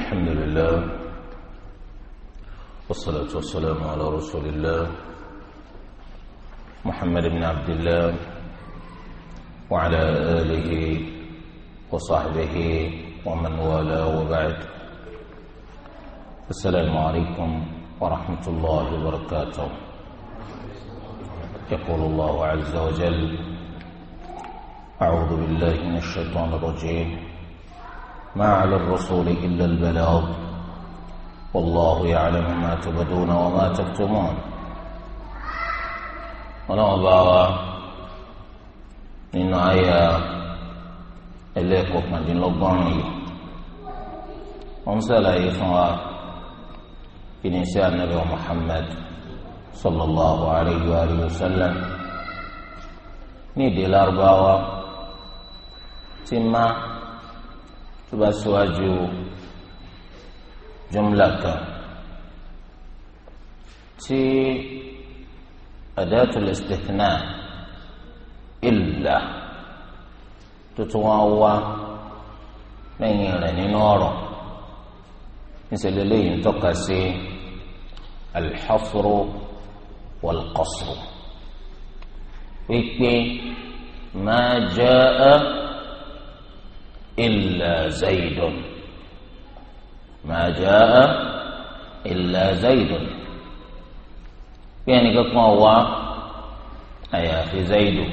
الحمد لله والصلاة والسلام على رسول الله محمد بن عبد الله وعلى آله وصحبه ومن والاه وبعد السلام عليكم ورحمة الله وبركاته يقول الله عز وجل أعوذ بالله من الشيطان الرجيم ما على الرسول إلا البلاغ والله يعلم ما تبدون وما تكتمون ونعبارا إن آية إليكم من دين لبعني ومسألة إخوة في نساء النبي محمد صلى الله عليه وآله وسلم ندي الأربعة تما tó bá síwájú jumla kan tí adatul istithna illa tó tún wá wá lẹ́yìn rẹ̀ nínú ọ̀rọ̀ níṣẹ́lẹ̀ lẹ́yìn tọ́ka sí alḥafru wàlqasru wípé máa jẹ́ ẹ́. إلا زيد ما جاء إلا زيد يعني كما هو أي في زيد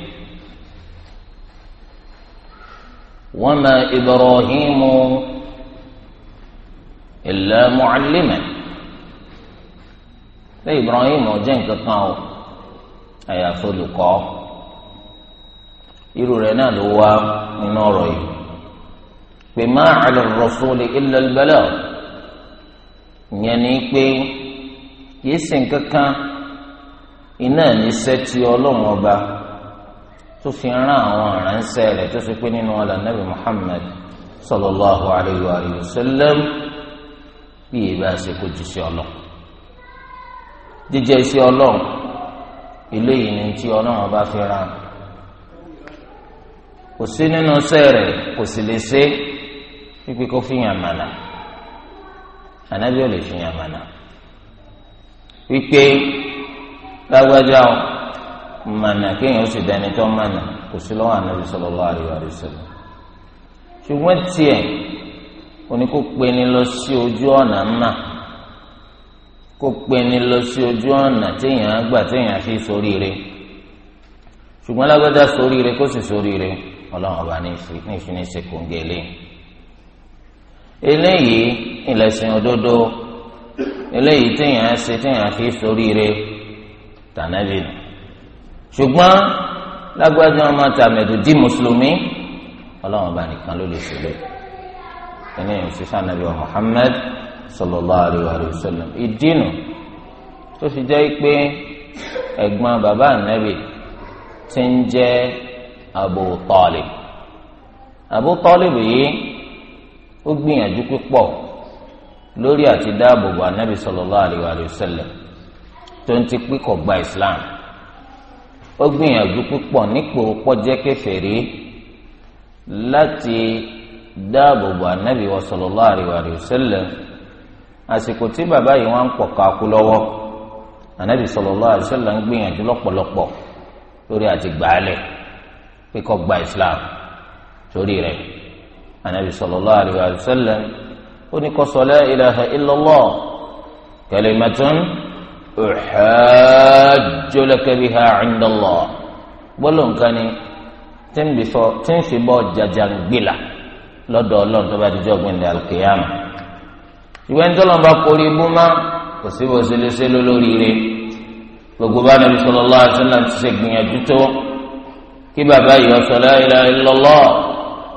وما إبراهيم إلا معلما فإبراهيم وجنك كما أي فلقا irú rẹ̀ náà ló wá pé má àlọ́ rọ̀sọ́lẹ̀ ìlọ́lbẹ́lẹ́ ìyẹn ni pé kìí sì ń kankan iná níṣẹ́ tí ọlọ́run ọba tó fi rán àwọn aránṣẹ́ rẹ̀ tó fi pé nínú ọ̀là nàbì Muhammad sallallahu alayhi wa sallam bí ìbá ṣe kó jù ọlọ́run jíjẹ sí ọlọ́run eléyìí ni tí ọlọ́run ọba fi rán kò sí nínú sẹ́ẹ̀rẹ̀ kò sì lè ṣe é. wípé kó mana, mànà ànábì ò lè fìyàn mànà wípé lágbájá o mànà kéèyàn ó sì dání tó mànà kò sí lọ́wọ́ ànábì sallallahu alaihi wasallam ṣùgbọ́n tiẹ̀ oníkó peni lọ sí ojú ọ̀nà mà kó peni lọ sí ojú ọ̀nà téèyàn gbà téèyàn fi ṣoríire ṣùgbọ́n lágbájá ṣoríire kó sì ṣoríire ọlọ́run ọba ní kò ń eléyìí ìlẹ̀sìn òdodo eléyìí téèyàn ṣe téèyàn fi soríire tànàbì nù ṣùgbọ́n lágbájá ọmọ tàmẹ̀dù di mùsùlùmí ọlọ́run bá nìkan ló lè ṣẹlẹ̀ eléyìí òṣìṣẹ́ ànábì wa Muhammad sallallahu alayhi wa sallam ìdí tó fi jẹ́ pé ẹ̀gbọ́n bàbá ànábì ti ń jẹ́ Abu Talib Abu Talib yìí. ó gbìyànjú pípọ̀ lórí àti dáàbòbò anabi sallallahu alayhi wa sallam tó ń ti gba islam ó gbìyànjú pípọ̀ nípò pọ́jẹ́ kèfèrí láti dáàbòbò anabi wa sallallahu alayhi àsìkò tí bàbá yìí wọ́n ń pọ̀ káku lọ́wọ́ anabi sallallahu ń gbìyànjú lọ́pọ̀lọpọ̀ lórí àti gbàálẹ̀ islam torí rẹ̀. anabi sallallahu alayhi wa sallam ó ní kó sọ la ilaha illallah kalimatun uhajju laka biha inda Allah gbọ́dọ̀ nǹkan ni tí ń fi bọ́ jajangbìlà lọ́dọ̀ ọlọ́run tó bá ti jọ́ gbẹ̀ndẹ̀ alkiyama ìwé ń tọ́lọ́ bá kórí ibú má kò sí bó ṣe lè ṣe gbogbo bá nàbí sallallahu alayhi wa ti ṣe gbìyànjú tó kí bàbá yìí ó ilaha illallah.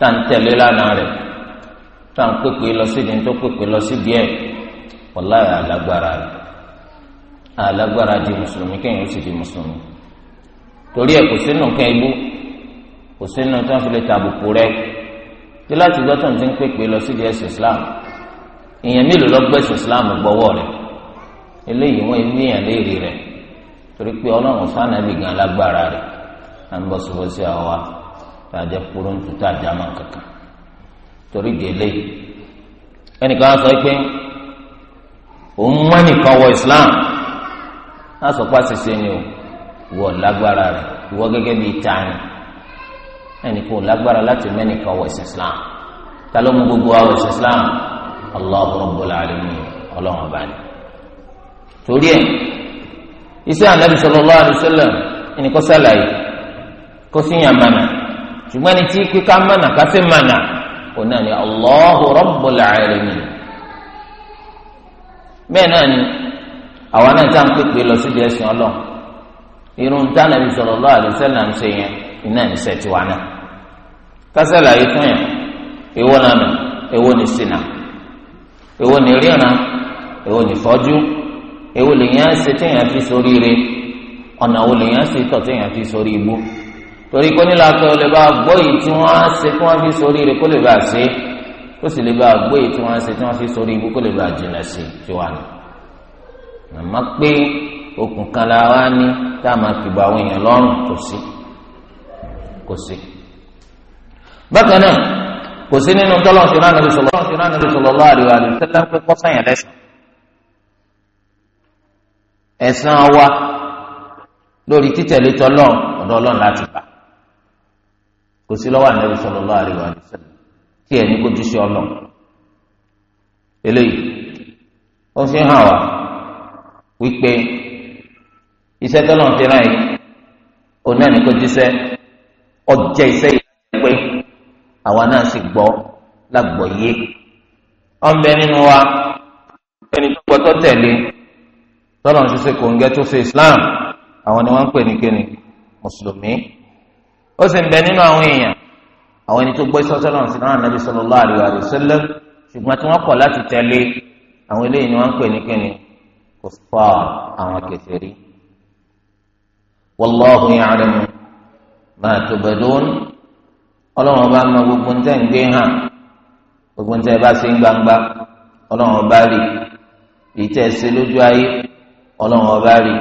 tá à ń tẹ̀lé lánàá rẹ̀ tá à ń pèpè lọ síbi tó pèpè lọ síbi ẹ̀ wọ́lá àlágbára rẹ̀ àlágbára di mùsùlùmí kéèyàn ó sì di mùsùlùmí torí ẹ̀ kò sínú nǹkan ibú kò sínú tó ń fi lè tàbùkù rẹ̀ tí láti gbọ́ tó ń ti ń pèpè lọ síbi ẹ̀sìn Islam ìyẹn mélòó lọ gbẹ́sìn Islam gbọ́wọ́ rẹ̀ eléyìí wọ́n ní èèyàn léèrè rẹ̀ torí pé ọlọ́run sánà ibì gan lágbára rẹ̀ à ń bọ̀ sọ́wọ́ sí àwa. tàjà kúrò ń tutù àjà kankan torí délé ẹnìkan á sọ Islam á sọ pé àṣìṣe ni o wọ lágbára rẹ ìwọ gẹ́gẹ́ bíi tani ẹnìkan ò lágbára láti Islam ta gbogbo Islam allah Rabbul Alamin ọlọ́run ọba ni torí ẹ iṣẹ́ anabi sallallahu alaihi wasallam ẹnìkan sàlàyé kó ṣùgbọ́n ẹni tí kíkà mọ̀nà káfí mọ̀nà kò náà ni Allahu Rabbul Alamin bẹ́ẹ̀ náà ni náà tá irun táwọn ẹni sallallahu alaihi wasallam ń ṣe yẹn iná ní sẹ́ẹ̀ tiwa náà kásẹ̀lá yìí fún yẹn ewo nànà ní sinà ní ewo ní fọ́jú lèyìn á ṣe téèyàn fi wo lèyìn á ṣe tọ̀ téèyàn fi sórí torí kó nílò akẹ́ ò lè bá gbọ́ èyí tí wọ́n á ṣe tí wọ́n fi sórí rẹ̀ kó lè bá ṣe kó sì lè bá gbọ́ èyí tí wọ́n á ṣe tí wọ́n fi sórí ibú kó lè bá jìnà sí tí wà ní. àmọ́ pé okùn kan la wá ní tá a máa fi bọ àwọn èèyàn lọ́rùn kò sí kò sí. bákan náà kò sí nínú tọ́lọ̀ ṣe náà nàbí sọ̀lọ́ ṣe náà nàbí sọ̀lọ́ lọ́wọ́ àdìwà àdìwà pé kọ́ sẹ́yìn lẹ́sùn. lórí títẹ̀lé tọ́lọ̀ ọ̀dọ̀ ọlọ́run láti b kò sí lọ́wọ́ ànábì sallallahu alaihi wa sallam tí ẹ̀ ní kó ju sí ọlọ́ eléyìí ó fi hàn wá wípé iṣẹ́ tọ́lọ̀ ń tẹ́lá yìí ó náà ní kó jíṣẹ́ ọjẹ́ iṣẹ́ yìí pé àwa náà sì gbọ́ lágbọ̀ yé ọ̀nbẹ nínú wa ẹni tó gbọ́ tó tẹ̀lé tọ́lọ̀ ń ṣiṣẹ́ tó ṣe Islam àwọn ni wọ́n ń pè ní kíni mùsùlùmí ó sì ń bẹ nínú àwọn èèyàn àwọn ẹni tó gbọ́ sọ́sọ́ náà sí náà nàbí sallallahu alaihi wa sallam ṣùgbọ́n tí wọ́n kọ̀ láti tẹ̀lé àwọn eléyìí ni wọ́n ń pè ní kíni kò fà àwọn kèfèrí. wallahu ya'lamu ma tubdun ọlọ́wọ́n bá mọ gbogbo ntẹ́ ń gbé hàn gbogbo ntẹ́ bá sí gbangba ọlọ́wọ́n bá rí ìtẹ́ sí lójú ayé ọlọ́wọ́n bá rí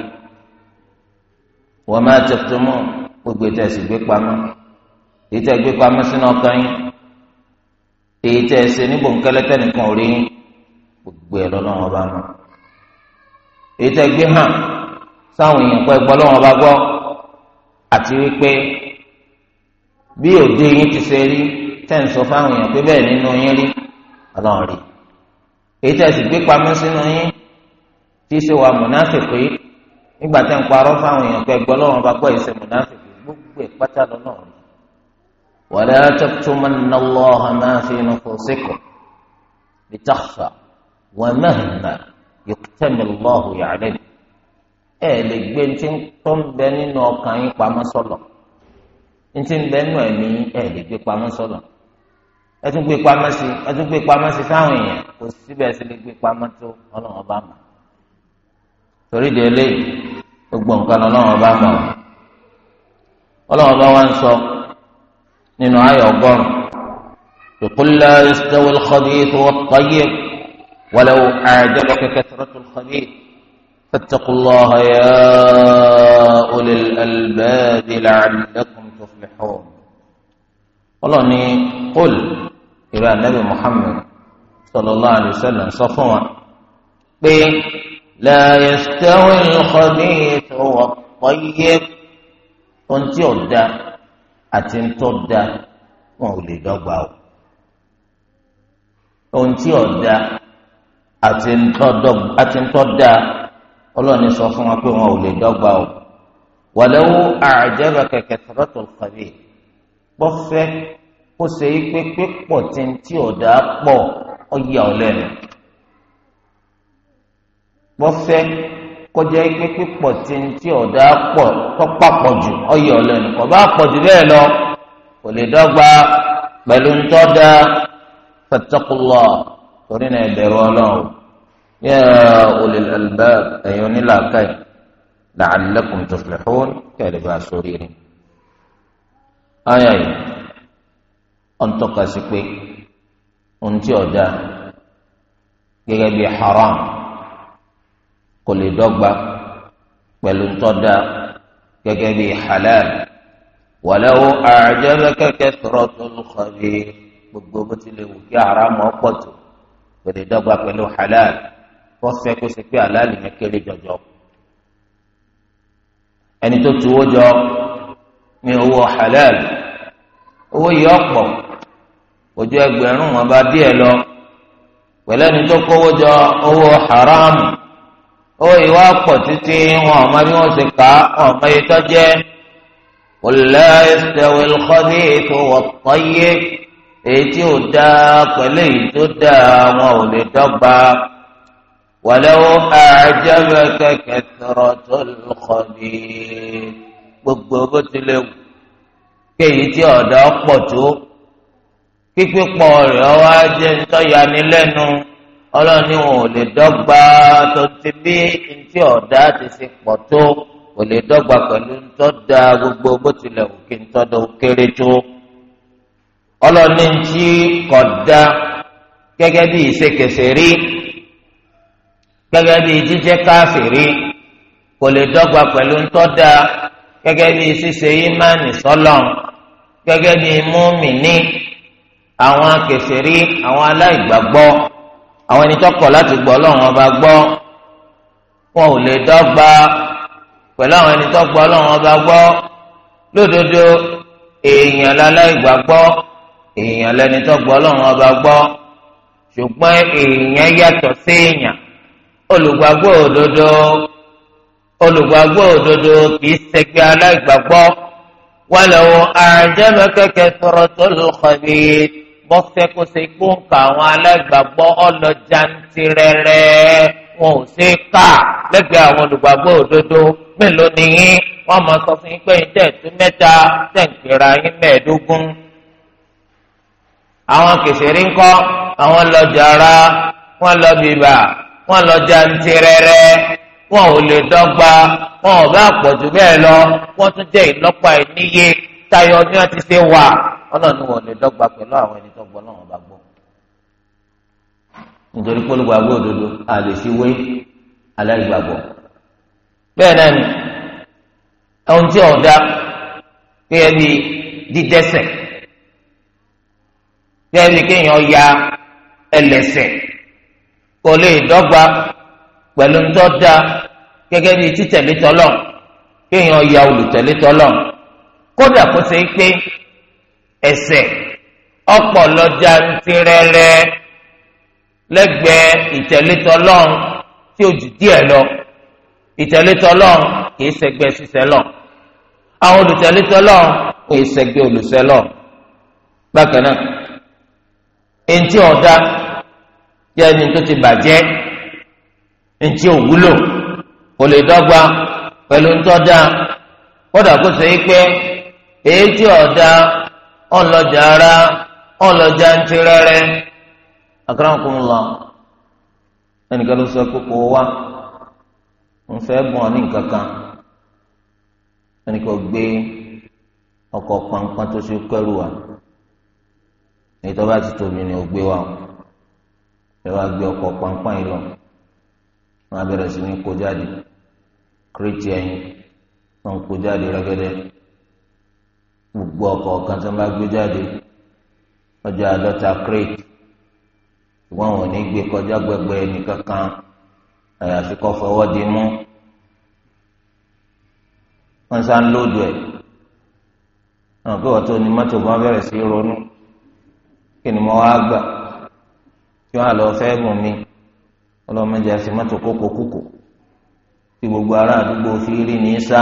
wa ma taktumun gbogbo ètò ẹ̀sìn gbé pamọ́ èyí tẹ́ gbé pamọ́ sínú ọkàn yín èyí tẹ́ ṣe níbo nkẹ́lẹ́tẹ́ nìkan ò rí yín gbogbo ẹ̀ lọ́nà wọn bá mọ̀ èyí tẹ́ gbé hàn sáwọn èèyàn pẹ́ gbọ́ lọ́wọ́ bá gbọ́ àti wípé bí òde yín ti ṣe rí tẹ́ ń sọ fáwọn èèyàn pé bẹ́ẹ̀ nínú yín rí ọlọ́run rí èyí tẹ́ sì gbé pamọ́ sínú yín tí ṣe wà múnáfìkì nígbà tẹ́ ń parọ́ fáwọn èèyàn pé gbọ́ lọ́wọ́ bá gbọ́ ìṣe pé pátá lọ́nà rí wàlẹ́ àtẹ̀tùmọ̀ nàlọ́ àmàfin fòsíkò ìtàkfà wọn mẹ́hìnà ìkútẹ́mìlọ́hù yàrá ẹ lè gbé ní tó ń bẹ nínú ọkàn yín pamọ́ sọ́lọ̀ ní tí ń bẹ nínú ẹ̀mí ẹ lè gbé pamọ́ sọ́lọ̀ gbé pamọ́ sí gbé pamọ́ sí sáwọn èèyàn kò síbẹ̀ lè gbé pamọ́ tó mọ̀ torí gbogbo nǹkan bá ọlọ́wọ́n bá wá ń sọ nínú ayọ̀ ọgọ́rùn يقول لا يستوي الخبيث والطيب ولو أعجبك كثرة الخبيث فاتقوا الله يا أولي الألباب لعلكم تفلحون والله أني قل إلى النبي محمد صلى الله عليه وسلم صفوا لا يستوي الخبيث والطيب ohun tí ò da àti ń tọ́ da wọn ò lè dọ́gba o ohun tí ò da àti ń tọ́ da ọlọ́ọ̀ni sọ fún wa pé wọn ò lè dọ́gba o wàlẹ́wò àjẹbẹ kẹkẹ tẹ̀rọ̀tò kàbí gbọ́fẹ́ kó ṣe é pé pípọ̀ tí ń tí pọ̀ ọ yà ọ lẹ́nu gbọ́fẹ́ kọjá pé pípọ̀ tí ń tí ọ̀dà pọ̀ tọ́pà pọ̀ jù ọyọ̀ ọ̀lẹ́nu kọ̀ bá pọ̀ jù bẹ́ẹ̀ lọ kò lè dọ́gba pẹ̀lú ntọ́da fattaqullah torí náà ẹ̀bẹ̀rù ọlọ́run yẹ ulil albab ẹ̀yin onílàákàyè la'allakum tuflihun kẹ́lẹ́ bá sórí rẹ̀. ayọ̀ yìí pé ohun tí ọ̀dà gẹ́gẹ́ bí haram kò lè dọ́gba pẹ̀lú ntọ́da gẹ́gẹ́ bí halal wàlẹ́wò àjẹbẹ kẹ́kẹ́ sọ̀rọ̀ tó ń kọ́ni gbogbo bó tilẹ̀ wù kí haramu ọ̀pọ̀ tó kò lè dọ́gba pẹ̀lú halal kọ́sẹ́ kó ṣe pé halal yẹn kéré jọjọ ẹni tó tuwó jọ ní owó halal owó yìí ọ̀pọ̀ ojú ẹgbẹ̀rún wọn bá díẹ̀ lọ pẹ̀lú ẹni tó kówó jọ owó haramu ó ìwà pọ̀ títí wọn ọmọ bí wọ́n ṣe kà á ọmọ yìí tó jẹ́ qul la yastawil khabithu wat tayyib èyí tí ò dáa pẹ̀lú èyí tó dáa wọn ò lè dọ́gba walau a'jabaka kathratul khabith gbogbo bó tilẹ̀ wù kéyìí tí ọ̀dọ́ pọ̀ tó kíkpé pọ̀ rẹ̀ wá jẹ́ ńtọ́yanilẹ́nu ọlọ́ni wọn ò lè dọ́gba tó ti bí ntí ọ̀dá ti ṣe pọ̀ tó kò lè dọ́gba pẹ̀lú ntọ́da gbogbo bó tilẹ̀ òkè ntọ́da òkèrè tó ọlọ́ni ntí kọ̀dá gẹ́gẹ́ bí ìṣèkèsè rí gẹ́gẹ́ bí jíjẹ́ káàsì rí kò lè dọ́gba pẹ̀lú ntọ́da gẹ́gẹ́ bí ṣíṣe ìmánì sọ́lọ̀ gẹ́gẹ́ bí múmìnì àwọn kèsè rí àwọn aláìgbàgbọ́ àwọn ẹni tó kọ̀ láti gbọ́ ọlọ́run ọba gbọ́ wọn ò lè dọ́gba pẹ̀lú àwọn ẹni tó gbọ́ ọlọ́run ọba gbọ́ lódodo èèyàn láláìgbà gbọ́ èèyàn lẹni tó gbọ́ ọlọ́run ọba gbọ́ ṣùgbọ́n èèyàn yàtọ̀ sí èèyàn olùgbàgbọ́ òdodo olùgbàgbọ́ òdodo kìí ṣẹgbẹ́ aláìgbàgbọ́ walaw a'jabaka kathratul khabith bọ́fẹ́ kó ṣe kó ń ka àwọn alágbàgbọ́ ọlọ́jà ń tirẹ̀rẹ̀ wọn ò ṣe ká lẹ́gbẹ̀ẹ́ àwọn olùgbàgbọ́ òdodo mélòó ni yín wọ́n máa sọ fún yín pé ìjẹ́ ìtú mẹ́ta tẹ̀gbẹ̀rẹ̀ yín mẹ́ẹ̀ẹ́dógún. àwọn kìsìrí ń kọ́ àwọn lọ́jà ara wọ́n lọ bìbà wọ́n lọ́jà wọn ò lè dọ́gba wọn ò bá pọ̀jù bẹ́ẹ̀ lọ wọ́n tún jẹ́ ìlọ́pàá ìníye tayọ ọdún yẹn ti ṣe wà ọlọ́run ni wọ́n lè dọ́gba pẹ̀lú àwọn ẹni tó gbọ́ lọ́wọ́ bá gbọ́. nítorí pólúgbà gbọ́ òdodo a lè fi wé aláìgbàgbọ́. bẹ́ẹ̀ náà ni ohun tí ọ̀dà gẹ́gẹ́ bí dídẹ́sẹ̀ gẹ́gẹ́ bí kéèyàn ya ẹlẹ́sẹ̀ kò lè dọ́gba pẹ̀lú ntọ́da gẹ́gẹ́ bí títẹ̀lé tọ́lọ̀ kéèyàn ya olùtẹ̀lé tọ́lọ̀ kódà kó ṣe pé ẹsẹ̀ ọ̀pọ̀ lọ́jà ń tirẹ̀rẹ̀ lẹ́gbẹ̀ẹ́ ìtẹ̀lẹ́tọ̀lọ́n tí ó jù díẹ̀ lọ ìtẹ̀lẹ́tọ̀lọ́n kìí ṣẹgbẹ́ sísẹ́lọ̀ àwọn olùtẹ̀lẹ́tọ̀lọ́n kìí ṣẹgbẹ́ olùsẹ́lọ̀ bákan náà eŋti ọ̀dà jẹ́ ẹni tó ti bàjẹ́ eŋti òwúlò kò lè dọ́gba pẹ̀lú ntọ́dá kódà kó ṣe pé. Eji tí ọ̀dà ọlọ́jà ara ọlọ́jà ń ti rẹ́rẹ́ akọ́nàkùn lọ ẹnìkan ló sọ pé kò wá ń fẹ́ gbọ́n ní nǹkan kan ẹnìkan gbé ọkọ̀ pàǹpà tó ṣe wa èyí tó bá ti tóbi ni ó gbé wa ẹ wá gbé ọkọ̀ pàǹpà yìí lọ wọn á bẹ̀rẹ̀ sí ní gbogbo ọkọ̀ kan tó ń bá gbé jáde ọjọ́ àádọ́ta crate wọn ò ní gbé kọjá gbẹgbẹ nìkankan àyàfi kọ́ fọwọ́ di mú wọn sá ń lóòdù ẹ̀ àwọn pé wọ́n tó ní mọ́tò bá bẹ̀rẹ̀ sí ronú kí ni mo wá gbà kí wọ́n á lọ fẹ́ gùn mi ọlọ́mọdé àti mọ́tò kókó kókó tí gbogbo ará àdúgbò fi rí ní sá.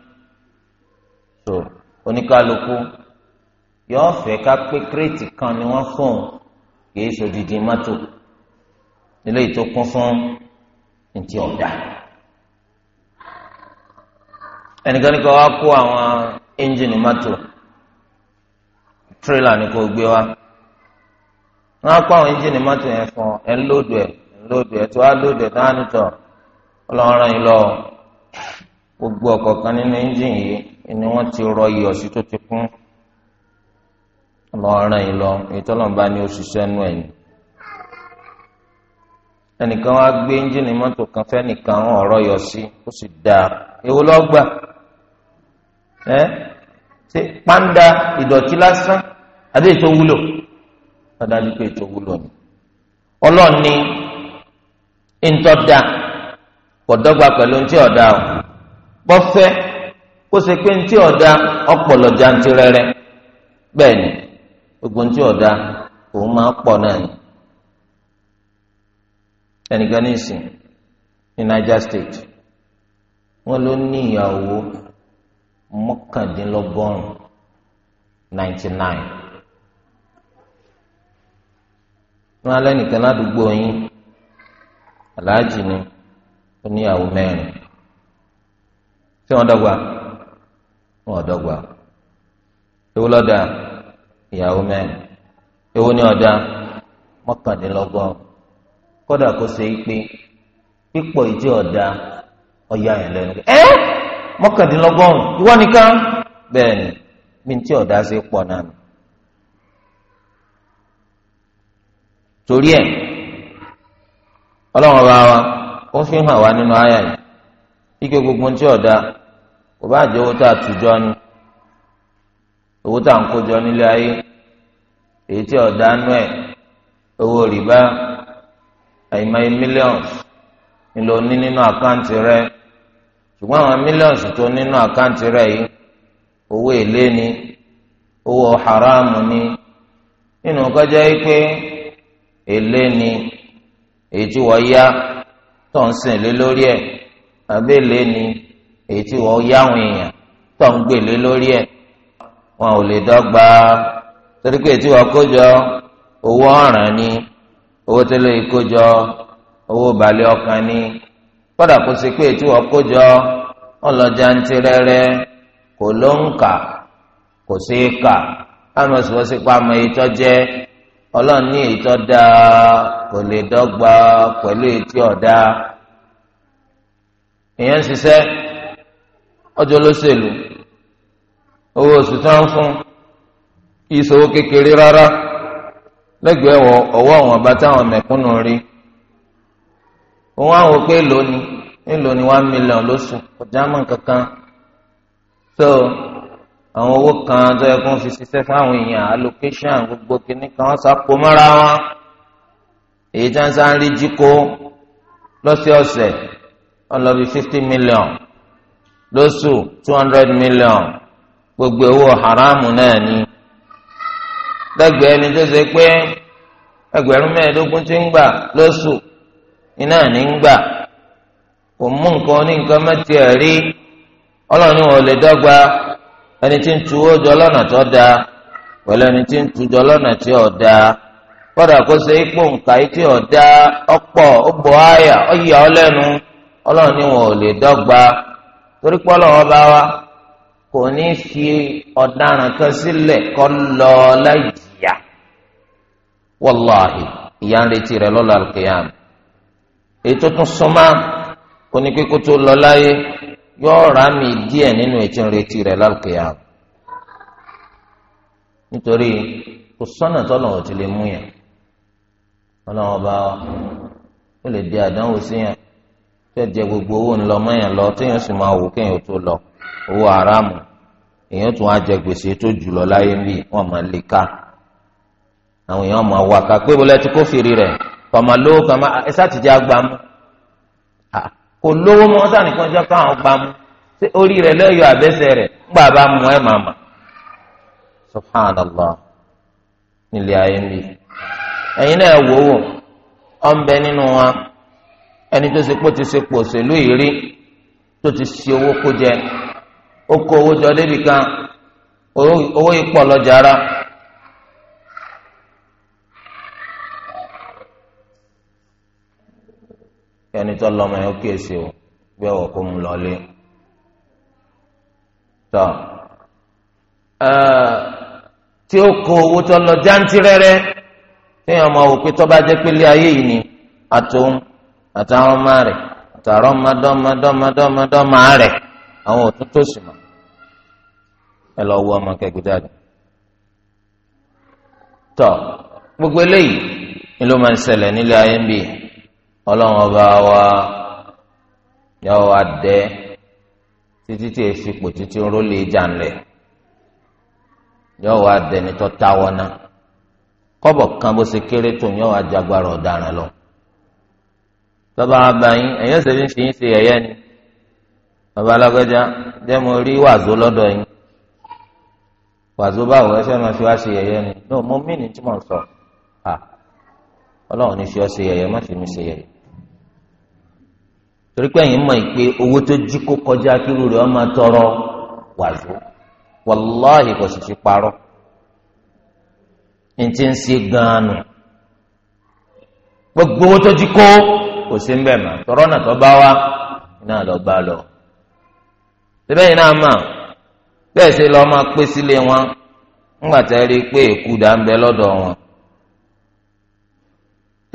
so oníkálukú yóò fẹ ká pé kírètì kan ni fún kì í tó kún fún ntí ẹnìkan ní wá kó àwọn ẹ́ńjìnì mọ́tò tírélà ni kò gbé wá wọ́n á kó àwọn ẹ́ńjìnì mọ́tò yẹn fún ẹ̀ ń lóòdù yìí lọ gbogbo nínú ni wọ́n ti rọ iyọ̀ sí tó ti kún lọ́ọ̀rán yìí lọ ìtọ́lọ́mùbá ni ó ṣiṣẹ́ nú ẹ̀yìn ẹnìkan wá gbé ẹ́ńjìnì mọ́tò kan fẹ́nìkan hàn ọ̀rọ̀ yọ sí ó sì dáa èwo lọ́gbà ẹ́ ṣe pàǹdà ìdọ̀tí lásán àbí ètò wúlò dájú pé ètò wúlò ni ọlọ́ọ̀ni ń tọ́ da kò dọ́gba pẹ̀lú ohun tí ọ̀dà o bọ́ fẹ́ kó ṣe pé ntí ọ̀dà ọ̀pọ̀lọ̀ jantirẹrẹ bẹ́ẹ̀ ni gbogbo ntí ọ̀dà òun máa ni ẹnìkan ní ìsìn ní Niger State wọn ló ní ìyàwó mọ́kàndínlọ́gọ́rùn ninety nine wọn alẹ́ nìkan ládùúgbò yín aláàjì ni mẹ́rin tí wọ́n dọ́gba. wọn ọ̀dọ́gba ewu lọda ìyàwó mẹ́rin ewu ní ọ̀dà mọ́kàndínlọ́gọ́n kódà kó ṣe é pé ìdí ọ̀dà ọ̀yà yẹn lẹ́nu ẹ́ mọ́kàndínlọ́gọ́n ìwọ nìkan ni bí ti ọ̀dà ṣe pọ náà torí ẹ̀ ọlọ́run bá wa ó fi hàn wá nínú yìí ike gbogbo ti kò bá jẹ́ owó tá a tùjọ ni owó tá à ń kójọ nílé ayé èyí tí ọ̀dà nú ẹ̀ owó rìbá àìmọye millions ni ní nínú àkáǹtì rẹ ṣùgbọ́n àwọn millions tó nínú àkáǹtì rẹ yìí owó èlé ni owó haramu ni nínú kọjá yìí pé èlé èyí tí wọ́n yá èèyàn tó ń gbèlé lórí ẹ̀ wọn ò lè dọ́gba torí pé èyí tí wọ́n kó owó ọ̀ràn ni owó tó lè kó jọ owó balẹ̀ ọkàn ni kódà kó sì pé èyí tí wọ́n kó jọ ọlọ́jà ń ti rẹ́rẹ́ kò ló ń kà kò sí kà àmọ́ sì wọ́n sì pa àmọ́ èyí tó jẹ́ ọlọ́run ní èyí tó dáa kò lè dọ́gba pẹ̀lú èyí tí ò èèyàn ń ṣiṣẹ́ ọjọ́ olóṣèlú owó oṣù tí wọ́n fún ìṣòwò kékeré rárá lẹ́gbẹ̀ẹ́ ọwọ́ àwọn ọba táwọn mẹ̀kúnnù rí òun àwọn pé lónìí nílò ní one million lóṣù kò já mọ́ kankan so àwọn owó kan tó yẹ kó fi ṣiṣẹ́ fún àwọn èèyàn allocation gbogbo kìíní kan wọ́n sápò mọ́ra wọn èyí tí wọ́n sá ń rí jíkó lọ́sọ̀ọ̀sẹ̀ wọ́n lọ bí fifty million lóṣù two hundred million gbogbo owó haramu náà ni lẹ́gbẹ̀ẹ́ ni tó ṣe pé ẹgbẹ̀rún mẹ́ẹ̀ẹ́dógún ti ń gbà lóṣù iná ní ń gbà kò mú nǹkan oníǹkan mẹ́tì ẹ̀ rí ọlọ́run ò lè dọ́gba ẹni tí ń tu owó jọ lọ́nà tó pẹ̀lú ẹni tí ń tu torí pọ́lọ́ ọba wa kò ní fi ọ̀daràn kan sílẹ̀ kọ́ lọ láìjìyà wàláhì ìyá ń retí rẹ lọ́la alqiyam ètò tún súnmọ́ kò ní tó lọ láyé yóò rà mí díẹ̀ nínú ètò ìrètí rẹ lálqiyam nítorí kò sọ́nà tọ́nà tẹ́jẹ́ gbogbo owó ńlọ mọ́yàn lọ téèyàn sì máa wò kéèyàn tó lọ owó haramu èèyàn tún á jẹ gbèsè tó jù lọ láyé ńlì wọn máa lè ká àwọn èèyàn máa wà ká pé kó fèrè rẹ̀ kọ̀mà lówó kọ̀mà ẹ̀sà kò lówó sànìkan káwọn ṣé orí bá mú subhanallah nílé ayé náà wò ń bẹ nínú ẹni tó ṣe pé ó ti ṣe pò òṣèlú yìí tó ti ṣe owó kó jẹ ó kó owó jọ débi kan owó yìí lọ́jà ara. ẹni tó lọ́mọ yẹn ó kíyèsí o bí ọ̀wọ̀ kó mu lọ́lé. tọ́ tí ó kó owó tó lọ jántí rẹ́rẹ́ tí èèyàn máa wò pé tó bá jẹ́ pélé ayé yìí ni àtòun. àtàwọn ọmọ rẹ̀ àtàwọn ọmọdọ́mọdọ́mọdọ́mọdọ́mọ rẹ̀ àwọn òtún tó sì mọ̀ ẹ lọ wọ ọmọ kẹgbẹ́ jáde. gbogbo eléyìí ló máa ń ṣẹlẹ̀ nílé ayé ń bì ọlọ́run ọba wa yà wá títí tí èsì pò títí ń rólé yọ táwọn náà kan bó ṣe tọ́ba abayin ẹ̀yọ́ sẹ́bi ń fi yín ṣe ẹ̀yẹ́ ni bàbá alágbẹ́já jẹ́ mo rí wàzó lọ́dọ̀ yín wàzó báwo ẹ wá ṣe no mo mí ní tí mo sọ à ọlọ́run ní fi ṣe má fi mi owó tó jí kó kọjá tọrọ wàzó wàláhì kò sì fi ní ti ń ṣe gbogbo owó tó kò sí ń bẹ̀ mọ́ tọrọ náà tó bá wá náà lọ bá lọ. síbẹ̀ yìí náà mà bẹ́ẹ̀ sì lọ́ọ́ máa pé sílé wọn ńgbà tẹ́ rí i pé èkú dà ń bẹ lọ́dọ̀ wọn.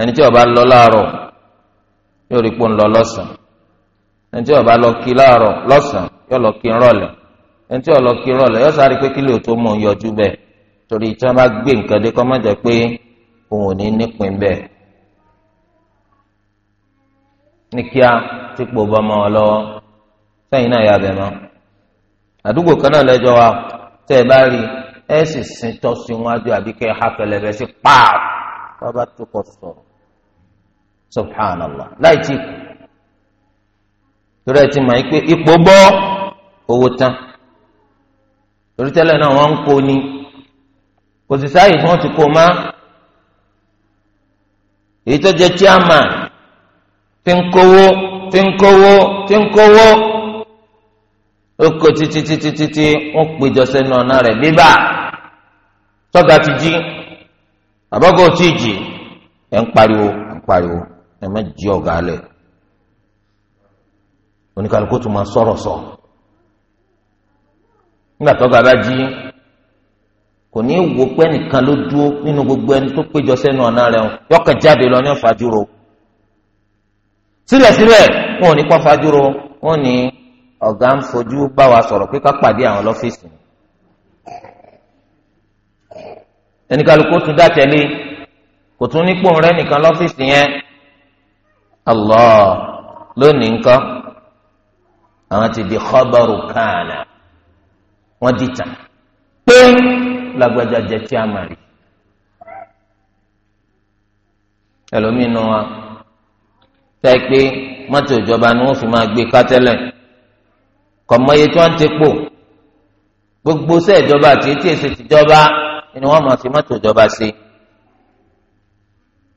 ẹni tí lọ láàárọ̀ yóò rí i pé ń lọ lọ́sàn-án ẹni tí ó lọ kí láàárọ̀ lọ́sàn-án yóò lọ kí ń rọ̀lẹ́ ẹni tí kí ń yóò sáré pé tó mọ̀ ń yọjú ní kíá tí bá ma ọ lọ́wọ́ sẹ́yìn náà yà mọ́ àdúgbò kan náà lẹ́jọ́ wa tẹ́ ẹ bá rí ẹ sì sin tọ́ sí wájú àbí kẹ́ ẹ ha pẹlẹbẹ sí paa bàbá tó kọ sọ̀rọ̀ subhanallah láì tí kù torí ẹ ti mọ̀ ipò bọ́ owó tán torí tẹ́lẹ̀ náà wọ́n ni kò sì tí ti kó o má èyí chairman. tí ń kówó tí ń kówó tí ń kówó ó kó títí títí títí wọ́n péjọ sẹ́nu ọ̀nà rẹ̀ bíbà sọ́gà ti jí àbọ̀gọ́ tí ji jì ẹ̀ ń pariwo ẹ̀ ń oníkàlùkù tó máa sọ̀rọ̀ nígbà jí kò ní í nìkan ló nínú gbogbo ẹni tó péjọ sẹ́nu ọ̀nà rẹ̀ yọkàn jáde lọ ní sílẹ̀sílẹ̀ wọn ò ní kọ́ fajúro wọn ní ọ̀gá ń fojú bá wa sọ̀rọ̀ pé ká pàdé àwọn lọ́fíìsì ẹnìkàlùkù tún dá tẹ̀lé kò tún ní pòun rẹ nìkan lọ́fíìsì yẹn Allah lónìí nǹkan àwọn ti di khabaru kààlà wọ́n di tàn pé lágbájá jẹ́ tí a mà rí ẹlòmínú wa tẹ́ pé mọ́tò ìjọba ni wọ́n fi máa gbé kátẹ́lẹ̀ kọ̀mọ́yé tí wọ́n ti pò gbogbo sẹ́ ìjọba àti etí èsì tìjọba ni wọ́n máa fi mọ́tò ìjọba sí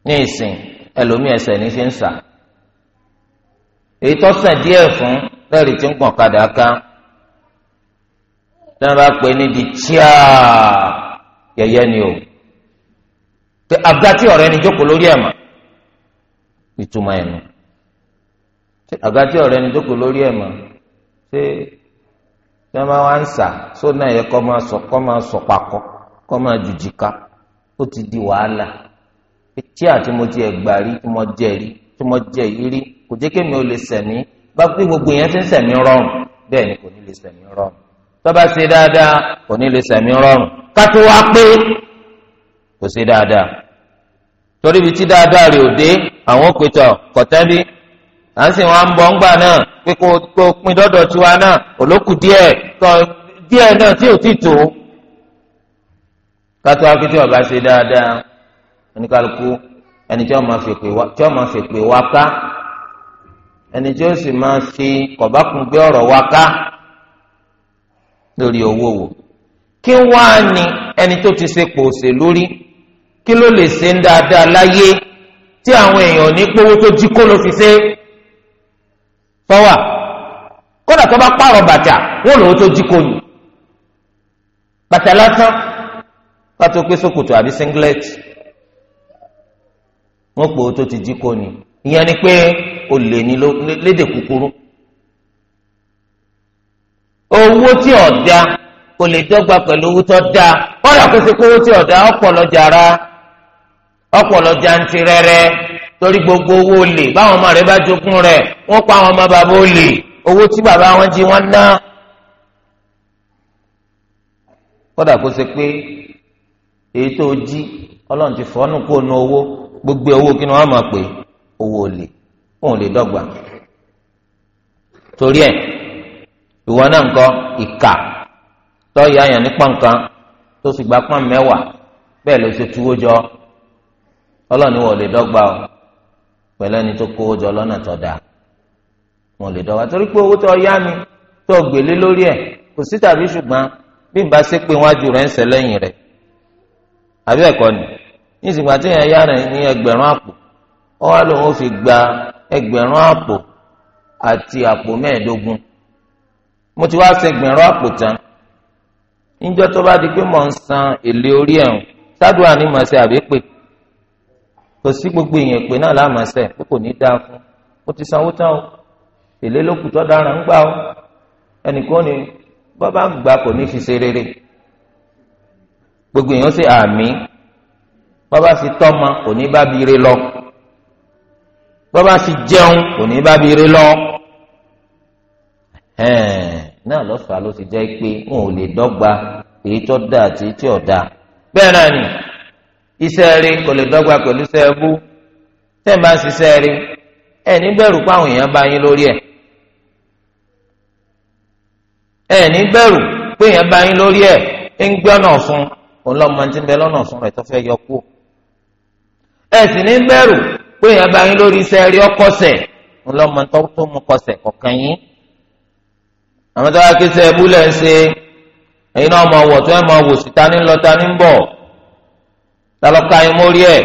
ní ìsìn ẹlòmíì ẹsẹ̀ ní fi ń sà èyí tó sàn díẹ̀ fún lẹ́rìí tí ń gbọ̀n kadà ká tí wọ́n bá pè ní di tíà yẹyẹ ni o àgbà tí ọ̀rẹ́ ni jókòó lórí ẹ̀ mà ìtumọ̀ ẹ̀ nù àga tí ọ̀rẹ́ ni jókòó lórí ẹ̀ mọ̀ ṣé tí wọ́n bá wá ń sà sódà yẹ kọ́ máa sọ kọ́ máa sọ pakọ́ kọ́ máa jùjìká ó ti di wàhálà tí àti mo ti ẹ̀gbà rí tí mo jẹ rí tí mo jẹ yìí rí kò jẹ́ kémi ò lè sẹ̀mí bá pé gbogbo yẹn ti ń sẹ̀mí rọrùn bẹ́ẹ̀ ni kò ní lè sẹ̀mí rọrùn tó bá ṣe dáadáa kò ní lè sẹ̀mí rọrùn ká tó wá pé kò ṣe dáadáa torí ibi tí dáadáa rè ò dé àwọn òpètò kọ̀tẹ́bí à ń sìn wọn ń bọ̀ ńgbà náà pé kó kó pin dọ́dọ̀ tiwa náà olókù díẹ̀ tọ́ díẹ̀ náà tí ò tí tó. kátó akéwì ọba ṣe dáadáa oníkálukú ẹni tí wọ́n máa fèpè wá ká ẹni tí ó sì máa fi kọ̀bákùn gbé ọ̀rọ̀ wá ká lórí owó wò kí wàá ní ẹni tó ti ṣe pòṣè lórí kí ló lè ṣe ń dáadáa láyé tí àwọn èèyàn ní gbówó tó jí kó ló fi ṣe tọ́wà kódà tó bá pààrọ̀ bàtà wọ́n lòó tó jí kọ́ni bàtà lásán pàtó pé àbí singlet wọ́n pò ó tó ti jí ìyẹn ni o lè ní lédè kúkúrú owó tí ọ̀dà kò lè dọ́gba pẹ̀lú owó tó dáa kódà kó ṣe tí torí gbogbo owó olè báwọn ọmọ rẹ bá jogún rẹ wọn pa àwọn ọmọ bàbá olè owó tí bàbá wọn jí wọn ná. kódà kó ṣe pé èyí tó jí ọlọ́run ti fọ́nù kó nu owó gbogbo owó kí ni wọ́n máa pè owó olè òun lè dọ́gba. torí ẹ ìwọ náà nǹkan ìkà tọ́yì àyàn ní pọ̀nkan tó sì gba pọ́n mẹ́wàá bẹ́ẹ̀ ló ṣe tuwó jọ ọlọ́run ni lè dọ́gba o pẹ̀lú ẹni tó kówó jọ lọ́nà tó dáa wọn lè dọ́wọ́ torí pé owó tó yá mi tó gbélé lórí ẹ̀ kò sí tàbí ṣùgbọ́n bí n bá ṣe pé wájú rẹ̀ ń ṣe lẹ́yìn rẹ̀ àbí ẹ̀kọ́ ni ní ìsìnkú àti ìyẹn yára ní ẹgbẹ̀rún àpò ó wá lóun ó fi gba ẹgbẹ̀rún àpò àti àpò mẹ́ẹ̀ẹ́dógún mo ti wá ṣe ẹgbẹ̀rún àpò tán níjọ́ tó bá di pé mò ń san èlé orí ẹ̀hún ṣáàdùn àní màá ṣe àbí pè é kò sí gbogbo èèyàn pé náà lámàṣẹ pé kò ní dáa fún ó ti sanwó tán o èlé ló kù tó dára ń gbà o ẹnìkan ni bàbá ń gbà kò ní fi ṣe rere gbogbo èèyàn ṣe àmì bàbá sì tọ́mọ kò ní bá bi re lọ bàbá sì jẹun kò ní bá bi re lọ náà lọ́fàá ló ti jẹ́ pé wọn ò lè dọ́gba èyí tó dáa àti èyí tí ò dáa bẹ́ẹ̀ náà ni. iṣẹ́ rí kò lè dọgba pẹ̀lú iṣẹ́ bú tẹ́ ẹ̀ bá ń ṣiṣẹ́ àwọn èèyàn bá yín lórí ẹ̀ ẹ̀ níbẹ̀rù pé èèyàn bá yín lórí ẹ̀ ń gbé ọ̀nà ọ̀fun òun lọ́mọ ti ń bẹ lọ́nà ọ̀fun rẹ̀ tó yọ kú sì pé èèyàn bá yín lórí tó tó yín àwọn ta ní ta ní lálọ́ka yín mórí ẹ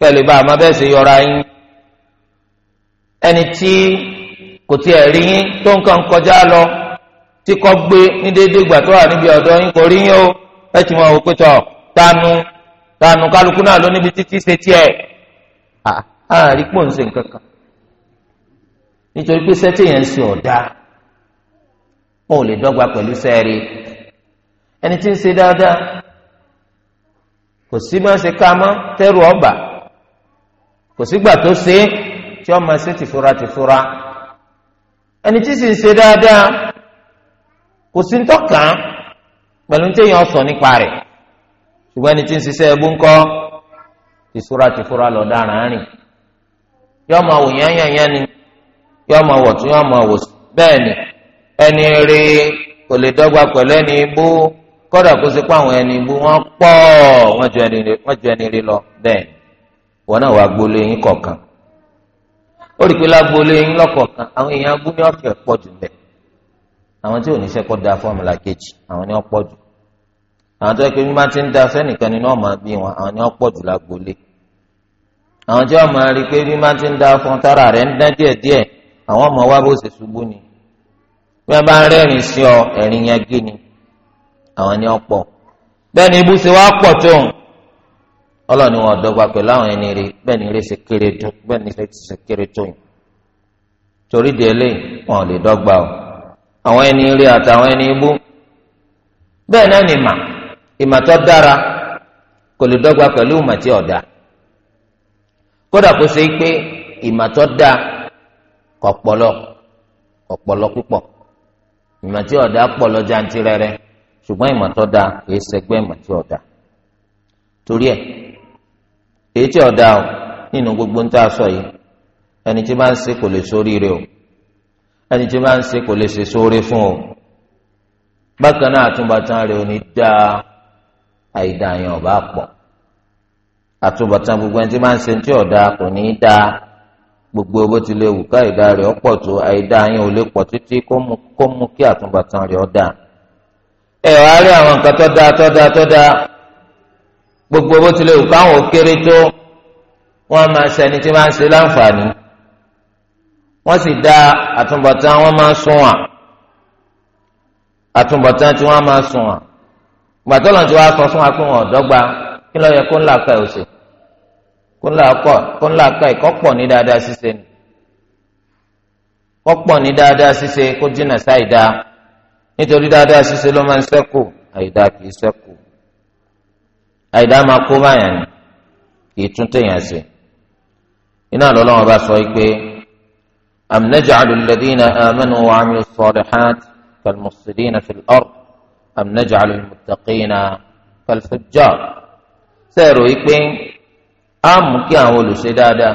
pẹ̀lú bá àmọ́ bẹ́ẹ̀ sì yọra yín ẹni tí kò ẹ rí yín tó nǹkan kọjá lọ tí kò gbé ní déédéé ìgbà tó wà níbi ọdọ yín kò rí yín o ẹ ti tanu tanu kálukú náà ló níbi títí ṣe nítorí pé sẹ́tì yẹn ń ṣe ọ̀dà lè dọ́gba pẹ̀lú kò sí máa ṣe ká mọ́ tẹ́rù ọba kò sígbà tó ṣe é tí ọ máa ṣe tìfura tìfura ẹni tí sì ń ṣe dáadáa kò sí ń tọ́kàn pẹ̀lú téèyàn sọ nípa rẹ̀ ṣùgbọ́n ẹni tí ń ṣiṣẹ́ ẹbú ńkọ́ tìfura tìfura lọ dára rìn yọ máa wò yán yán yán ni yọ máa wọ̀ tún yọ máa wò bẹ́ẹ̀ ni ẹni rí kò lè dọ́gba pẹ̀lú ẹni bó. kódà kó ṣe pé àwọn wọn pọ̀ wọn ju ẹni lọ bẹ́ẹ̀ náà wà gbolé yín kọ̀ọ̀kan ó rí pé lágbolé yín lọ́kọ̀ọ̀kan àwọn èèyàn ní ọ̀fẹ́ pọ̀ jù bẹ́ẹ̀ àwọn kejì àwọn ni wọ́n pọ̀ jù àwọn ti ń da ni wọ́n máa bí wọn àwọn ni wọ́n pọ̀ jù ti ń da tára rẹ̀ ọmọ wa bó ṣe ṣubú ọ àwọn ni ọ̀pọ̀ bẹ́ẹ̀ ni ibú ṣe wá pọ̀ tó ń ọlọ́ni wọn dọ́gba pẹ̀lú àwọn ẹni rí bẹ́ẹ̀ ni eré ṣe kéré tó bẹ́ẹ̀ ni eré ṣe kéré tó yìí torí di eléyìí wọn ò lè dọ́gba o àwọn ẹni rí àtàwọn ẹni ibú bẹ́ẹ̀ náà ni mà ìmà tó dára kò lè dọ́gba pẹ̀lú ìmà tí ò dáa kódà kó ṣe pé ìmà tó dáa kọ̀pọ̀lọ ọ̀pọ̀lọ púpọ̀ ìmà tí ò dáa jantirẹrẹ ṣùgbọ́n ìmọ̀ tó dáa kìí ṣẹgbẹ́ ìmọ̀ tí ọ̀dà torí ẹ̀ èyí tí ọ̀dà o nínú gbogbo ń tá a sọ yìí ẹni tí bá ń ṣe kò lè sóríire o ẹni tí bá ń ṣe kò lè ṣe sóore fún o bákan náà àtúbọ̀tán rẹ̀ ò ní dáa àìdáyàn ọ̀bá pọ̀ àtúbọ̀tán gbogbo ẹni tí bá ń ṣe tí ọ̀dà kò ní dáa gbogbo bó ti lè wù ká ìdá rẹ̀ ọ̀pọ̀ tó àìdáyàn ò lè pọ̀ títí kó mú kí àtúbọ̀tán rẹ̀ ọ̀dà ẹ wàá rí àwọn nǹkan tó dáa tó dáa tó dáa gbogbo bó tilẹ̀ wù káwọn ò kéré tó wọ́n máa ṣẹni tí wọ́n á ṣe láǹfààní wọ́n sì dá àtúbọ̀tán wọ́n máa sún wọn àtúbọ̀tán tí wọ́n máa sún wọn gbàtọ́lọ̀ tí wọ́n á sọ fún wa pé wọn ò dọ́gba kí ló yẹ kó ńlá ka òsè kó ńlá kọ kó ńlá ka ìkọ́ pọ̀ ní dáadáa ṣíṣe ni kọ́ ní dáadáa ṣíṣe kó jìnnà sáì dáa nítorí dáadáa ṣíṣe ló máa ń ṣẹ́kù àìdá kì í ṣẹ́kù àìdá máa kó báyà ni kì í tún téèyàn ṣe iná lọ́lọ́wọ́ bá sọ pé am naj'alu alladhina amanu wa 'amilu s-salihat kal-mufsidina fil-ard am naj'alu al-muttaqina kal-fujjar sẹ́ẹ̀rù pé á mú kí àwọn olùṣe dáadáa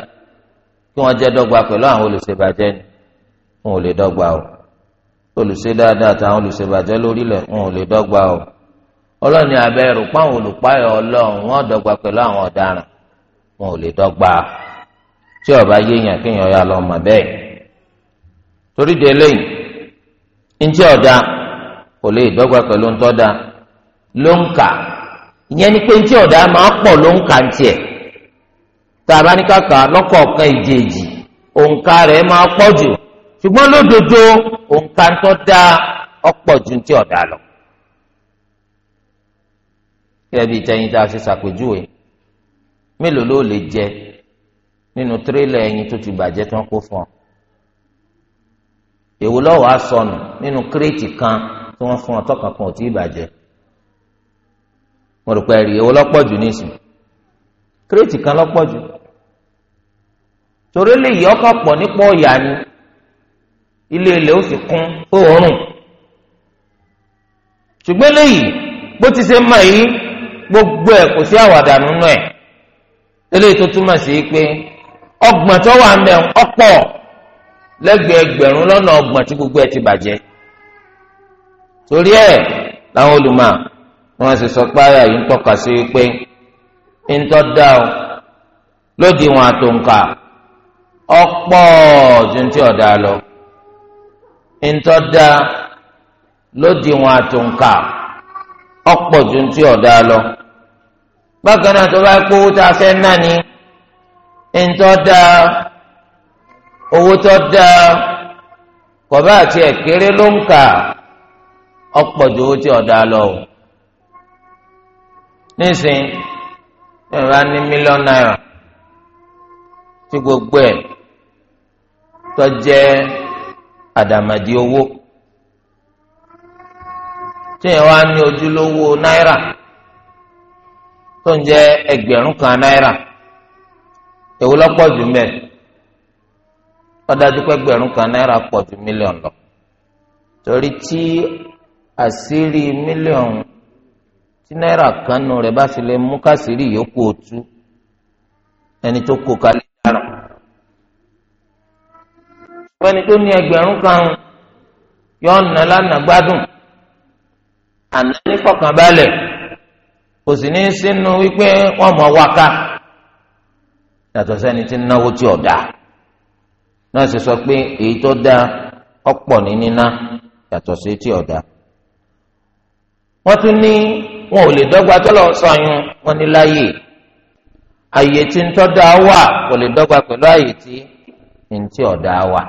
kí wọ́n jẹ́ dọ́gba pẹ̀lú àwọn olùṣe bàjẹ́ ni wọn ò lè dọ́gba o. olùṣe dáadáa àtàwọn olùṣe bàjẹ́ lórílẹ̀ wọn ò lè dọ́gba o ọlọ́ni abẹ́rù páwọn olùpáyọ̀ ọlọ́run wọn dọ́gba pẹ̀lú àwọn ọ̀daràn wọn ò lè dọ́gba tí ọba yéèyàn kéèyàn ya lọ mọ̀ bẹ́ẹ̀ torí de eléyìí ntí ọ̀dà kò lè dọ́gba pẹ̀lú ntọ́da ló ń kà ìyẹn ni pé ntí ọ̀dà máa pọ̀ ló ń kà ń tiẹ̀ tá a bá ní kàkà lọ́kọ̀ọ̀kan ìjèèjì òǹkà rẹ̀ máa pọ̀ jù ṣùgbọ́n lódodo òǹkà tó dáa ọ̀pọ̀ ju ti ọ̀dà lọ. kílẹ̀ bíi tẹ̀yìn tá a ṣe ṣàpèjúwe mélòó ló lè jẹ nínú tírélà ẹyin tó ti bàjẹ́ tó kó fún ọ. èwo lọ́wọ́ á sọnù nínú kírètì kan tí wọ́n fún ọ tọkàn kan ò tí ì bàjẹ́. mo rò pé ẹ̀rí èwo lọ́pọ̀ jù nísìnyí kírètì kan lọ́pọ̀ jù torí lè yí ọkọ̀ pọ̀ nípò ọ̀yà ni. ilé ilẹ̀ ó fi kún oòrùn ṣùgbọ́n léyìí bó ti ṣe mọ̀ yìí gbogbo ẹ̀ kò sí àwàdà nínú ẹ̀ eléyìí tó túmọ̀ sí pé ọgbọ̀n tó wà mẹ́ ọ̀pọ̀ lẹ́gbẹ̀ẹ́ ẹgbẹ̀rún lọ́nà ọgbọ̀n tí gbogbo ẹ̀ ti bàjẹ́ torí ẹ̀ làwọn olùmọ̀ wọn sì sọ pé àyà yìí ń tọ́ka sí pé ń tọ́ dá o ìwọ̀n àtòǹkà ọ̀pọ̀ ju ti ọ̀dà lọ. ntọ́da lódiwọ̀n àtúnkà ọ̀pọ̀ ju ti ọ̀dà lọ. bákan náà tó bá kó owó tá a fẹ́ náà ni ntọ́da owó tó da kọ̀bá àti ẹ̀kéré ló ń kà ọ̀pọ̀ ju owó ti ọ̀dà lọ o. nísìnyí ẹ̀ bá ní mílíọ̀nù náírà tí gbogbo ẹ̀ tó jẹ́ àdàmàdì owó tíyẹn wá ní ojúlówó náírà tó ń jẹ́ ẹgbẹ̀rún kan náírà èwo lọ́pọ̀ jù mẹ́ ọ̀dájú pé ẹgbẹ̀rún kan náírà pọ̀ ju mílíọ̀nù lọ torí tí àṣírí mílíọ̀nù tí náírà kan nù rẹ̀ bá fi lè mú káṣírí yòókù òtú ẹni tó kó kalẹ̀. fẹ́ni tó ní ẹgbẹ̀rún kan yọ ọ̀nà lánàá gbádùn àná ní fọkànbalẹ̀ kò sì ní sínú wípé wọn mọ̀ wáká yàtọ̀ sẹ́ni tí ń náwó tí ò dáa náà sì sọ pé èyí tó dáa ọ̀pọ̀ ní níná yàtọ̀ sí tí ò dáa wọ́n tún ní wọn ò lè dọ́gba tọ́lọ̀ sọyún wọn ní láàyè àyè tí ń tọ́ dáa wà kò lè dọ́gba pẹ̀lú àyè tí ń tí ò wà.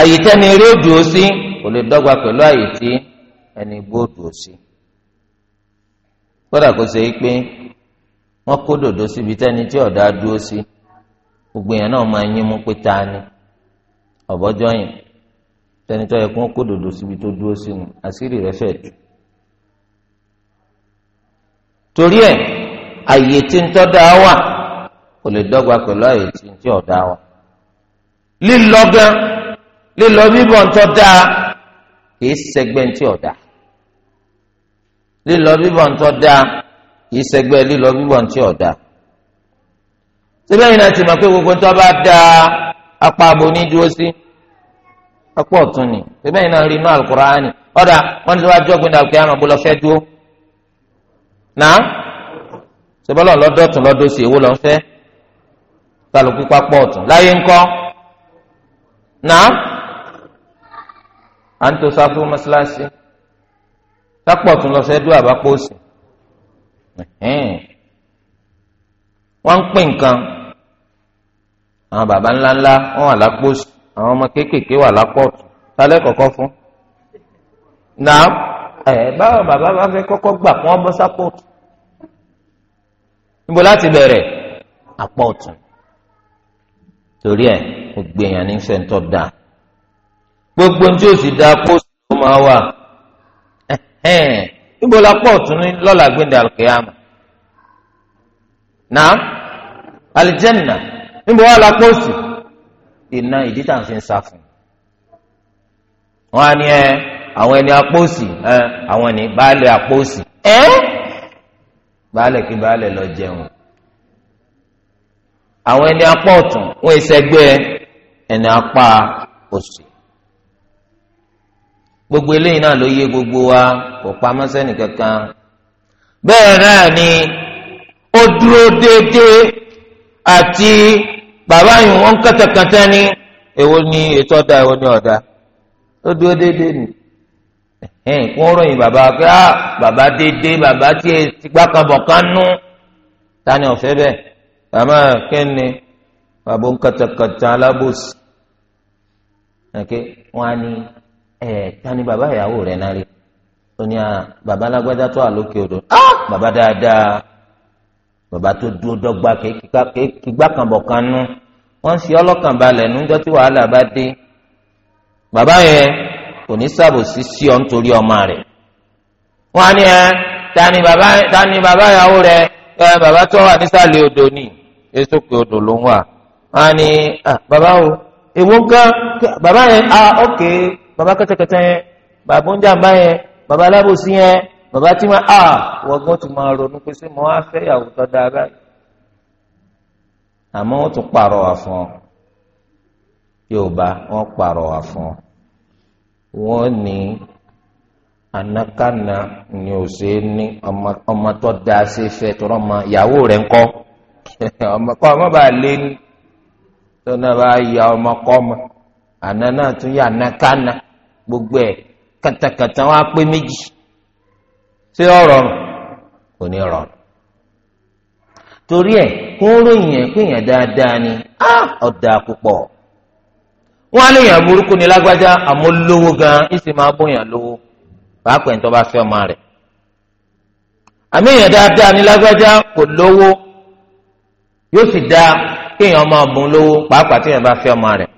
àyè tẹni eré òdùó sí kò lè dọ́gba pẹ̀lú àyè tí ẹni igbó òdùó sí kódà kó ṣe é pé wọ́n kó dòdò síbi tẹ́ni tí ọ̀dà dúró sí gbogbo náà máa yín mú pé ta ni ọ̀bọ́jọ́ yẹn tẹ́ni tó yẹ kó kó dòdò síbi tó dúró sí nu àṣírí rẹ̀ fẹ̀ tú. torí ẹ̀ àyè tí ń wà kò lè dọ́gba pẹ̀lú lílọ bíbọ̀ ńtọ́ dáa kìí sẹgbẹ́ ntí ọ̀dà lílọ bíbọ̀ ńtọ́ dáa kìí sẹgbẹ́ lílọ bíbọ̀ ntí ọ̀dà síbẹ̀ yìí náà ti mọ̀ pé gbogbo ntọ́ bá dáa apá abo ní dúró sí apá ọ̀tún ni síbẹ̀ yìí náà rí inú Al-Qur'ani ọ̀dà wọn ti wá jọ́gbìn dàgbé àmọ̀ bó lọ fẹ́ dúró náà sọbọlọ lọdọtún lọdọsí èwo lọ fẹ́ kálukú pápọ̀ ọ̀tún láyé ńkọ́ náà à ń to sáfù mọ́ṣáláṣí sápọ̀ tún lọ sẹ́dú àbápọ̀sì wọ́n ń pè nǹkan àwọn baba ńláńlá wọ́n wà lápọ̀sì àwọn ọmọ kéékèèké wà lápọ̀tù tálẹ́ kọ̀kọ́ fún náà ẹ̀ báwọn bàbá bá fẹ́ kọ́kọ́ gbà kí wọ́n bọ́ sápọ̀tù níbo láti bẹ̀rẹ̀ àpọ̀tù torí ẹ̀ gbogbo èèyàn ní sẹ́ńtọ̀ dáa gbogbo ní tí o sì da pósí ló máa wà níbo la pọ̀ tún ní lọ́la gbẹ̀dẹ̀ alùkìyàmù náà alìjẹ́nà níbo wà la pósí iná ìdí tá à ń fi ń sá fún un wọn á ní ẹ àwọn ẹni apósí ẹ àwọn ẹni baálé apósí ẹ baálé kí baálé lọ jẹun àwọn ẹni apá ọ̀tún wọn ìṣẹ́gbẹ́ ẹni apá òsì gbogbo eléyìí náà ló yé gbogbo wa kò pamọ́ sẹ́ni kankan bẹ́ẹ̀ náà ni ó dúró déédéé àti bàbá yìí wọ́n kẹ́tẹ̀kẹ́tẹ́ ni èwo ni ètò ọ̀dà èwo ni ọ̀dà ó dúró déédéé ni ẹ̀hìn kó ròyìn bàbá pé á ah, bàbá déédéé bàbá tí e ti gbá kan bọ̀ kan nú ta ni ọ̀fẹ́ bẹ́ẹ̀ bàbá kẹ́ni bàbá ń kẹ́tẹ̀kẹ́tẹ́ alábòsí wọ́n á ní. ẹ eh, ni baba ìyàwó rẹ náà rí ó ní baba alágbádá tó wà odò bàbá dáadáa bàbá tó dúró dọ́gba kígbà kan bọ̀ kan nú wọ́n ṣe tí wàhálà bá dé baba yẹn kò ní sí ọ nítorí ọmọ rẹ wọn á ní ẹ tani ẹ tó wà ni èso odò ló ń wà á ní o baba kẹtẹkẹtẹ yẹn baba oúnjàmbá yẹn baba alábòsí yẹn baba tí ma a ah, wọgbọn tó máa ronú pé ṣé mo á fẹ́ ìyàwó tó dáa báyìí àmọ́ wọ́n tún pàrọwà fún ọ Yorùbá wọ́n pàrọwà fún ọ wọ́n ní anakana ni ò ṣe é ní ọmọ tó dáa ṣe fẹ́ tọrọ ọmọ ìyàwó rẹ̀ ńkọ́ ọmọ kọ ọmọ bá lé ní tó bá ya ọmọ kọ ọmọ àná náà tún yà nákàná gbogbo ẹ̀ katakata wọn á pé méjì ṣé ọ̀rọ̀ kò ní rọrùn torí ẹ̀ kó ròyìn ẹ̀ pé èèyàn dáadáa ni á ọ̀dà púpọ̀ wọn á lè yàn burúkú ni lágbájá àmọ́ lówó gan-an ìsì máa bóyàn lówó pàápàá ẹni tó bá fẹ́ ọmọ rẹ̀ àmì èèyàn dáadáa ni lágbájá kò lówó yóò sì dáa kéèyàn máa bùn lówó pàápàá tí èèyàn bá fẹ́ ọmọ rẹ̀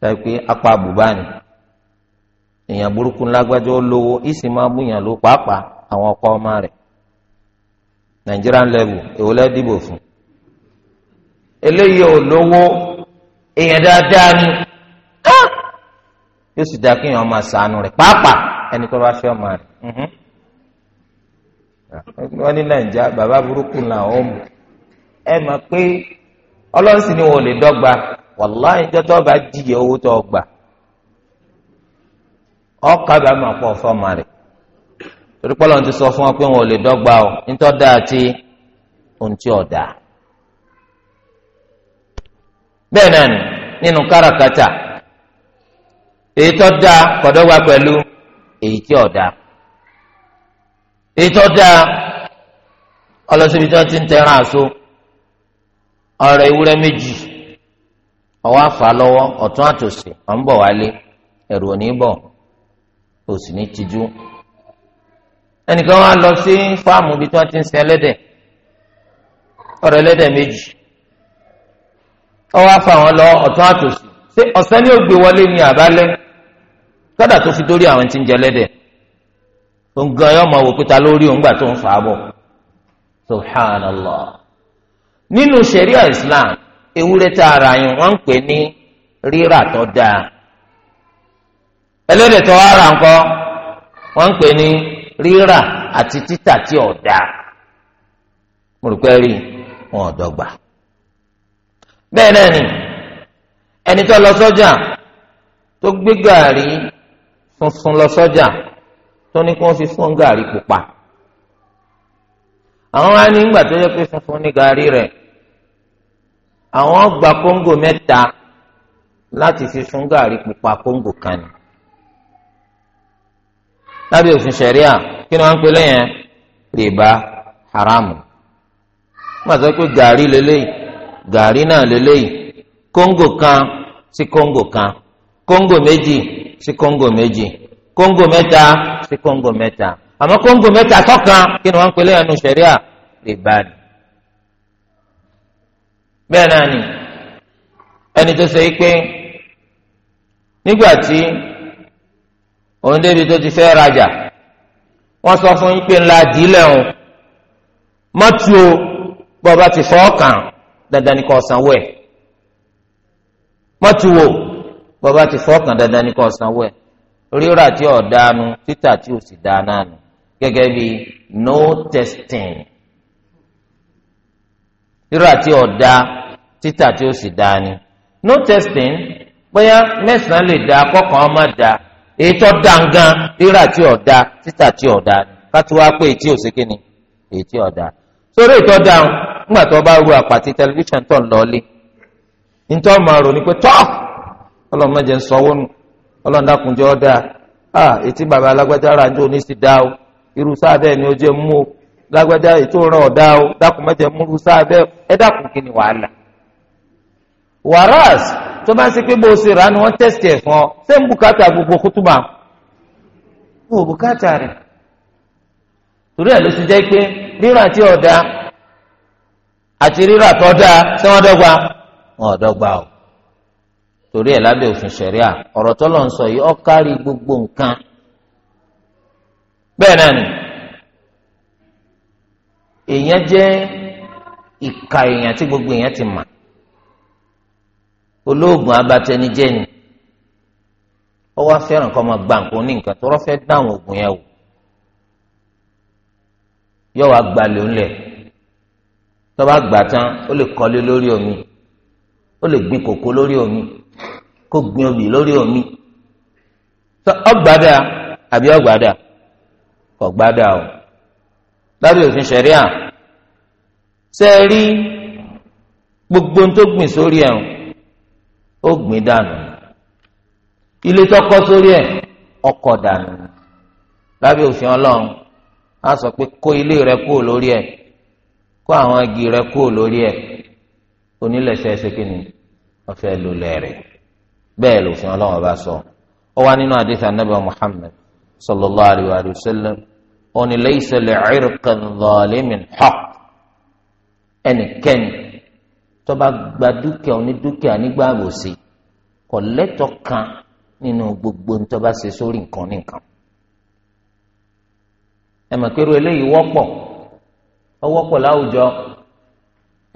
sáré pé apá àbùbá ni èèyàn burúkú lágbájá ó lówó ìsìn máa búyàn ló pàápàá àwọn ọkọ ọmọ rẹ̀ Nigerian level èwo lẹ́ dìbò fún eléyìí ò lówó èèyàn dáadáa ni yóò sì dáa kéèyàn máa sànù rẹ̀ pàápàá ẹni tó bá fẹ́ ọmọ rẹ̀ mhm. wọ́n ní nàìjíríà bàbá burúkú làwọn ò mú ẹ mọ̀ pé ọlọ́sìn ni wọn ò lè dọ́gba wàláhì jọ́tọ̀ bá jìyà owó tó gbà ọkà bá máa pọ̀ fọ́ọ̀mà rẹ̀ torí pọ́lọ́ ti sọ fún ọ pé wọn ò lè dọ́gba ọ nítọ́ da àti ohun tí ò da bẹ́ẹ̀ náà ni nínú káràkátà èyí tó da kò dọ́gba pẹ̀lú èyí tí ò èyí tó da ọlọ́sibítọ́ ti ń tẹran àṣọ ọ̀rọ̀ méjì. ọwọ́ àfà lọ́wọ́ ọ̀tún àtòsì ọ̀ ń bọ̀ wálé ẹ̀rù ò bọ̀ ní tijú. ẹnìkan wá lọ sí fáàmù ibi tí wọ́n ti ń sin ẹlẹ́dẹ̀ ọ̀rọ̀ ẹlẹ́dẹ̀ méjì ọwọ́ àfà wọn lọ ọ̀tún ṣé wọlé ní àbálẹ́ islam ewúrẹ́ tá a rà yín wọ́n ń pè ní rírà tó dáa ẹlẹ́dẹ̀ tó wá rà ńkọ́ wọ́n ń pè ní rírà àti títà tí ò dáa mo rò pé rí wọn ò dọ́gba bẹ́ẹ̀ náà ni ẹni tó lọ sọ́jà tó gbé gàárì funfun lọ sọ́jà tó ní kí wọ́n fi fún gàárì pupa àwọn á ní ìgbà tó yẹ pé funfun ní gàárì rẹ̀ àwọn gba kóńgò mẹ́ta láti fi fún gàrí pupa kóńgò kan ni lábẹ́ òfin ṣẹ̀ríà kí ni wọ́n ń pè lẹ́yìn rìbá haramu wọ́n sọ pé gàrí lélẹ́yìí gàrí náà lélẹ́yìí kóńgò kan sí kóńgò kan kóńgò méjì sí kóńgò méjì kóńgò mẹ́ta sí kóńgò mẹ́ta àmọ́ kóńgò mẹ́ta sọ́kan kí ni wọ́n ń pè lẹ́yìn ṣẹ̀ríà rìbá ni bẹ́ẹ̀ náà ni ẹni tó ṣe pé nígbà tí òun débi tó ti fẹ́ rajà wọ́n sọ fún yín pé ńlá dìílẹ̀ òun mọ́tì o bọ́ọ̀ bá ti fọ́ kàn dandan ni kò sanwó ẹ̀ mọ́tì wo bọ́ọ̀ bá ti fọ́ kàn dandan ni kò sanwó ẹ̀ rírà tí ò dáanu títà tí ò sì dáanáà nù gẹ́gẹ́ bí no testing rírà tí ò dáa títà tí ó sì dáa ni no testing bóyá mẹ́sàn-án lè da akọ́kàn ọmọ da ètò dangan rírà tí ọ̀dà títà tí ọ̀dà kátúwá pé ètí òsèké ni ètí ọ̀dà sórí ètò dáhùn nígbà tó bá ru àpàtì tẹlifíṣàn tó ń lọlé nítorí ọmọ rò ní pé tọ́ ọlọ́mọdé ń sọ wónú ọlọ́ndàkùnjọ́ ọ̀dà ah ètí bàbá alágbájá ra njó ni ó jẹ́ o lágbájá ètò waras tó bá ń ṣe pé bó o ṣe rà ni wọ́n tẹ̀sítì ẹ̀ fún ọ ṣé ń bùkátà gbogbo kútùbà ń wò bùkátà rẹ̀ torí ẹ̀ ló ti jẹ́ pé rírà tí ọ̀dà àti rírà tó dáa ṣé wọ́n dọ́gba wọn dọ́gba o torí ẹ̀ lábẹ́ òfin ṣẹ̀ríà ọ̀rọ̀ tó lọ ń sọ yìí ó kárí gbogbo nǹkan bẹ́ẹ̀ náà ni èèyàn jẹ́ ìka èèyàn tí gbogbo èèyàn ti mà olóògùn abatẹnijẹ́ ni ó wá fẹ́ràn kọ́ máa gba nǹkan ní nǹkan tó rọ́fẹ́ dáhùn oògùn yẹn wò yóò wá gbalẹ̀ ńlẹ̀ tó bá gbà tán ó lè kọ́lé lórí omi ó lè gbin kòkó lórí omi kó gbin obì lórí omi tó ọgbàdà àbí ọgbàdà ọgbàdà o lábẹ́ òfin ṣẹ̀ríà ṣe gbogbo tó gbìn sórí ẹ̀hún ó gbìn dànù ilé tọkọ sórí ẹ̀ ọkọ dànù lábẹ́ òfin Ọlọ́run á sọ pé kó ilé rẹ̀ kúrò lórí ẹ̀ kó àwọn igi rẹ̀ kúrò lórí ẹ̀ onílẹsẹẹsẹ kìíní ọfẹ lulẹ rẹ̀ bẹ́ẹ̀ lòfin Ọlọ́run bá sọ ọ wá nínú àdìsá nàbà Muhammad sallallahu alayhi wa sallam ó ní laysa li'irqin zalimin haqq ẹnikẹ́ni tó bá gba dúkìá oní dúkìá nígbà àbòsí kò lẹ́tọ̀ọ́ kan nínú gbogbo tó bá ṣe sórí nǹkan nìkan ẹ mọ̀ pé irú eléyìí wọ́pọ̀ ó wọ́pọ̀ láwùjọ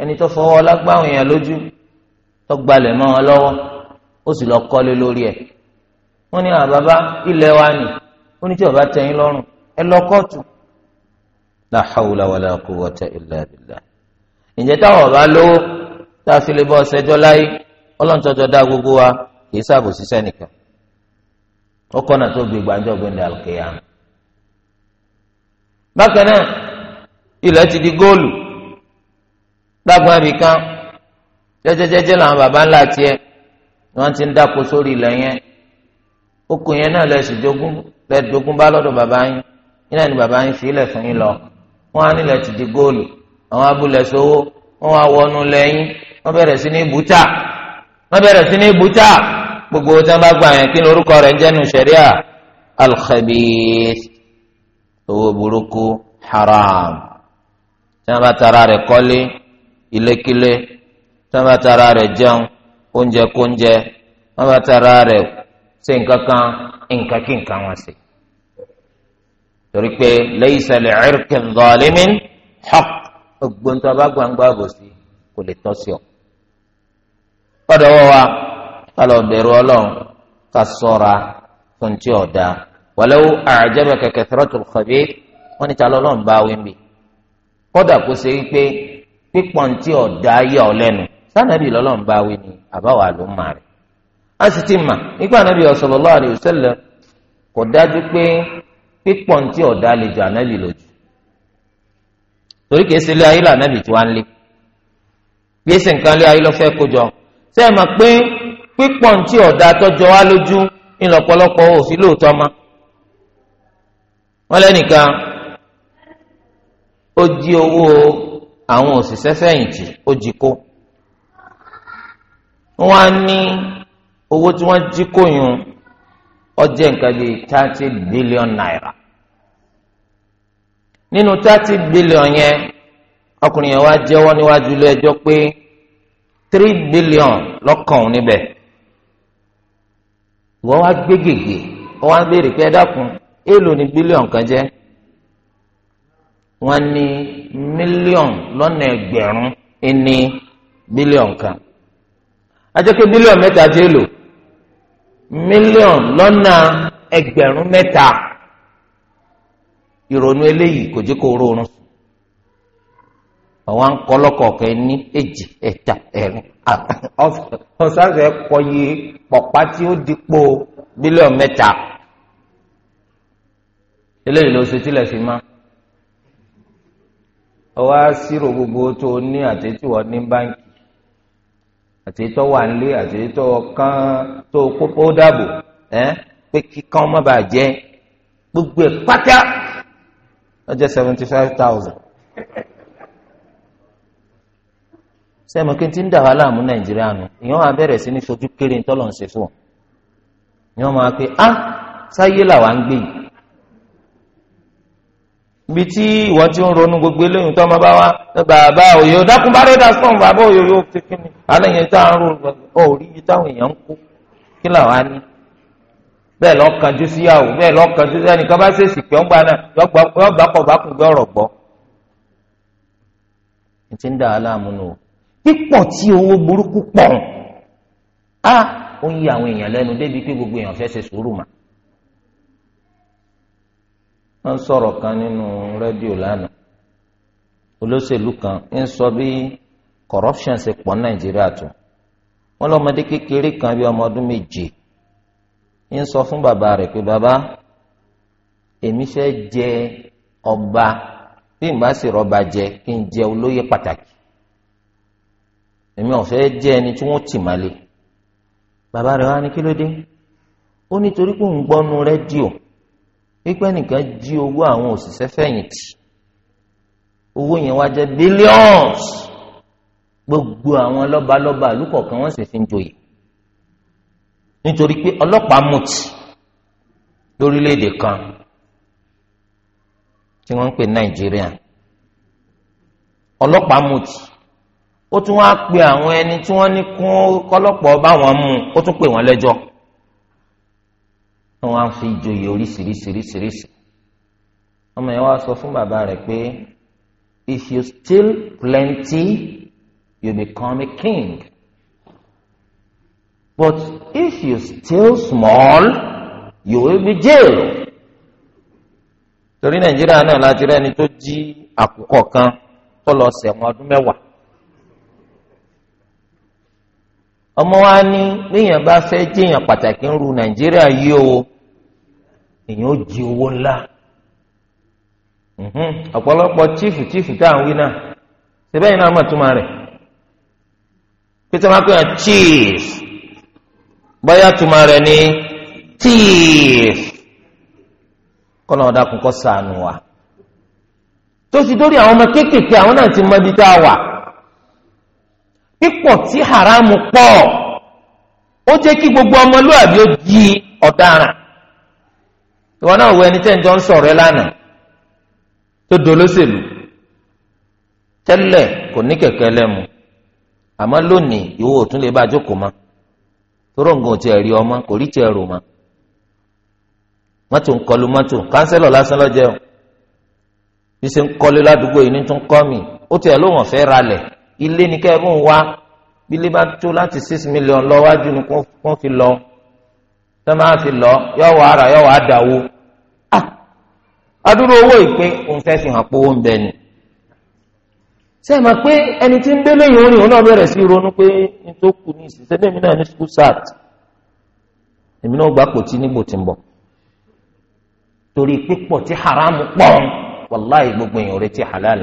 ẹni tó fọwọ́ lágbá àwọn èèyàn lójú tó gbalẹ̀ mọ́ wọn lọ́wọ́ ó sì lọ kọ́lé lórí ẹ̀ wọ́n ní àbábá ilẹ̀ wa nì ó ní tí ó bá lọ́rùn ẹ lọ kóòtù la hawla wala quwwata illa billah ǹjẹ́ táwọn ọba lówó tá a fi lè bọ́ ọ̀sẹ̀jọ́ láyé ọlọ́ntọ́jọ́ dá gbogbo wa kì í sáàbò síṣẹ́ nìkan ó kọ́nà tó gbé gbàǹjọ́ gbẹ̀ndẹ̀ àlùkìyàm. bákan náà ilẹ̀ ti di góòlù dágbọ́n àbíkan jẹ́jẹ́jẹ́jẹ́ làwọn baba ńlá tiẹ̀ ni wọ́n ti ń dáko sórí ilẹ̀ yẹn okùn yẹn náà lẹ́sìn jogún lẹ́ẹ̀dógún bá lọ́dọ̀ baba yín yín náà ni baba yín fi ilẹ̀ fún yín lọ wọ́n á nílẹ̀ ti di góòlù àwọn abúlẹ̀ sówó wọ́n á wọnú lẹ́yìn wọ́n bẹ̀rẹ̀ sí ní bùtà wọ́n bẹ̀rẹ̀ sí ní bùtà gbogbo tí wọ́n bá gbà yẹn kí ni orúkọ rẹ̀ ń jẹ́ nu sẹ̀ríà alxabis owó burúkú haram tí wọ́n bá tara rẹ̀ kọ́lé ilékílé tí wọ́n bá tara rẹ̀ jẹun oúnjẹ kóúnjẹ wọ́n bá tara rẹ̀ ṣe nǹkan kan nǹkan kí nǹkan wọn ṣe torí pé laysa li'irkin zalimin haqq gbogbo ń tọ́ bò sí kò lè tọ́ sí ọ ọdọwọ wa ká lọ bẹ̀rù Ọlọ́run ká ṣọ́ra fún tí ò dáa wàlẹ́wò àjẹbẹ kẹkẹ tẹrọtù kọ̀bí wọn ní ta lọ́lọ́run bá wí mi kódà kó ṣe wípé pípọ̀ tí ò dáa yà ọ lẹ́nu sànàbí lọ́lọ́run bá wí ni àbáwá ló ń máa a sì ti mà nígbà nàbí sallallahu alaihi wasallam kò dájú pé pípọ̀ tí ò dáa lè jù ànábì lójú torí kìí ṣe ilé ayé lànàbì tí wàá ń lé kìí ṣe nǹkan ilé ayé lọ́fẹ́ kójọ tẹ́ ẹ mọ̀ pé pípọ̀ ntí ọ̀dà tọ́jọ́ wa lójú ńlọpọlọpọ òfin lóòótọ́ ma wọ́n lẹ́nìkan ó di owó àwọn òṣìṣẹ́ fẹ̀yìntì ó jí kó wọ́n á ní owó tí wọ́n jí kó yun ó nǹkan bíi thirty billion naira nínú thirty billion yẹn ọkùnrin yẹn wá jẹ́wọ́ níwájú ilé ẹjọ́ pé. three billion lọ́kàn níbẹ̀ wọ́n wá gbé gègé wọ́n wá béèrè pé ẹ dákun èèlò ni bílíọ̀n kan jẹ́ wọ́n ní lọ́nà ẹgbẹ̀rún ní kan ajẹ́kẹ́ bílíọ̀n mẹ́ta jẹ́ èèlò mílíọ̀n lọ́nà ẹgbẹ̀rún mẹ́ta ìrònú eléyìí kò àwọn akọlọ́kọ̀ọ̀kẹ́ ní èjì ẹ̀ta ẹ̀rin ọ̀sánsẹ̀ kọyí pọ̀pá tí ó dípò bílíọ̀nù mẹ́ta eléyìí ló ṣe tílẹ̀ fi má ọwọ́ sírò gbogbo tó ní àtẹ̀tíwọ̀ ní báńkì àtẹ̀tọ́ wà nílé àtẹ̀tọ́ kan tó kópó dàbò ẹ́ pé kíkan má bàa jẹ́ gbogbo ẹ̀ pátá ọjọ́ seventy five thousand. sẹ́mi kí n ti ń dà wá láàmú nàìjíríà nù ìyọ́n máa bẹ̀rẹ̀ sí ní sojú kéré ń tọ́lọ̀ ń ṣe fún ọ ìyọ́n máa pe ah sáyé làwa ń gbé yìí ibi tí ìwọ ti ń ronú gbogbo eléyìí tó ọmọ bá wá bàbá òyò dákun bá rẹ́dà sọ̀n bàbá yóò fi kí ni alẹ́ yẹn tá à ń ro táwọn èèyàn ń kí làwa ní bẹ́ẹ̀ síyàwó bẹ́ẹ̀ pípọ̀ tí owó burúkú pọ̀ á ó ń yí àwọn èèyàn lẹ́nu débi pé gbogbo èèyàn fẹ́ ṣe sùúrù mà. wọ́n sọ̀rọ̀ kan nínú rédíò lánàá olóṣèlú kan ń sọ bí corruption ṣe pọ̀ nàìjíríà tó wọ́n lọ́mọdé kékeré kan bí ọmọ ọdún méje ń sọ fún bàbá rẹ̀ pé bàbá èmi fẹ́ jẹ ọba bí n bá sì rọba jẹ kí n jẹ olóyè pàtàkì èmi ò fẹ́ jẹ́ ẹni tí wọ́n tì má lé bàbá rẹ̀ wá ní kí ló dé ó nítorí pé òun gbọ́nu rédíò pípẹ́ nìkan jí owó àwọn òṣìṣẹ́ fẹ̀yìntì owó yẹn wá jẹ́ billions gbogbo àwọn lọ́balọ́ba àlùkọ̀ọ̀kan wọ́n sì fi ń joyè nítorí pé ọlọ́pàá mutí lórílẹ̀‐èdè kan tí wọ́n ń pè Nàìjíríà ọlọ́pàá mutí ó tún wáá pe àwọn ẹni tí wọ́n ní kún kọ́lọ́pọ̀ bá wọn mú ó tún pè wọ́n lẹ́jọ́ wọ́n wá fi ìjòyè oríṣiríṣiríṣiríṣi ọmọ yẹn wá sọ fún bàbá rẹ̀ pé if you steal plenty you become a king but if you steal small you will be jailed torí nàìjíríà náà láti rẹ́ni tó jí àkùkọ kan tó lọ ṣẹ̀wọ̀n ọdún mẹ́wàá ọmọ wa ní léèyàn bá fẹ́ jẹ́yàn pàtàkì ń ru nàìjíríà yìí o èèyàn ó jí owó ńlá mhm. ọ̀pọ̀lọpọ̀ chiefu chiefu tá à ń wí náà síbẹ̀ yìí náà mọ̀ túmọ̀ rẹ̀ pété máa pè hàn chief bóyá túmọ̀ rẹ̀ ní chief kọ́nà ọ̀dà kò kọ́ sànù wa tó sì dórí àwọn ọmọ kéékèèké àwọn náà ti mọ ibi tá a wà pípọ̀ tí haramu pọ̀ ó jẹ́ kí gbogbo ọmọlúwàbí ó di ọ̀daràn ìwọ náà wo ẹni tẹ́ ń jọ ń sọ̀rọ̀ ẹ lánàá tó dolóṣèlú tẹ́lẹ̀ kò ní kẹ̀kẹ́ lẹ́mu àmọ́ lónìí ìwọ ò tún lè bá jókòó mọ́ tóró nǹkan ò tiẹ̀ rí ọmọ kò rí tiẹ̀ rò mọ́ mọ́tò ń kọlu mọ́tò kánsẹ́lọ̀ lásán lọ́jẹ́ o bí ṣe ń kọlu ládùúgbò yìí ní tún kọ́ mi ó tiẹ̀ ló wọ́n fẹ́ ralẹ̀ ilé ni kẹ́ẹ̀mú wá bílé bá tó láti six million lọ wájú ni kò fi lọ tẹ́ máa fi lọ yọ wàá rà yọ wàá dàwó ah! adúrú owó ìpè òun fẹ́ fi hàn pé owó ń bẹ ni ṣé ẹ mọ̀ pé ẹni tí ń délé yìí orin òun náà bẹ̀rẹ̀ sí ronú pé n tó kù ní náà ní school èmi náà gbà pò tí nígbò tí ń bọ̀ torí pípọ̀ tí haramu pọ̀ wàláì gbogbo èèyàn retí halal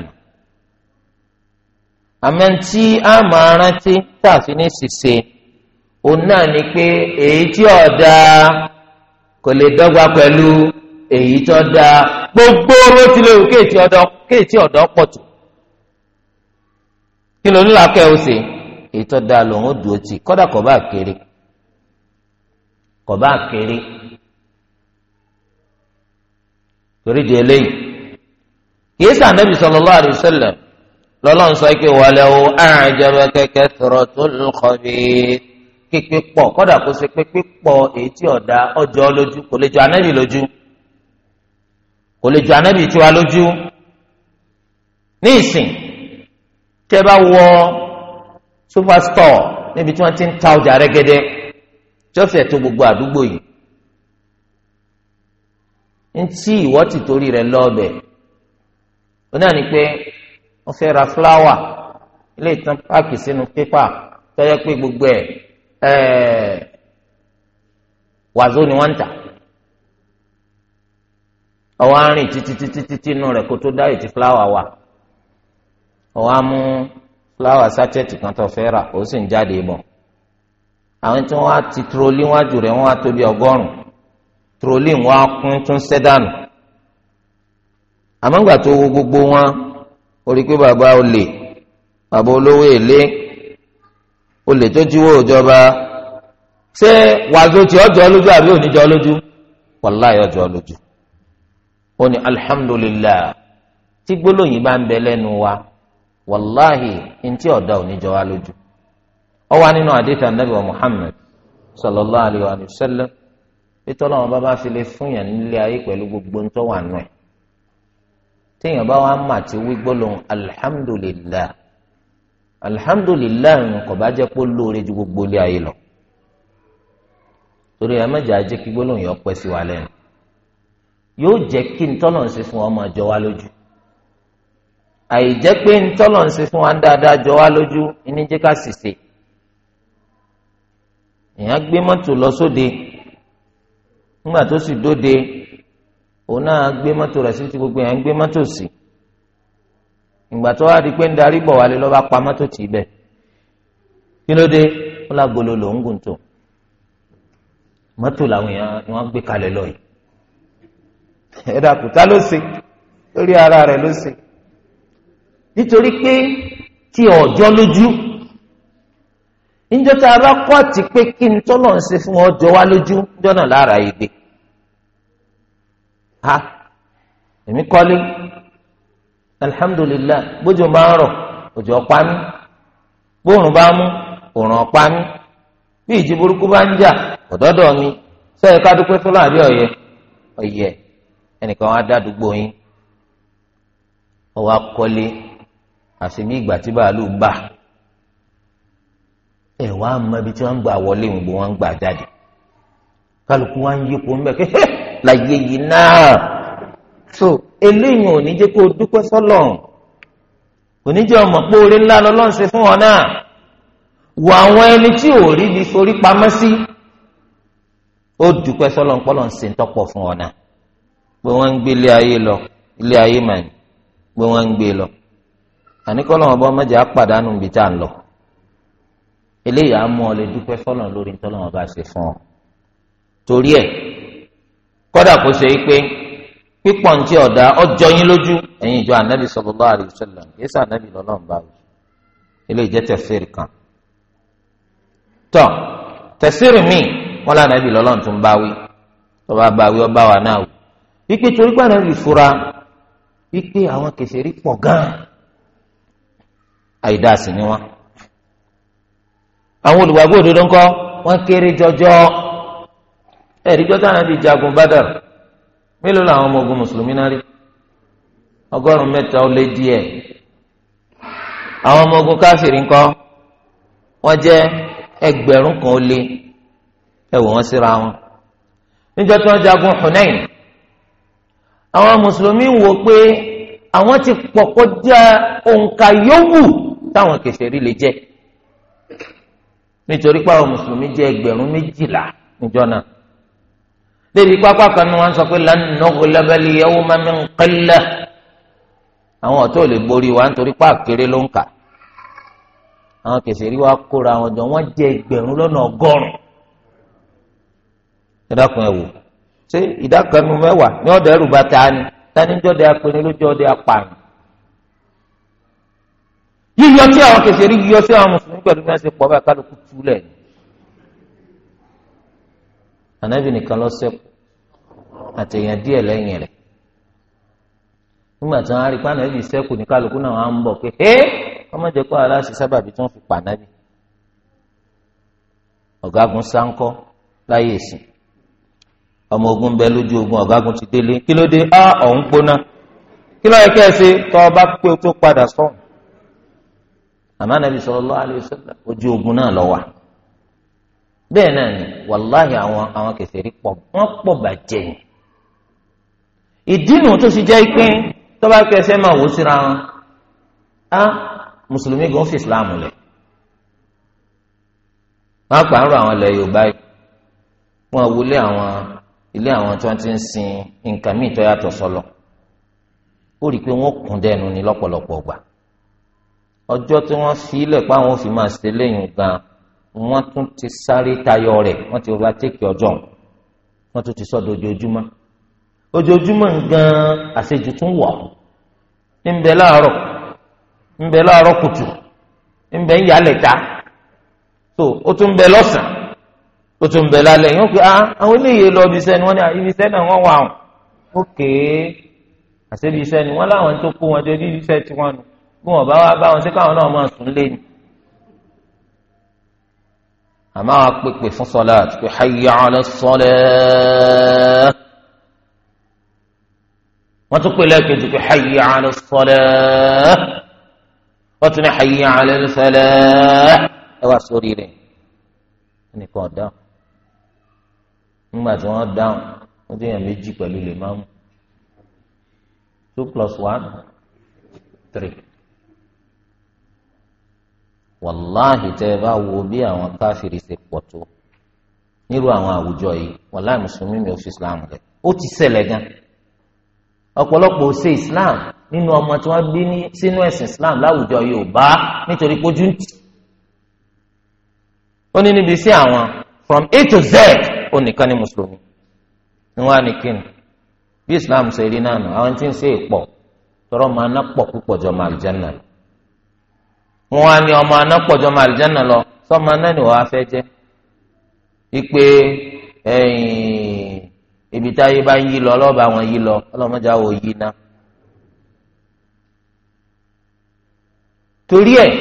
àmọ́ tí a máa rántí tá a fi ní ṣìṣe òun náà ni pé èyí tí ò dáa kò lè dọ́gba pẹ̀lú èyí tó dáa gbogbo owó tí lè wù kéètì ọ̀dọ́ pọ̀ tó kí ló ń là kẹ́ ọ èyí tó dáa lòun ó dúró tì kọ́dà kọ́ bá kéré kọ́ bá kéré torí di eléyìí kìí sàn nàbì sallallahu alaihi wasallam lọ́lọ́run sọ pé wàlẹ́ o àjẹbẹ kẹkẹ sọ̀rọ̀ tó ń kọ́ bí pípé pọ̀ kọ́dà kó ṣe pé pípọ̀ èyí tí ọ̀dà ọjọ́ lójú kò lè ju anábì lójú kò lè ju anábì tiwa lójú ní ìsìn tẹ́ bá wọ superstore níbi tí wọ́n ti ń ta ọjà rẹ́gẹ́dẹ́ tí ó fẹ́ tó gbogbo àdúgbò yìí ntí ìwọ́ ti torí rẹ̀ lọ́ọ̀bẹ̀ ó náà ní pé wọ́n fẹ́ ra fúláwà ilé ìtàn páàkì sínú pépà tọ́jọ́ pé gbogbo ẹ̀ ẹ̀ wàzó ni wọ́n ń tà ọwọ́ arìn títí títí títí inú rẹ̀ kó tó dá ètí fúláwà wà ọwọ́ á mú fúláwà sátẹ́ẹ̀tì kan tó fẹ́ rà ó sì ń jáde bọ̀ àwọn tí wọ́n á ti turolí wájú rẹ̀ wọ́n á tóbi ọgọ́rùn-ún wọn á kún tún sẹ́dánù àmọ́ ìgbà tó wo gbogbo wọn. orí pé bàbá olè bàbá olówó èlé olè tó jíwó ìjọba ṣé wàzó tí ọjọ́ lójú àbí oníjọ́ lójú wàláyé ọjọ́ lójú ó ní alihamudulilayi tí gbólóyìn bá ń bẹ lẹ́nu wa wàláhì ntí wa lójú ó wà nínú àdéhùn wa Muhammad sallallahu alayhi wa sallam bí tọ́lọ́wọ́n bá bá fi lè fún yàn nílé ayé téèyàn bá wà á mà ti wí gbólóhùn alihamudulilayi alihamudulilayi kò bá jẹ́ pé lóore ju gbogbo ilé ayé lọ torí ẹ mẹjọ ajé kí gbólóhùn yọ pẹ́ sí wa lẹ́nu yóò jẹ́ kí ntọ́nà ń ṣe fún ọmọ jọ wá lójú àìjẹ́ pé ntọ́nà ń ṣe fún wa dáadáa jọ wá lójú ní ká sì ṣe gbé mọ́tò lọ sóde nígbà tó sì dóde. òun náà gbé mọ́tò rẹ̀ sí ti gbogbo yẹn ń gbé mọ́tò sí ìgbà tó wá di pé ń darí bọ̀ wálé lọ́ba pa mọ́tò tì í bẹ̀ kí ló dé ó lágolo ló ń gùn tó mọ́tò làwọn èèyàn ni wọ́n gbé kalẹ̀ lọ yìí ẹ̀dá ara rẹ̀ ló ṣe nítorí pé tí ọjọ́ lójú níjọ́ tá a bá kọ́ àti pé kí n tọ́lọ̀ ń ṣe fún ọjọ́ wa lójú níjọ́ lara lára ha èmi kọ́lé alhamdulillah bójú máa ń rọ̀ òjò ọ̀pá mi bóòrùn bá mú òòrùn ọ̀pá mi bí ìjì burúkú bá ń jà ọ̀dọ́dọ̀ mi sọ́yẹ́ ká dúpẹ́ fún láàrin ẹnìkan wá dá àdúgbò yín ọwọ́ akọ́lé àti ìgbà tí bàálù bà ẹ̀ wá mọ ibi tí wọ́n ń gbà wọlé òǹgbò wọ́n ń gbà jáde kálukú wá ń yípo ń bẹ̀ kéhé. láyé yìí náà so eléyìí ò ní jẹ́ kó o dúpẹ́ sọ́lọ̀ kò ní jẹ́ ọmọ pé oore ńlá lọ́lọ́run ṣe fún wọn náà wọ àwọn ẹni tí ò rí ibi forí pamọ́ sí ó dúpẹ́ sọ́lọ̀ ńpọ́lọ̀ ń ṣe ń tọ́pọ̀ fún wọn náà pé wọ́n ń gbé ilé ayé lọ ilé ayé mà ní pé wọ́n ń gbé lọ àníkọ́lọ́ ọba ọmọdé apàdánù ibi tá à ń lọ eléyìí á mú ọ lè dúpẹ́ sọ́lọ̀ lórí ńtọ́lọ́ ọba ṣe fún ọ torí ẹ̀ kódà kó ṣe é pé pípọ̀ ní ti ọ̀dà ọjọ́ yín lójú ẹ̀yin ìjọ ànábì sallallahu alaihi wasallam yẹ́sà ànábì lọ́lọ́run báyìí ilé ìjẹ́ tẹ̀síìrì kan tọ́ tẹ̀síìrì míì wọ́n lànà ànábì lọ́lọ́run tún bá wí tọ́ba bá wí ọba wa náà wí wípé torí pé ànábì fura wípé àwọn kèsèrí pọ̀ gan-an àìdáàsì ni wọ́n àwọn olùgbàgbọ́ òdodo ńkọ́ wọ́n kéré jọjọ́ ẹ̀ẹ́dìjọ́ táwọn àbí jagun Badr mélòó làwọn ọmọ ogun mùsùlùmí náà rí ọgọ́rùn-ún mẹ́ta ó lé díẹ̀ àwọn ọmọ ogun káfíìrì ńkọ́ wọ́n jẹ́ ẹgbẹ̀rún kan ó lé ẹ̀wọ̀ wọn síra wọn níjọ́ tí wọ́n jagun Hunain àwọn mùsùlùmí wò pé àwọn ti pọ̀ kọjá òǹkà yòówù táwọn kèfèrí lè jẹ́ nítorí pé àwọn mùsùlùmí jẹ́ ẹgbẹ̀rún méjìlá níjọ́ náà débi pápá kan ni wọn sọ pé lan nughlaba al-yawma min qillah àwọn ọ̀tọ́ ò lè borí wa nítorí páàkiri ló ń kà àwọn kèsìrí wa kóra àwọn jọ wọn jẹ ẹgbẹ̀rún lọ́nà ọgọ́rùn ìdákun ẹ wò ṣé ìdákanu mẹ́wàá ní ọdọ ẹrù bá ta ni tani jọdẹ apẹni lójú ọdẹ apààyàn yíyọ sí àwọn kèsìrí yíyọ sí àwọn mùsùlùmí pẹ̀lú mẹsẹ pọ bá kálukú túlẹ ni anabi nìkan ló ṣẹ́kù àtẹ̀yàn díẹ̀ lẹ́yìn rẹ̀ nígbà tí wọ́n á rí pé anabi ṣẹ́kù ní kálukú náà wọ́n á ń bọ̀ pé ẹ́ ọmọ jẹ́ kó aláṣẹ sábàbí tí wọ́n fi pa anabi ọ̀gágun sáńkọ́ láyé ìsìn ọmọ ogun bẹ lójú ogun ọ̀gágun ti délé kí ló dé á ọ̀hún gbóná kí ló yẹ kí ẹ ṣe tọ́ ọ bá pé o tó padà sọ́hùn àmọ́ anabi sallallahu alaihi wasallam ojú ogun náà lọ bẹ́ẹ̀ náà ni wàláhì àwọn àwọn kèfèrí pọ̀ wọ́n pọ̀ bàjẹ́ yìí ìdínú tó ṣe jẹ́ pé tọ́ba kẹsẹ́ máa wò síra wọn á mùsùlùmí gan fi islam lẹ̀ wọ́n pa ń rọ àwọn ilẹ̀ yorùbá yìí wọ́n wọlé àwọn ilé àwọn tí wọ́n ti ń sin nǹkan míì tó yàtọ̀ sọ́lọ̀ ó rí i pé wọ́n kún dẹ́nu ní lọ́pọ̀lọpọ̀ gbà ọjọ́ tí wọ́n fi ilẹ̀ pa àwọn òfin máa ṣe lẹ́yìn gan-an wọ́n tún ti sáré tayọ rẹ̀ wọ́n ti overtake ọjọ́ wọ́n tún ti sọ́dọ̀ ojoojúmọ́ ojoojúmọ́ gan-an àṣejù tún wà ńbẹ láàárọ̀ ńbẹ láàárọ̀ kùtù ńbẹ ńyálẹ̀ta tó o tún bẹ lọ́sàn-án o tún bẹ lálẹ́ yín ó pe ah àwọn eléyìí lọ ibi iṣẹ́ ni wọ́n ní ah, ibi iṣẹ́ náà wọ́n wà ọ́n ókè àṣebi iṣẹ́ ni wọ́n láwọn tó kó wọn jẹ bí iṣẹ́ tiwọn nù bí wọ́n bá wá bá wọn ṣé káwọn náà máa sùn lé ni àmọ́ àwọn apèpè fún sọlá pé hayya ala sọlẹ́ wọ́n tún pè lẹ́ẹ̀kejì pé hayya ala sọlẹ́ wọ́n tún ní hayya ala sọlẹ́ ẹ wá sórí rẹ̀ nìkan ọ̀dá nígbà tí wọ́n dáhùn wọ́n ti yàn méjì pẹ̀lú lè máa mú two plus one three wàláhì tẹ́ ẹ bá wo bí àwọn káfíìrì ṣe pọ̀ tó nírú àwọn àwùjọ yìí wàláhì mùsùlùmí mi ò fi islam rẹ̀ ó ti ṣẹlẹ̀ gan ọ̀pọ̀lọpọ̀ ṣe islam nínú ọmọ tí wọ́n bí ní sínú ẹ̀sìn islam láwùjọ yorùbá nítorí pójú ń ó ní níbi sí àwọn from a to z ó nìkan ní mùsùlùmí ni wọ́n á ní kíni bí islam ṣe rí náà nù àwọn tí ń ṣe é pọ̀ tọrọ máa ná pọ̀ púpọ̀ jọ máa jẹ́ náà wọn á ní ọmọ anápọ̀jọ́ máa àlìjáná lọ sọ́mọ náà ni wọ́n á fẹ́ ipe ibi bá yí lọ ọlọba wọn yí lọ ọlọ́mọdé àwọn yí ná. torí ẹ̀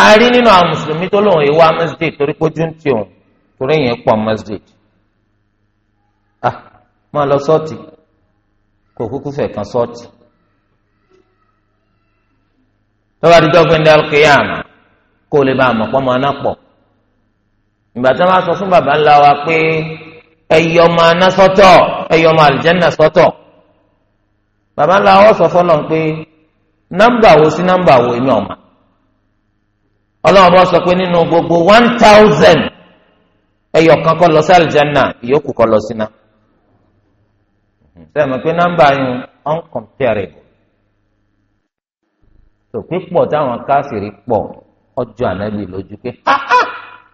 a rí nínú àwọn mùsùlùmí tó lóun èèwọ̀ masjid torí pé ń tì òun torí masjid. ah máa lọ sọ́ọ̀tì kò kúkú fẹ̀ kan tọ́ba àtijọ́ gbẹ̀ndé alkiyama kó o lè bá àmọ̀ pọ́nmọ́ aná pọ̀ ìgbà tí wọ́n sọ fún baba ńlá wa pé ẹ̀yọ ọmọ aná sọ́tọ̀ ẹ̀yọ ọmọ àlìjẹ́nà sọ́tọ̀ ńlá wa sọ fọ́nà pé nọ́mbà wo sí nọ́mbà wo èmi sọ pé nínú gbogbo one thousand ẹ̀yọ kan kọ́ lọ sí àlìjẹ́nà ìyókù lọ sí tó pípọ̀ táwọn káfìrí pọ̀ ọjọ́ ànábì lójú pé ah, ah,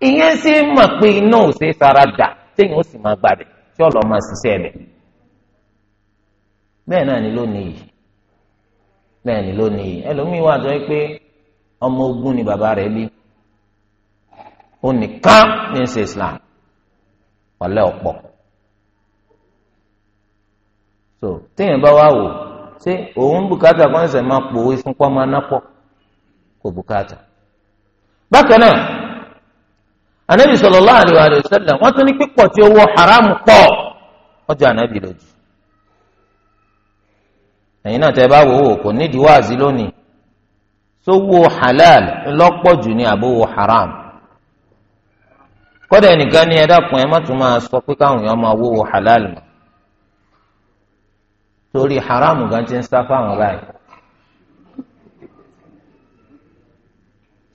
ìyẹn ṣe é mọ̀ pé iná ò ṣe é sara dà téèyàn ó sì máa gbà tí ọ̀lọ́ máa ṣiṣẹ́ rẹ̀ bẹ́ẹ̀ náà ni lónìí yìí bẹ́ẹ̀ ni lónìí yìí ẹlòmíín wà sọ pé ọmọ ogun ni bàbá rẹ̀ bí ó nìkan ní ṣe Islam ọ̀lẹ́ ọ̀pọ̀ so téèyàn bá wà wò. ṣé òun bùkátà kan ma máa pòwe fún kọ́ máa ná pọ̀ kò bùkátà. bákan náà anabi sallallahu alaihi wa sallam wọ́n tún ní pípọ̀ tí owó haramu pọ̀ ọjọ́ anabi lójú. ẹ̀yin náà tẹ́ bá wò ó kò nídìí halal lọ́pọ̀ jù ní àbówó haram kọ́dà ẹnìkan ní ẹ dákun ẹ má tún máa sọ pé halal mọ́ torí haramu gan ti ń sá fáwọn báyìí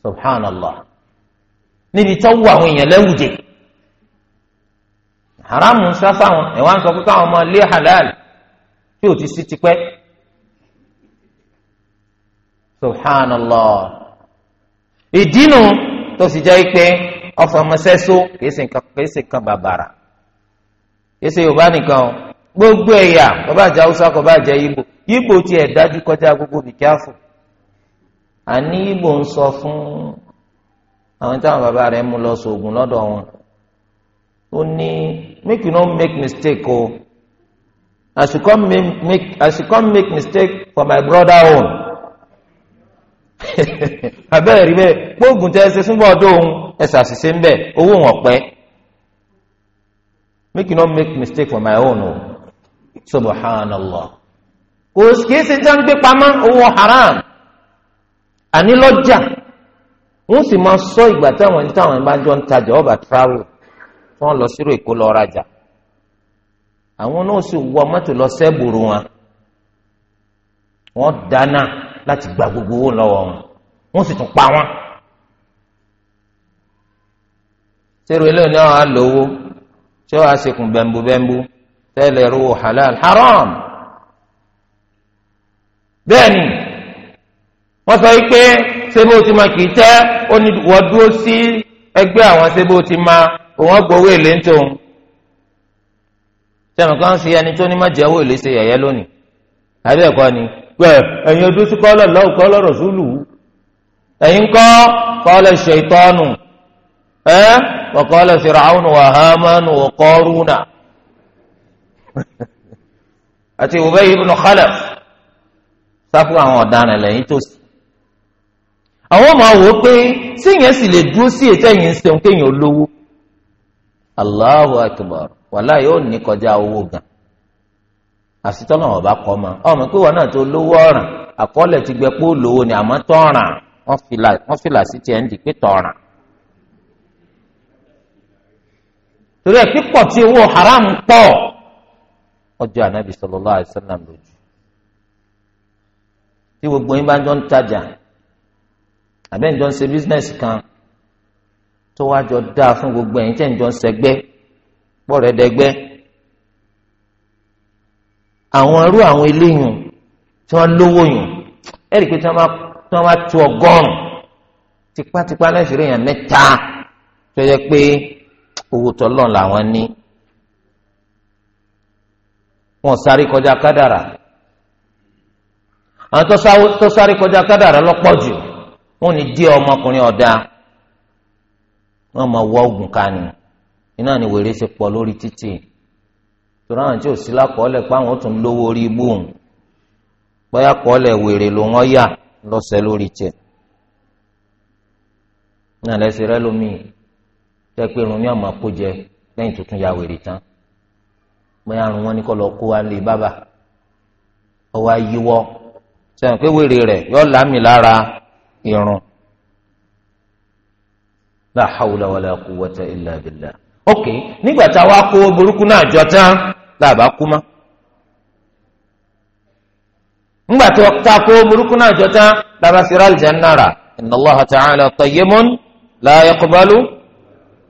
subhanallah níbi haramu ń sá fáwọn ẹ̀ wá ń sọ pé káwọn ọmọ lé halal tí ò ti sí tipẹ́ subhanallah ìdínú tó sì jẹ́ pé gbogbo ẹ̀yà kò bá jẹ haúsá kò bá jẹ yíbo yíbo ti ẹ̀ dájú kọjá gbogbo bìkẹ́àfù àní yíbo ń sọ fún àwọn táwọn bàbá rẹ̀ mú lọ sóògùn lọ́dọ̀ wọn ó ní make you no make mistake o as you come make, make as you come make mistake for my brother own abẹ́rẹ́ rí bẹ́ẹ̀ gbóògùn tẹ́ ẹ ṣe fún bọ́ọ̀dọ̀ òun ẹ ṣàṣìṣe ń bẹ̀ owó wọn pẹ́ make you no make mistake for my own o subhanallah kò kìí ṣe tí wọ́n gbé pamọ́ owó haram àní lọ́jà wọ́n sì máa sọ ìgbà táwọn táwọn bá jọ ń tajà ọba travel tí wọ́n lọ sírò èkó lọ rajà àwọn náà sì wọ mọ́tò lọ sẹ́bùrù wọn wọ́n dáná láti gba gbogbo owó lọ́wọ́ wọn wọ́n sì tún pa wọ́n. sẹ́rù eléyìí náà á lówó tí ó á sekùn bẹ́ńbú bẹ́ńbú tẹ́lẹ̀ ro halal haram bẹ́ẹ̀ni wọ́n sọ pé sebo ti ma kì tẹ́ wọ́n dúró sí ma òun gbowó èlé ń tó ń sẹ́mi kan sí ẹni tó ní má jẹ́wọ́ yẹ̀yẹ́ lónìí àbí ẹ̀kọ́ ni pé ẹ̀yin ojú sí kọ́lọ̀ lọ́wọ́ kọ́lọ̀ rọ̀ṣúlù ẹ̀yin kọ́ kọ́lọ̀ ẹ̀ wọ́n kọ́lọ̀ àti Ubay ibn Khalaf sáfù àwọn ọ̀daràn lẹ́yìn tó sì. àwọn ọmọ àwò pé si sì lè dúró sí ètò ẹ̀yìn ń kéèyàn olówó Allahu akbar wàhálà yóò ní kọjá owó gan àsìtọ́nà ọ̀bá kọ́ ma ọmọ pé wọn náà tó lówó ọ̀ràn àkọọ́lẹ̀ ti gbẹ pé ó lówó ni àmọ́ tọ́ràn wọ́n fìlà sí tiẹ̀ ń di pé tọ́ràn. torí ẹ̀ pípọ̀ tí haram pọ̀ ọjọ́ ànábì sallallahu alaihi wasallam lójú tí gbogbo yín bá jọ ń tajà àbẹ́ ìjọ ń ṣe bísínẹ́sì kan tó wá jọ dáa fún gbogbo ẹ̀yin tẹ́ ń jọ ń ṣẹgbẹ́ pọ̀ rẹ̀ dẹgbẹ́ àwọn irú àwọn eléyìn tí wọ́n lówó yùn ẹ̀rí pé tí wọ́n bá tu ọgọ́rùn tipátipá lẹ́sìn rẹ̀ yàn mẹ́ta tó yẹ pé owó tọ́lọ́ làwọn ní wọn sáré kọjá kádàrà àwọn tó sáré kọjá kádàrà lọ́pọ̀ jù wọn ní díẹ̀ ọmọkùnrin ọ̀dà wọn máa wọ oògùn kánì iná ni wèrè ṣe pọ lórí títì tòrọ àwọn tí ò sí lákọọ́lẹ̀ pé àwọn ò tún lówó orí ibú òun bóyá kọ́ọ́lẹ̀ wèrè ló wọ́n yà lọ́sẹ̀ lórí tiẹ̀ náà lẹ́sẹ̀ rẹ lómi jẹ́ pé irun ní ọmọ kó lẹ́yìn tuntun ya wèrè tán. bóyá àrùn wọn ni kọ́ lọ kó wa lè bábà ó wá yíwọ́ sẹ́yìn pé wèrè rẹ̀ yọ lámì lára irun la hawla wala quwwata illa billah ok nígbà tá a wá kó burúkú náà jọ tán làbá kú mọ́ nígbà tó ta kó burúkú náà jọ tán làbá sira aljanna rà inna Allaha ta'ala tayyibun la yaqbalu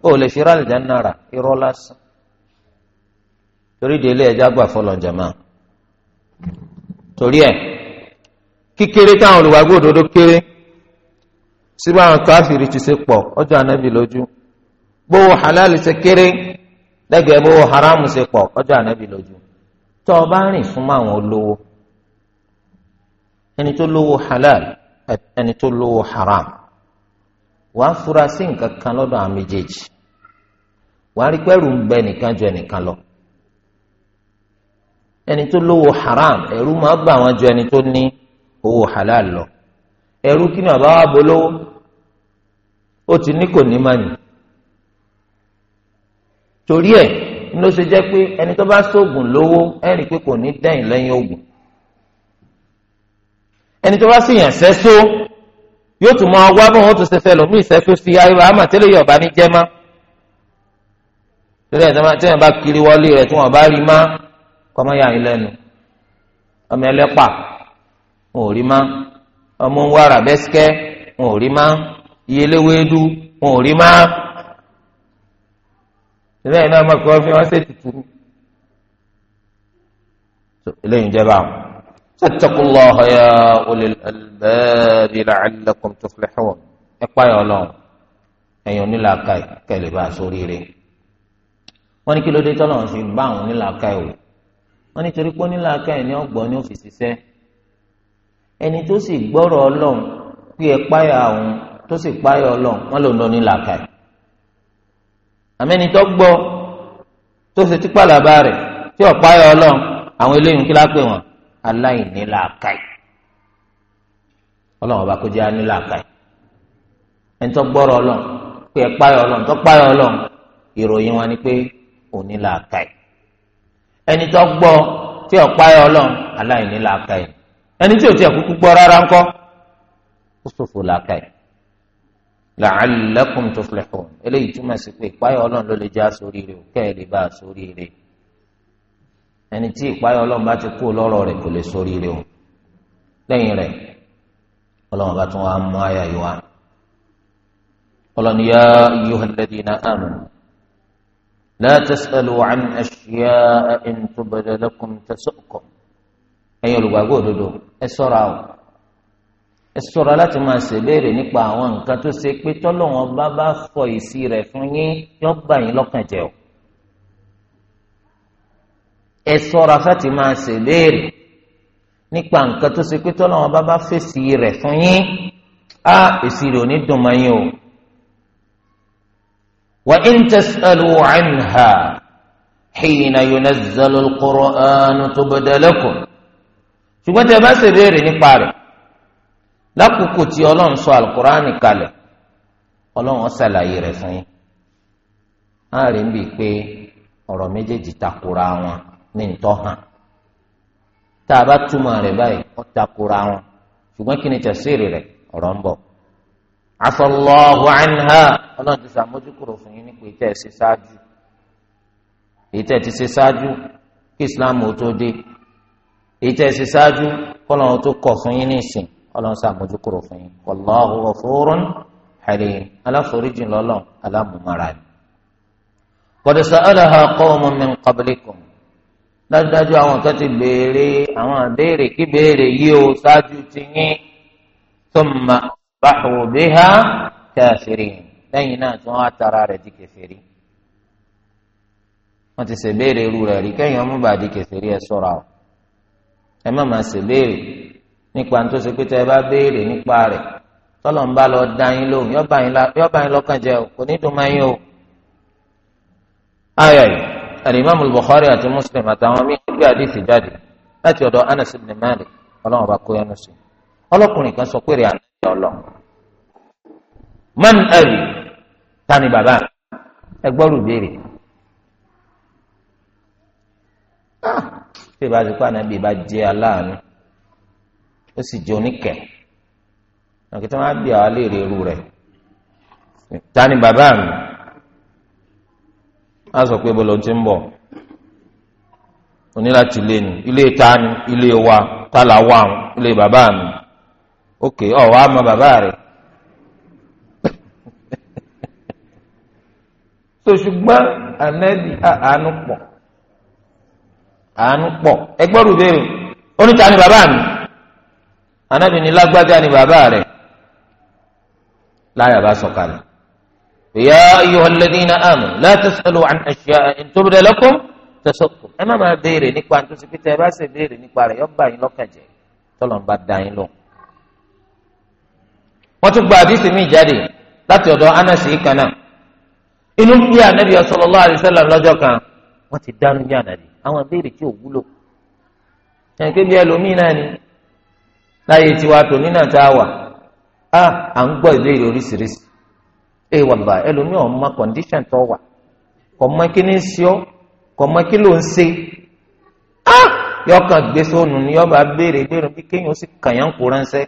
ó lè sira aljanna rà irọ́ lásán. torí de ilé ẹja gbà fọlọ jama torí ẹ kíkéré táwọn olùwàgbọ́ òdodo kéré síbá àwọn káfíìrì ti ṣe pọ ọjọ́ ànábì lójú bówó halal ṣe kéré lẹ́gẹ̀ẹ́ bówó haram ṣe pọ ọjọ́ ànábì lójú tọ o bá rìn fún àwọn olówó ẹni tó lówó halal ẹni tó lówó haram wàá fura sí nǹkan kan wàá rí ń bẹ nìkan ju ẹnìkan lọ. ẹni tó lówó haram ẹ̀rú máa bà wọ́n ju ẹni tó ní owó halal lọ ẹ̀rú kí ni bàbá wa bolówó ó ti ní kò ní má nì torí ẹ̀ ni ló ṣe jẹ́ pé ẹni tó bá sóògùn lówó ẹ̀rí pé kò ní dẹ́yìn lẹ́yìn oògùn ẹni tó bá sì yàn sẹ́só yóò tún máa wá bóun ó tún ṣe fẹ́ lòmí ìṣẹ́fẹ́ sí ayélujára àmọ́ tẹ́lẹ̀ yọ̀ọ̀bá ní jẹ́ má tẹ́lẹ̀ tí bá kiri wọlé rẹ̀ tí wọ́n bá rí má kọ́mọ́yà yín lẹ́nu ọmọ ẹlẹ́pà wọn ò rí má ọmọ wàrà bẹ́sikẹ́ wọn ò rí má iyẹlẹ́wẹ́dú wọn ò rí má. ilé yìí náà mọ̀ pé wọ́n fi wọ́n ṣètùtù eléyìí jẹba fattaqullaha ya ulil albab la'allakum tuflihun ẹ páyọ̀ ọlọ́run ẹ̀yin onílàákàyè kẹlẹ̀ bá a sóríire wọ́n ní kí ló dé tọ́lọ́run fi bá àwọn onílàákàyè wò wọn nítorí pé onílà akáyìn ní ọgbọ́n ní òfìsì sẹ ẹni tó sì gbọ́rọ̀ Ọlọ́run pé ẹ páyà òun tó sì páyà Ọlọ́run wọn lòun lọ nílà akáyìn àmẹni tó gbọ́ tó fi típàlàbà rẹ̀ tí ọ̀pá yọ ọlọ́run àwọn eléyìí kí lápè wọn aláìní làákàì ọlọ́run ọba kò jẹ́ àní làákàì ẹni tó gbọ́rọ̀ ọlọ́run pé ẹ̀pá yọ ọlọ́run tó pá yọ ìròyìn wọn ni pé òní làákàì. ẹni tó gbọ tí ọ̀pá yọ ọlọ́run aláìní làákà yìí ẹni tí o tí ẹ̀kúkú rárá ńkọ́ ó ṣòfò làákà yìí la'allakum tuflihun eléyìí túmọ̀ sí pé ìpáyọ̀ ọlọ́run ló lè já sórí rẹ̀ òkè lè bá a sórí ẹni tí ìpáyọ̀ ọlọ́run ti kú lọ́rọ̀ rẹ kò lè sórí o lẹ́yìn rẹ̀ ọlọ́run bá tún wá mú àyà yìí wá ọlọ́run لا تسألوا عن أشياء إن تبد لكم تسؤكم ẹ̀yin olùgbàgbọ́ òdodo ẹ ṣọ́ra o ẹ ṣọ́ra láti máa ṣèbéèrè nípa àwọn nǹkan tó ṣe pé tọ́lọ́wọ́n bá bá sọ ìsí rẹ̀ fún yín yóò bà yín lọ́kàn jẹ́ o ẹ ṣọ́ra láti máa ṣèbéèrè nípa nǹkan tó ṣe pé tọ́lọ́wọ́n bá bá fèsì rẹ̀ fún yín á èsì rẹ̀ ò ní dùn mọ́ yín o. وإن تسألوا عنها حين ينزل القرآن تبد لكم ṣùgbọ́n tẹ bá ṣe béèrè nípa rẹ̀ lákòókò tí ọlọ́run sọ alukur'ani kalẹ̀ ọlọ́run ṣàlàyé rẹ̀ fún yín á bíi pé ọ̀rọ̀ méjèèjì takora wọn ní ntọ́hàn tá a bá túmọ̀ rẹ̀ báyìí takora afọlọ́hu anha ọlọ́run ti sàmójúkúrò fún yín nípa ìtẹ́ ẹ̀ ṣe ṣáájú ìtẹ́ ẹ̀ ti ṣe ṣáájú kí islam ò tó dé ìtẹ́ ẹ̀ ṣe ṣáájú kọ́lọ́run tó kọ̀ fún yín nísìn ọlọ́run sàmójúkúrò fún yín wàlláhu ọ̀fọ́rún ẹ̀rìn aláforíjì lọ́lọ́ alámùmárà ni. kọ̀dọ̀sọ̀ ọlọ́ha kọ́ọ̀mù mi kọ́bílíkùn dájúdájú àwọn kan ti béèrè àwọn àbéèrè kí béèrè yìí ó ṣáájú ti yín tó máa fàṣọ biha kafirin lẹ́yìn náà tí wọ́n á tara rẹ̀ di kèfèrí wọ́n ti ṣèbéèrè irú rẹ̀ rí kẹ́yìn ọmú bá di kèfèrí ẹ ṣọ́ra o ẹ má máa ṣèbéèrè nípa tó ṣe pé tẹ́ ẹ bá béèrè nípa rẹ̀ tọ́lọ̀ ń bá lọ dá yín lóhùn yọ́bà yín lọ́kàn jẹ́ o kò ní dùn máa yín o. ayọ̀ alimami Bukhari àti Muslim àtàwọn míín gbé àdìsí jáde láti ọ̀dọ̀ Anas ibn Malik ọlọ́run ọba kóyánú sí ọlọ́kùnrin kan sọ pé rẹ̀ àná man abi tani bàbá ẹ gbọ́rù béèrè ṣé ah, ìbá ti pa ànábì ìbá jẹ́ aláàánú ó sì jẹ́ oníkẹ̀ àkìtàn á bí àwọn léèrè irú rẹ̀ tani bàbá mi á sọ pé bọ́lá ti ń bọ̀ oní láti ilé nu ilé ta ni ilé wa tá là wà ilé bàbá mi òkè ọ̀ wá mọ bàbá rẹ̀. so ṣùgbọ́n ànábì àánú pọ̀ àánú pọ̀ ẹgbọ́n rú bẹ́ẹ̀ oníta ni bàbá mi ànábì ní lágbájá ni bàbá rẹ̀ láyà bá sọ̀kalẹ̀ ya ayyuhal ladhina amanu la tasalu an ashya'a in tubda lakum tasukum ẹ má máa béèrè nípa tó ẹ bá sì béèrè nípa rẹ̀ yọ yín lọ́kàn jẹ́ tọ́lọ̀ lọ. wọ́n tún gba àdìsí mi jáde láti ọ̀dọ̀ Anasi kan inú ń anabi ànábì sallallahu alaihi wasallam lọ́jọ́ kan wọ́n ti dánú bí ànábì àwọn abéèrè tí ò wúlò ẹnìké bí ẹlòmíín náà ni láyé tiwa tòní náà tá a wà á à ń gbọ́ ìbéèrè oríṣiríṣi ẹ wà bá ẹlòmíín ọ̀ ma condition tó wà kò mọ kí ni mọ kí ló ń ṣe á yọkàn ni yọba béèrè béèrè bí kéèyàn ó sì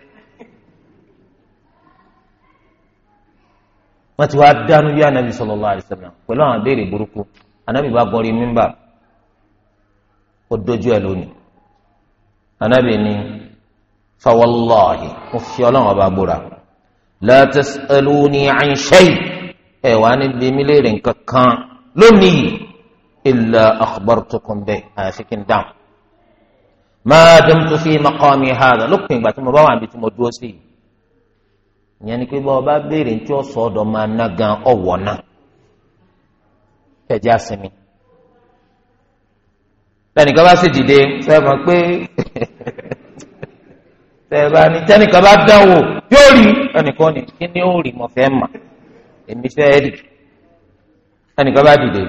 wọ́n ti wá dánú yá anabi sallallahu alaihi wasallam pẹ̀lú àwọn abéèrè burúkú anabi bá gọrí mímbà ó dojú ẹ lónìí anabi ní fawallahi mo fi ọlọ́run ọba gbóra la tas'aluni an shay ẹ wà ní bímí léèrè nǹkan kan lónìí illa akhbartukum bẹ́ẹ̀ àyàfi kí n dáhùn ma dumtu fi maqami hadha lópin ìgbà tí mo bá wà níbi tí mo dúró sí yìí ìyẹn ni pé bá ọba béèrè ní tí ó sọ ọdọ máa ná gan ọwọ́ náà fẹjá sinmi tẹnìkan bá sì dìde sẹmọ pé tẹ̀bá ni tẹnìkan bá dánwò yóò rí ẹnìkan ni kí ni ó rí mọ̀ fẹ́ mà èmi fẹ́ rí ẹnìkan bá dìde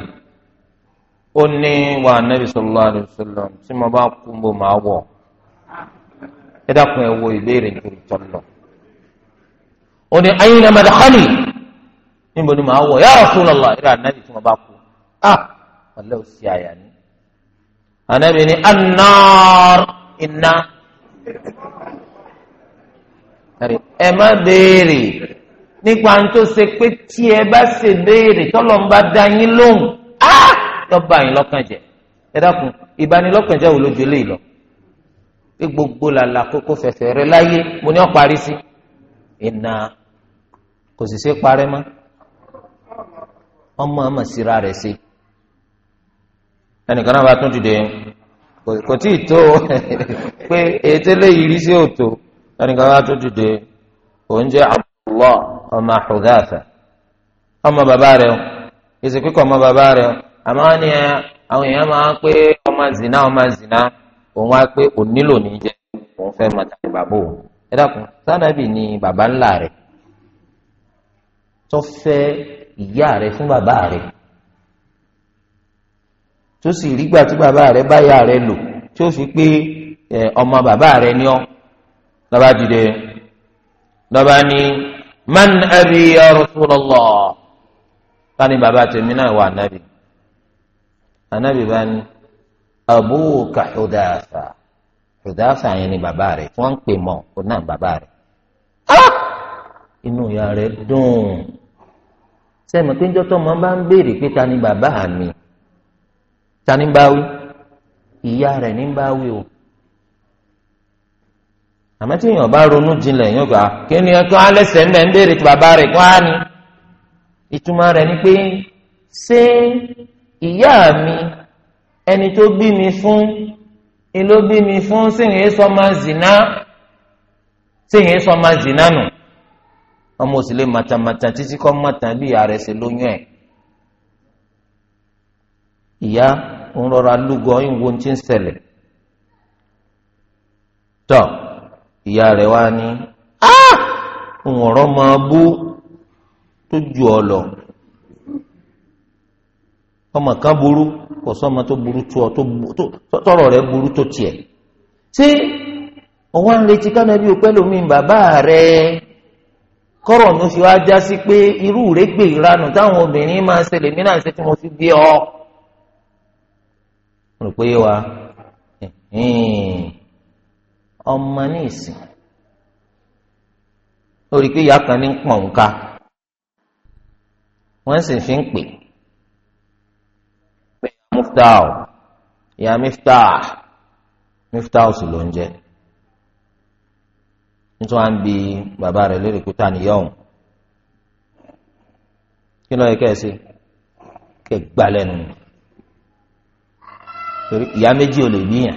ó ní wà nábì sallallahu alaihi wasallam tí mo bá kú mo máa wọ̀ ẹ dákun ẹ wo ìbéèrè nítorí tọ́lọ̀. ó ní ayna madkhali níbo ni màá wọ̀ ya Rasulullah ìrẹ anabi tí mo kú a ah, ọlẹ́ òsì àyà ni anabi ni an-nar iná ẹ má béèrè nípa tó ṣe pé tí ẹ bá ṣe béèrè tọ́lọ́ ń bá da yín lóhùn ah, yín lọ́kàn jẹ ẹ dákun ìbanilọ́kàn jẹ́ eléyìí lọ iná kò sì ṣe parẹ́ mọ́ ọmọ ọmọ síra rẹ̀ ẹnìkan náà bá tún kò tí ì tó pé ètò eléyìí rí sí òtò ẹnìkan bá tún jẹ́ ọmọ ọmọ bàbá rẹ̀ èsì pípọ̀ ọmọ bàbá rẹ̀ àmọ́ ni àwọn èèyàn máa ń pé ọmọ zina ọmọ zina òun pé òun nílò ní jẹ́ òun fẹ́ ẹ sanabi ni baba ńlá rẹ tó fẹ ìyá rẹ fún bàbá rẹ tó sì rígbà tí bàbá rẹ bá yà rẹ lò tí ó fi pé ọmọ bàbá rẹ ní ọ lọba dìde lọba ni man abi ya Rasulullah tani bàbá tèmi náà wà ànábì ànábì bá ní abuka Hudasa. Hudhafa yẹn ni bàbá rẹ̀ wọ́n ń pè mọ́ ọ náà bàbá rẹ̀ ah! inú ìyá rẹ̀ dùn sẹ́mi pé njọ́ tó mọ́ bá ń béèrè pé ta ni bàbá mi ta ni bá wí ìyá rẹ̀ bá wí o àmọ́ tí èèyàn bá ronú jinlẹ̀ yóò gbà kí ni ẹ̀kọ́ alẹ́ ń béèrè ní ìtumọ̀ rẹ̀ ni ìyá mi ẹni bí mi fún ìlú bí mi fún sìnyín sọmọ zìnà sìnyín sọmọ zìnà nù ọmọ òsì lè màtàmàtà títí kọ́ màtà bí ìyá rẹ̀ ṣe lóyún ẹ̀ ìyá ń rọra lúgọ ìwo ti ń ṣẹlẹ̀ tọ́ ìyá rẹ̀ wá ní ń ọ̀rọ̀ máa bú tó ju ọ lọ ọmọ kan burú kò sọmọ tó burú tó ọ tọrọ rẹ burú tó tiẹ̀ ṣé ọwọ́ ń retí kánábí òpẹ́ lómi bàbá rẹ kọ́rọ̀ ní fi wá já sí pé irú rẹ́gbè ìranù táwọn obìnrin máa ń ṣẹlẹ̀ mí náà ṣe tí mo fi bí ọ. rò pé wa ọmọ ní ìsìn ó pé ìyá kan ní ń pọ̀n ká wọ́n sì fi ń pè é muftahu ìyá miftah miftahu sì ló ń jẹ nítorí wọn bi bàbá rẹ̀ lórí kúta níyọ̀hún kí ló yẹ kẹ́sì kẹ́ gbalẹ̀ nù torí ìyá méjì ò lè níyàn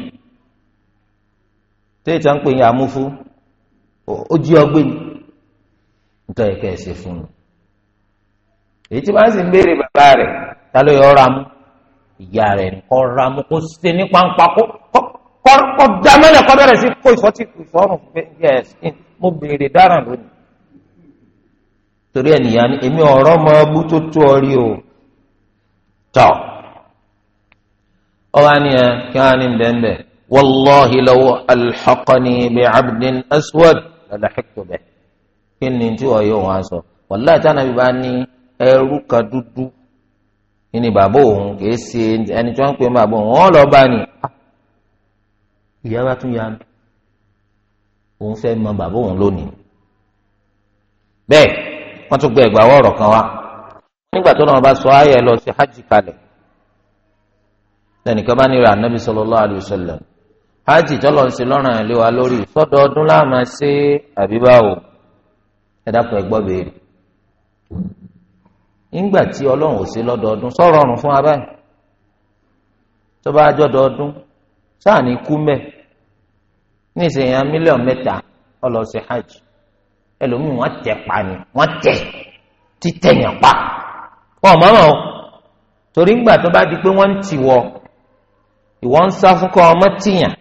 tí ìtàn pè yín amúfú ó jí ọgbẹ́ ni nítorí yẹ kẹ́sì fún un èyí tí wọ́n sì ń béèrè bàbá rẹ̀ ta ló yọ ọ́ ra ìyá rẹ̀ kọ́ ra mú kó ṣe ní pampa kó kọ́ da mẹ́lẹ̀ kọ́ bẹ̀rẹ̀ sí kó ìfọ́tí ìfọ́rùn fún mo béèrè dáràn lónìí. torí ẹnìyàn ni èmi ọ̀rọ̀ mọ ọbú tó tó ọ rí o tọ̀ ọ wá ní ẹ kí wọ́n á ní bẹ́ẹ̀ wàlláhi lọ́wọ́ alḥaqani bi abdin aswad lọ́dàḥẹ́kọ̀ bẹ́ẹ̀ kí ni tí wọ́n yóò wọ́n á sọ wàlláhi tánàbí bá ní ẹrú kan dúdú ní bàbá òun kìí ṣe ẹni tí wọ́n ń pè bàbá òun wọ́n lọ bá ní. ìyá bá tún yanu òun fẹ́ mọ bàbá òun lónìí. bẹ́ẹ̀ wọ́n tún gba ẹ̀gbà ọ̀rọ̀ kan wá nígbà tó náà bá sọ ayé lọ sí hajj kalẹ̀ lẹ́nìkan bá nira anabi sallallahu alaihi wasallam hajj tọ́lọ̀ ń ṣe lọ́rùn ẹ̀ lé wa lórí sọ́dọọdún láàmú ṣe àbíbáwò ẹ̀dá kan ẹ̀gbọ́ béèrè nígbà tí ọlọ́run ò sí lọ́dọọdún sọ̀rọ̀ ọ̀run fún abáyé tó bá jọ́dọọdún kú mẹ́ mílíọ̀nù mẹ́ta hajj ẹlòmíì wọ́n tẹ̀ pa wọ́n tẹ̀ títẹ̀yàn pa o torí ńgbà tó bá di pé wọ́n ń ìwọ́n ń sá fún kọ́ ọmọ tìyàn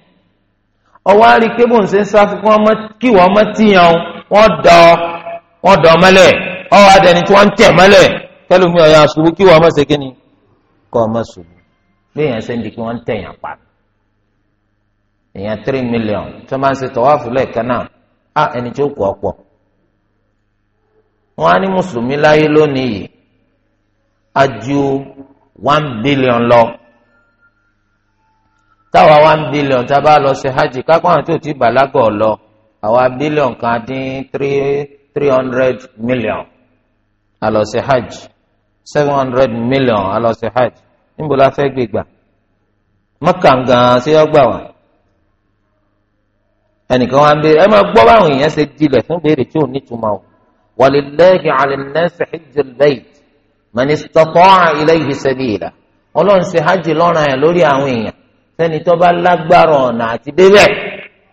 ọwọ́ á rí i pé ṣe ń sá kẹlòmí ọ̀yà ṣubú kí wọ́n ọmọ ṣe kíni kọ́ ọmọ ṣubú léèyàn ṣe ń di pé wọ́n ń tẹ̀yàn pa èèyàn three million tó máa ń ṣe tọ́wáfù lẹ́ẹ̀kan náà á ẹni tí ó ọ̀pọ̀ wọ́n á ní mùsùlùmí láyé lónìí yìí á ju one billion lọ táwa one billion tá a bá lọ ṣe hajj kápá àwọn tí ò ti bàlágọ̀ lọ àwa billion kan dín three three hundred million a lọ ṣe hajj seven hundred million alọ́sẹ̀ hajj níbo la fẹ́ gbé gbà mọ́kà gan-an ṣé ó gbà wá ẹnìkan wá ń béèrè ẹ máa gbọ́ báwọn èèyàn ṣe jilẹ̀ fún béèrè tí ò ní túmọ̀ o walillahi ala nnasi hijjul bayt man istata'a ilayhi sabila ọlọ́run ṣe hajj lọ́ràn ẹ̀ lórí àwọn èèyàn sẹ́ni tó bá lágbára ọ̀nà àti débẹ̀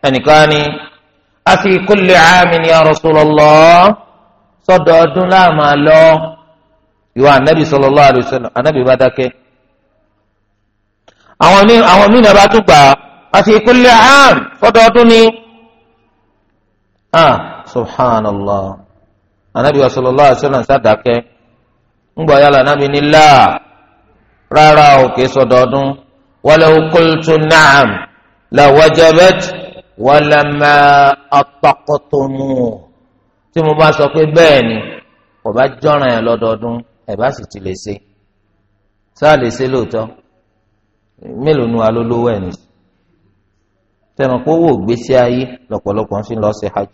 ẹnìkan ni afi kulli aamin ya rasulallah sọ́dọọdún láàmà lọ́ọ́ ìwà anabi sallallahu alaihi wasallam anabi bá dákẹ́. àwọn ní àwọn mí náà bá tún gbà á fi kulli aam fọdọọdún ni. ah subhanallah anabi wa sallallahu alaihi wasallam sàdákẹ́ ńgbà yàrá anabi ní láà rárá o kìí sọdọọdún walau qultu na'am la wajabat walama ataqtumu tí mo bá sọ pé bẹ́ẹ̀ ni kò bá jọ̀ràn ẹ̀ lọ́dọọdún ẹ bá sì ti lè ṣe sáà lè ṣe lóòótọ́ mélòó nu alólówó ẹ̀ nìyí tẹnu pé owó ìgbésí ayé lọ́pọ̀lọpọ̀ ń fi lọ sí hajj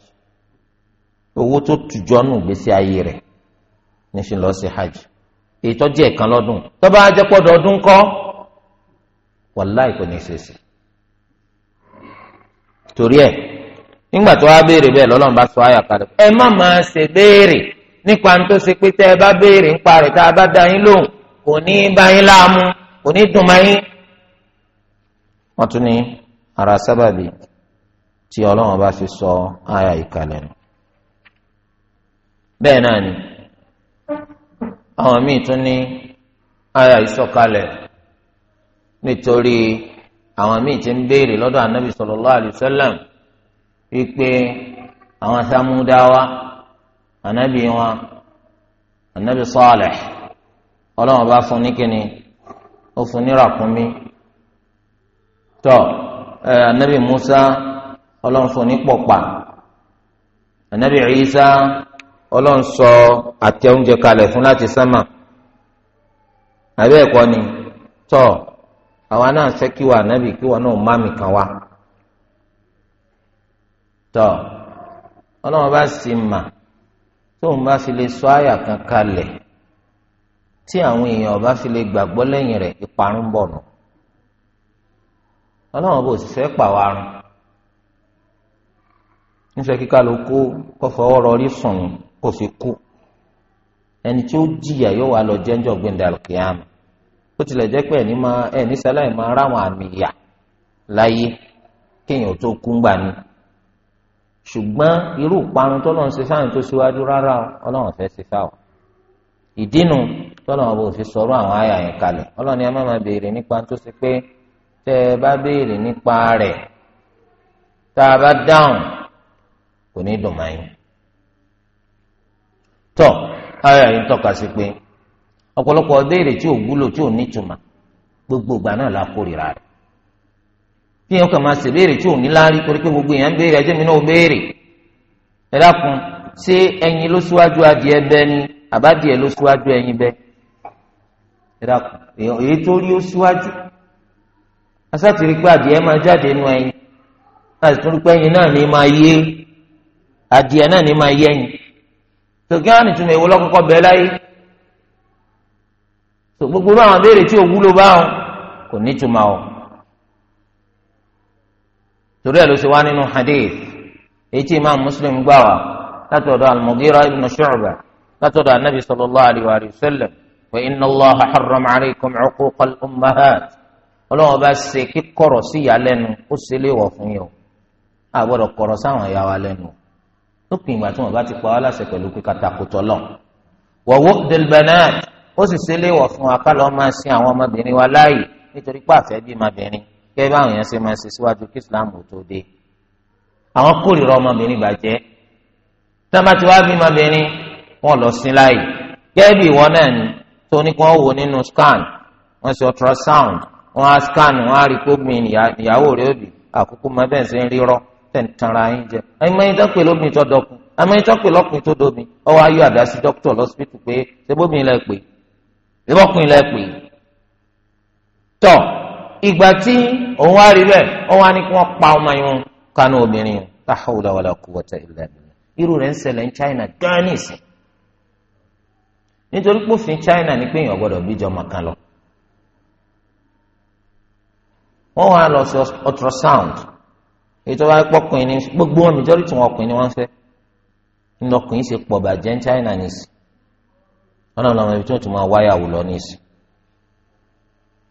owó tó tùjọ́ nù ìgbésí ayé rẹ̀ ní fi lọ sí hajj ìtọ́jú ẹ̀kan lọ́dún tó bá jẹ́ pọ́dọ̀ ọdún kọ́ wàláì kò ní í ṣèṣe torí ẹ̀ nígbà tó wá béèrè bẹ́ẹ̀ lọ́lọ́run bá sọ ayà kalẹ̀ ẹ má máa ṣe béèrè. nípa tó ṣe pé tẹ́ ẹ bá béèrè ń parẹ̀ tá a bá da yín lóhùn kò ní bá yín láàmú kò ní dùn má yín. wọ́n tún ní ara sábàbí tí ọlọ́run bá fi sọ àyà ìkàlẹ̀ nù. bẹ́ẹ̀ náà ni àwọn míì tún ní àyà ìsọ̀kalẹ̀ nítorí àwọn míì ti ń béèrè lọ́dọ̀ ànábì sallallahu alaihi wasallam wípé àwọn sámúdáwá. anabi wọn anabi Salih ọlọ́wọ́n bá fún ní kíni ó fún ní ẹ anabi Musa ọlọ́wọ́n fún ní pọ̀pà anabi Isa ọlọ́wọ́n sọ ati oúnjẹ kalẹ̀ fún láti sámà àbẹ́ ẹ̀kọ́ awa tọ́ àwa náà fẹ́ kí wà anabi kí wà náà má mi kàn wá sì tóun bá fi lè sọ àyà kan kalẹ̀ tí àwọn èèyàn bá fi lè gbàgbọ́ lẹ́yìn rẹ̀ ìparun bọ̀ nù ọlọ́run bò sì fẹ́ pàwárun nífẹ̀ẹ́ kíkà ló kó kó fọwọ́ rọrí sùn ni kó fi kú ẹni tí ó jìyà yóò wá lọ jẹ́ńjọ́ gbẹ̀ndàlùkìyàm ó tilẹ̀ jẹ́ pé ẹni máa ẹni sáláì máa ráwọn àmì ìyà láyé kéèyàn tó kú ńgbà ni. ṣùgbọ́n irú ìparun tọ́lọ́ ń ṣe sáwọn tó ṣíwájú rárá ọlọ́run fẹ́ ṣe sáwọn ìdínú tọ́lọ́ ọba òfin sọ̀rọ̀ àwọn àyà yẹn kalẹ̀ ọlọ́run yẹn má máa béèrè nípa tó ṣe pé tẹ́ ẹ bá béèrè nípa rẹ̀ tá a bá dáhùn kò ní dùn máa yín. tọ́ àyà yìí ń tọ́ka sí pé ọ̀pọ̀lọpọ̀ tí gbogbo ìgbà náà la kí èèyàn kàn máa ṣèbéèrè tí ò ní láárí torí pé gbogbo èèyàn ń béèrè ẹjẹ́ mi náà ó béèrè ẹ dákun ṣé ẹyin ló síwájú adìẹ bẹ ni àbádìẹ ló síwájú ẹyin bẹ ẹ dákun èyí tó rí ó síwájú asátìrí pé adìẹ máa jáde nínú ẹyin láti tún pé ẹyin náà ní máa yé adìẹ náà ní máa yé ẹyin tòkí wọn ni túmọ̀ èwo lọ́kọ́kọ́ bẹ láyé tó gbogbo àwọn béèrè tí ò wúlò báwọn kò ní túmọ̀ ọ̀ torí ẹ̀ ló ṣe wá nínú hadith èyí tí imaam muslim gbà wá látọ̀dọ̀ al-Mughira ibn Shu'ba látọ̀dọ̀ anabi sallallahu alayhi wa sallam wa inna allaha harrama alaykum uquqal ummahat ọlọ́wọ́n bá ṣe kíkọ̀rọ̀ sí ìyá lẹ́nu ó ṣe léèwọ̀ fún yín o a gbọ́dọ̀ kọ̀rọ̀ sáwọn ìyá wa lẹ́nu lópin ìgbà tí wọn bá ti pa wá láṣẹ pẹ̀lú kíkà takòtò lọ. wa wu'dil banat ó sì ṣe léèwọ̀ fún wa ká máa sin àwọn ọmọbìnrin wa láàyè nítorí pàfẹ́ bí ọmọbìnrin kẹ́ẹ́ báwọn yẹn ṣe máa ṣe síwájú kí islam ò tó dé àwọn kórìíra ọmọbìnrin bàjẹ́ tábà tí wàá bí ọmọbìnrin wọn lọ sí láàyè ìwọ náà ni nínú scan wọn ṣe ultrasound wọn á scan wọn á rí kóbìnrin ìyàwó rẹ̀ òbí àkókò máa bẹ́ẹ̀ ṣe ń rírọ́ yín jẹ tó tó ìgbà tí òun wá rí bẹ́ẹ̀ ó wá ní kí wọ́n pa ọmọ yẹn kánú obìnrin yẹn wala quwwata illa irú rẹ̀ ń ṣẹlẹ̀ ní China gánà ìsìn nítorí China ni pé èèyàn gbọ́dọ̀ bíjọ ọmọ kan lọ wọ́n wá lọ sí ultrasound ètò wa pọkùnrin ní gbogbo wọn mìjọ́rì tí wọn ọkùnrin ni wọ́n fẹ́ ńlọkùnrin ṣe pọ̀ bàjẹ́ ní China n'isi wọn náà lọ́mọ ibi tí wọ́n ti máa wáyàwó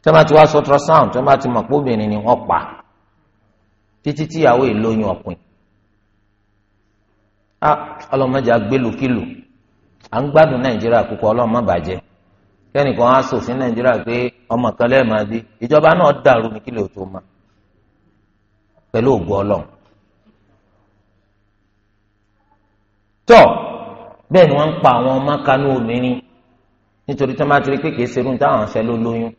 tí wọ́n bá ti wá sọ ultrasound tí wọ́n bá ti mọ̀ pé obìnrin ni wọ́n pa títí tíyàwó ìlóyún ọ̀pìn a ọlọ́mọdé agbélùkìlù à ń gbádùn nàìjíríà kókó ọlọ́mọ bàjẹ́ kẹ́nìkan á ṣòfin nàìjíríà pé ọmọ kan lẹ́ẹ̀ máa bí ìjọba náà dàrú ní kílò tó ma pẹ̀lú ògbó ọlọ́run tọ́ bẹ́ẹ̀ ni wọ́n ń pa àwọn ọmọ kanú obìnrin nítorí tí wọ́n bá ti rí pé kìí ṣerú táwọn ṣẹ́ ló lóyún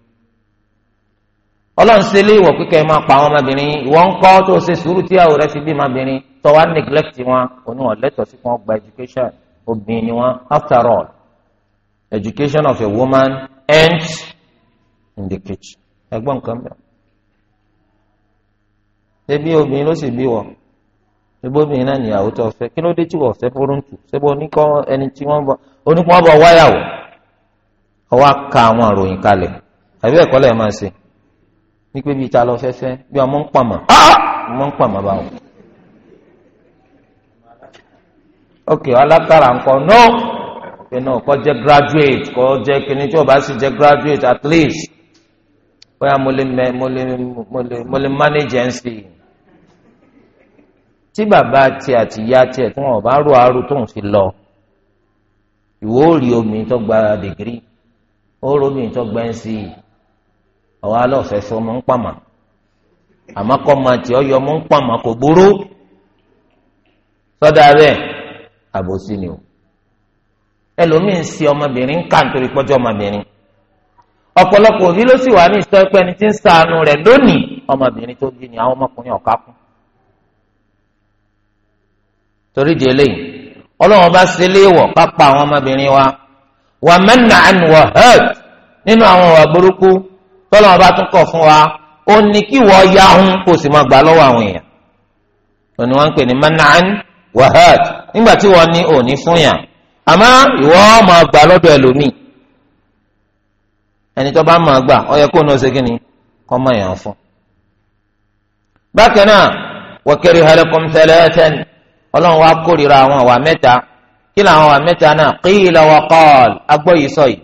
ọlọ́run ṣe lé ìwọ̀ kíkẹ́ máa pa àwọn ọmọbìnrin ìwọ ń kọ́ tó ṣe sùúrù tí àwọn rẹ fi bí ọmọbìnrin tó wá neglect wọn oníwọ̀n lẹ́tọ̀ọ́ sí wọn gba education obìnrin ni wọn after all education of a woman ends in the kitchen ẹgbọ́n nǹkan bẹ́ẹ̀. ṣé bí obìnrin ló sì bí wọ ṣébí obìnrin náà nìyàwó tó fẹ́ kí ló dé tí wọ́n fẹ́ fọ́rọ́ǹtù ṣébí oníkọ́ ẹni tí wọ́n bọ̀ oníkọ́ bọ̀ wáyàwó ọwọ́ ká àwọn àròyìn kalẹ̀ àbí ẹ̀kọ́ lẹ́ẹ̀ máa ṣe wípé bíi ta lọ fẹ́fẹ́ bí ọmọ ń pàmò ah! ọmọ ń pàmò báwo. ok alákàrà nǹkan no pé náà kọ́ jẹ́ graduate kọ́ jẹ́ kíní tí o bá sì jẹ́ graduate at least bóyá mo lè mẹ mo lè mo lè mo lè manage ẹ̀ ń sì. tí bàbá tiẹ̀ àti ìyá tiẹ̀ tí wọn bá rò àrò tó ń fi lọ ìwọ ò omi tó gba dègírì ó rí omi tó gbẹ́ ń sí ọwọ́ alọ́ọ̀fẹ́ fún ọmọ ń pàmà àmọ́ tí ọ yọ ọmọ ń kò burú àbòsí ni o ẹlòmíì ń si ọmọbìnrin ń kà ọpọlọpọ pọ́jọ́ ọmọbìnrin ọ̀pọ̀lọpọ̀ òbí ló sì wà ní ìsọ ẹgbẹ́ ẹni tí ń rẹ̀ lónìí ọmọbìnrin tó bí ni di wa wà mẹ́nà hẹ́ẹ̀t nínú àwọn ọ̀wà burúkú tọ́lọ́mọ bá tún kọ̀ fún wa ó ní kí wọ́n ya ohun kó sì máa gbà lọ́wọ́ àwọn èèyàn ó ní wọ́n ń pè ní manaan wahad nígbà tí wọ́n ní òní fún yàn àmọ́ ìwọ máa gbà lọ́dọ̀ ẹlòmíì ẹni tó bá máa gbà ó yẹ kó ní ọ̀sẹ̀ kí ni kọ́ máa yàn fún. bákan náà wa kariha lakum thalathan ọlọ́run wa kórìíra àwọn àwa mẹ́ta kí làwọn àwa mẹ́ta náà qila wa qal agbóyìí sọ yìí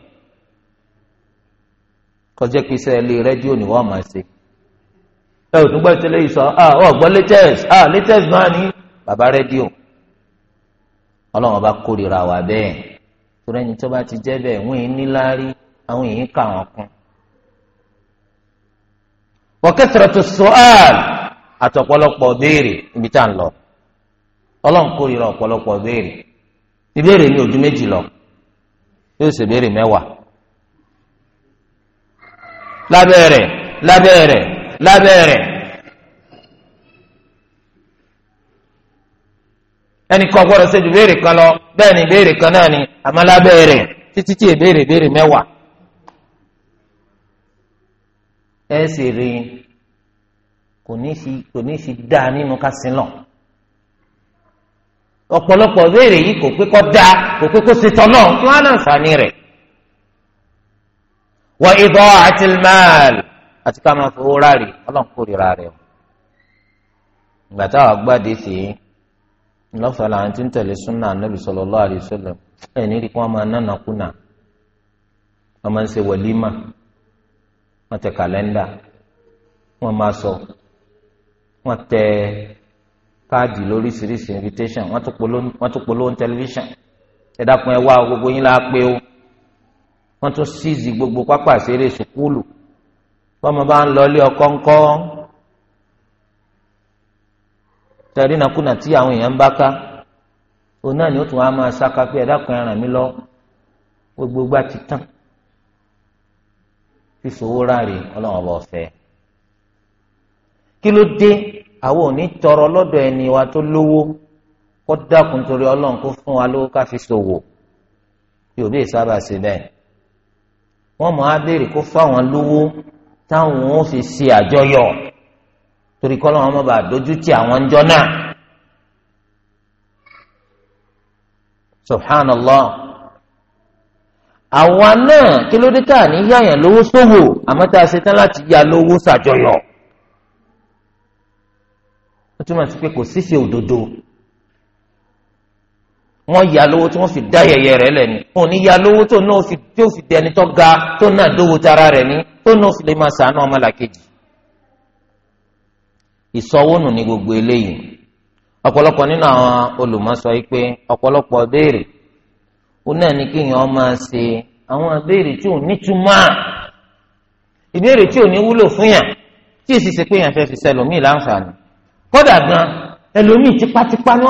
kọjá pé iṣẹ́ ilé rẹ́díò ni wọ́n máa ṣe. ẹ ò tún gbọ́ ìṣẹ̀lẹ̀ yìí sọ ah ọ gbọ́ latest ah latest náà ni bàbá rẹ́díò ọlọ́run ọba kórìíra wà bẹ́ẹ̀ torí ẹni tó bá ti jẹ́ bẹ́ẹ̀ wọ́n yìí níláárí àwọn ibi tá à ń lọ ọlọ́run ọ̀pọ̀lọpọ̀ béèrè ìbéèrè ní ojú méjì lọ yóò labẹ́rẹ̀ rẹ̀ lábẹ́ rẹ̀ lábẹ́ ju béèrè kan lọ bẹ́ẹ̀ ni béèrè kan náà ni àmọ́ lábẹ́ títí tí béèrè mẹ́wàá ẹ sì rí kò ní fi kò ní sí dáa ọ̀pọ̀lọpọ̀ béèrè yìí kò pé kó kò pé kó náà kí á náà wa ida'atil mal àti ká máa fowó ọlọ́run o. ìgbà táwọn agbáde sí i làwọn ti ń tẹ̀lé súnà anábì sallallahu alaihi wasallam ẹ̀ nídìí kí wọ́n máa nánà kùnà wọ́n máa ń ṣe wẹ̀límà wọ́n tẹ kàlẹ́ndà wọ́n máa sọ wọ́n tẹ káàdì lóríṣiríṣi invitation wọ́n wọ́n tún ṣíìzì gbogbo pápá ìṣeré sùkúlù bọ́mọ bá ń lọlé ọkọ ńkọ́ tẹ̀rí nàkúnà tí àwọn èèyàn ń bá ká òun náà ni ó tún wá máa ṣáka pé ẹ̀dákan ẹ̀ràn mi lọ gbogbo gbà ti tán fífowó ráre ọlọ́run ọba ọ̀fẹ́ kí ló dé àwọn ò ní tọrọ lọ́dọ̀ ẹni wa tó lówó kó dákun torí ọlọ́run kó fún wa lówó ká fi ṣòwò yóò bí ìsábà ṣe bẹ́ẹ̀ wọ́n mọ̀ á béèrè kó fáwọn lówó táwọn ó fi ṣe àjọyọ̀ torí kọ́ lọ́wọ́ ọmọ bá dojú ti àwọn ńjọ́ náà. subhanallah àwa náà kí ló dé tá à ní yáyàn lówó sówò àmọ́ tá a ṣe tán láti yá lówó ṣàjọyọ̀ ó túmọ̀ sí pé kò síṣe òdodo. wọ́n ya lówó tí wọ́n fi dá yẹ̀yẹ́ rẹ̀ lẹ̀ ni wọ́n ní ya lówó tó náà fi tí ó fi dẹni tó ga tó náà dówó tara rẹ̀ ni tó náà fi lè máa sànú ọmọlàkejì. ìsọwọ́nù ni gbogbo eléyìí ọ̀pọ̀lọpọ̀ nínú àwọn olùmọ̀sọ ọ̀pọ̀lọpọ̀ béèrè ó náà ní kí èèyàn máa ṣe àwọn béèrè tí ò ìbéèrè tí ò ní wúlò fún yàn ni wọ́n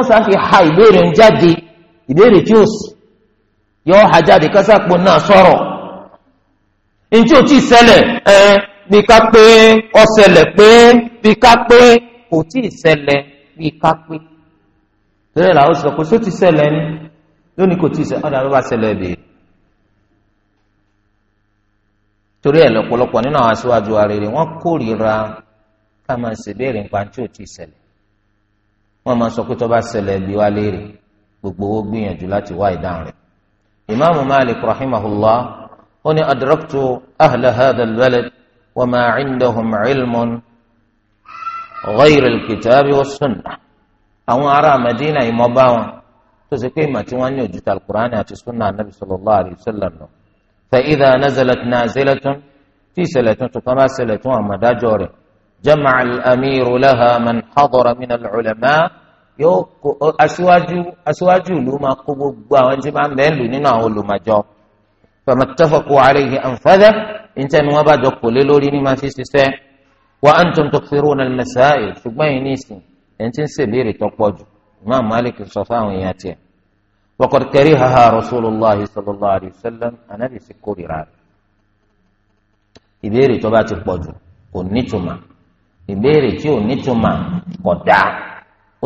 sá fi ha ìbéèrè ń ìbéèrè tí ó sì yọ ha jáde kásápò náà sọ̀rọ̀ ntí o ti ṣẹlẹ̀ ẹ bí ká pé ó ṣẹlẹ̀ pé bí ká pé kò tí ì ṣẹlẹ̀ bí ká pé tẹ́lẹ̀ làwọn sọ pé só ti ṣẹlẹ̀ ni lónìí kò tí ì ṣẹlẹ̀ ọ̀dà ló bá ṣẹlẹ̀ béèrè torí ẹ̀ lọ́pọ̀lọpọ̀ nínú àwọn aṣíwájú arére wọ́n kórìíra ká máa ṣèbéèrè nípa tí ò tí ì ṣẹlẹ̀ máa sọ pé tó bá ṣẹlẹ̀ bí wá léèrè. gbogbo wo gbìyànjú láti wá ìdáhùn rẹ̀. ìmáàmù malik rahimahullah ó ní adraktu ahla hadha albalad wa ma indahum cilmun ghayr alkitabi wa sunna àwọn ará madina ìmọ̀ bá wọn tó ṣe pé ìmọ̀ tí wọ́n ní òjútà alukur'ani àti sunna anabi sallallahu alayhi wa sallam lọ. fa idha nazalat nazilatun tí ìṣẹ̀lẹ̀ tuntun kan bá ṣẹlẹ̀ tún àmọ̀dájọ́ rẹ̀ jama'a al-amiru laha man hadara min al-ulama. yóò kó aṣíwájú aṣíwájú ìlú máa kó gbogbo àwọn tí máa ń bẹ́ẹ̀ lù nínú àwọn olùmọ̀jọ fama tafaqu alayhi anfadha níta ni wọ́n bá jọ kò lé lórí ní máa fi ṣiṣẹ́ wa antum tukthiruna al-masail ṣùgbọ́n yìí ní ìsìn ẹni tí ń ṣèbéèrè tó pọ̀ jù Imam Malik sọ fáwọn èèyàn tiẹ̀ waqad karihaha Rasulullah sallallahu alayhi wa sallam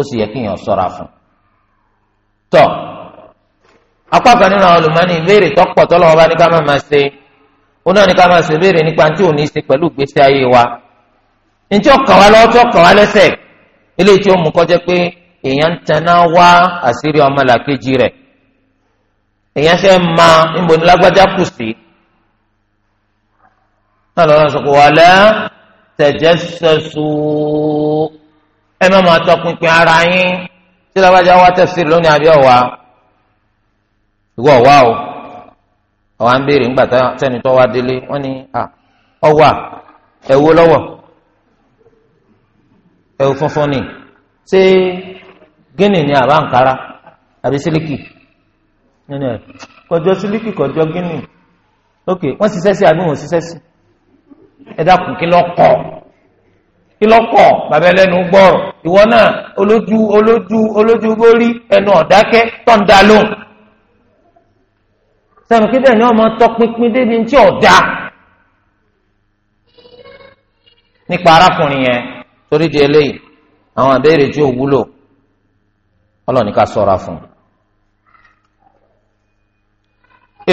ó sì yẹ kí èèyàn ṣọ́ra fún un. tọ́ apá kan nínú àwọn olùmọ́ni ìbéèrè tọ́pọ̀ tọ́lọ́wọ́ bá ní ká máa ṣe ó náà ní ká máa ṣe béèrè nípa tí ò ní ṣe pẹ̀lú ìgbésí ayé wa ntí ọkàn wa lọ́wọ́ tí ọkàn wa lẹ́sẹ̀ eléyìí tí ó mú kọjá pé èèyàn ń taná wá àṣírí ọmọlàkejì rẹ̀ èèyàn fẹ́ ma níbo ní lágbájá kù sí náà lọ́wọ́ sọ ẹ má máa tọpinpin ara yín tí lọ́wọ́dá wá tẹ̀sí lónìí àbí ọ̀wá ìwọ ọ̀wá o ọ̀wá ń béèrè ńgbà tẹ́ni tó wá délé wọ́n ní ọ̀wá ẹ̀wọ́ lọ́wọ́ ẹ̀wọ́ funfun ni ṣé gíní ni àbá nkárá àbí sílíkì nínú ẹ̀ kọjọ sílíkì kọjọ gíní ok wọ́n ṣiṣẹ́ sí àbí wọ́n ṣiṣẹ́ sí ẹ dákun lọ́kọ̀ọ́ kílọ́kọ̀ bàbá ẹlẹ́nu gbọ́rọ̀ ìwọ náà olójú olójú olójú borí ẹnu ọ̀dákẹ́ tọ́ǹda lóhùn. sẹ́mi kíbẹ̀ ni wọ́n máa tọpinpin débi tí ọ̀dà nípa arákùnrin yẹn torí di eléyìí àwọn àbẹ̀rẹ̀ tí ò wúlò ọlọ́ọ̀ni ká sọ̀ra fún un.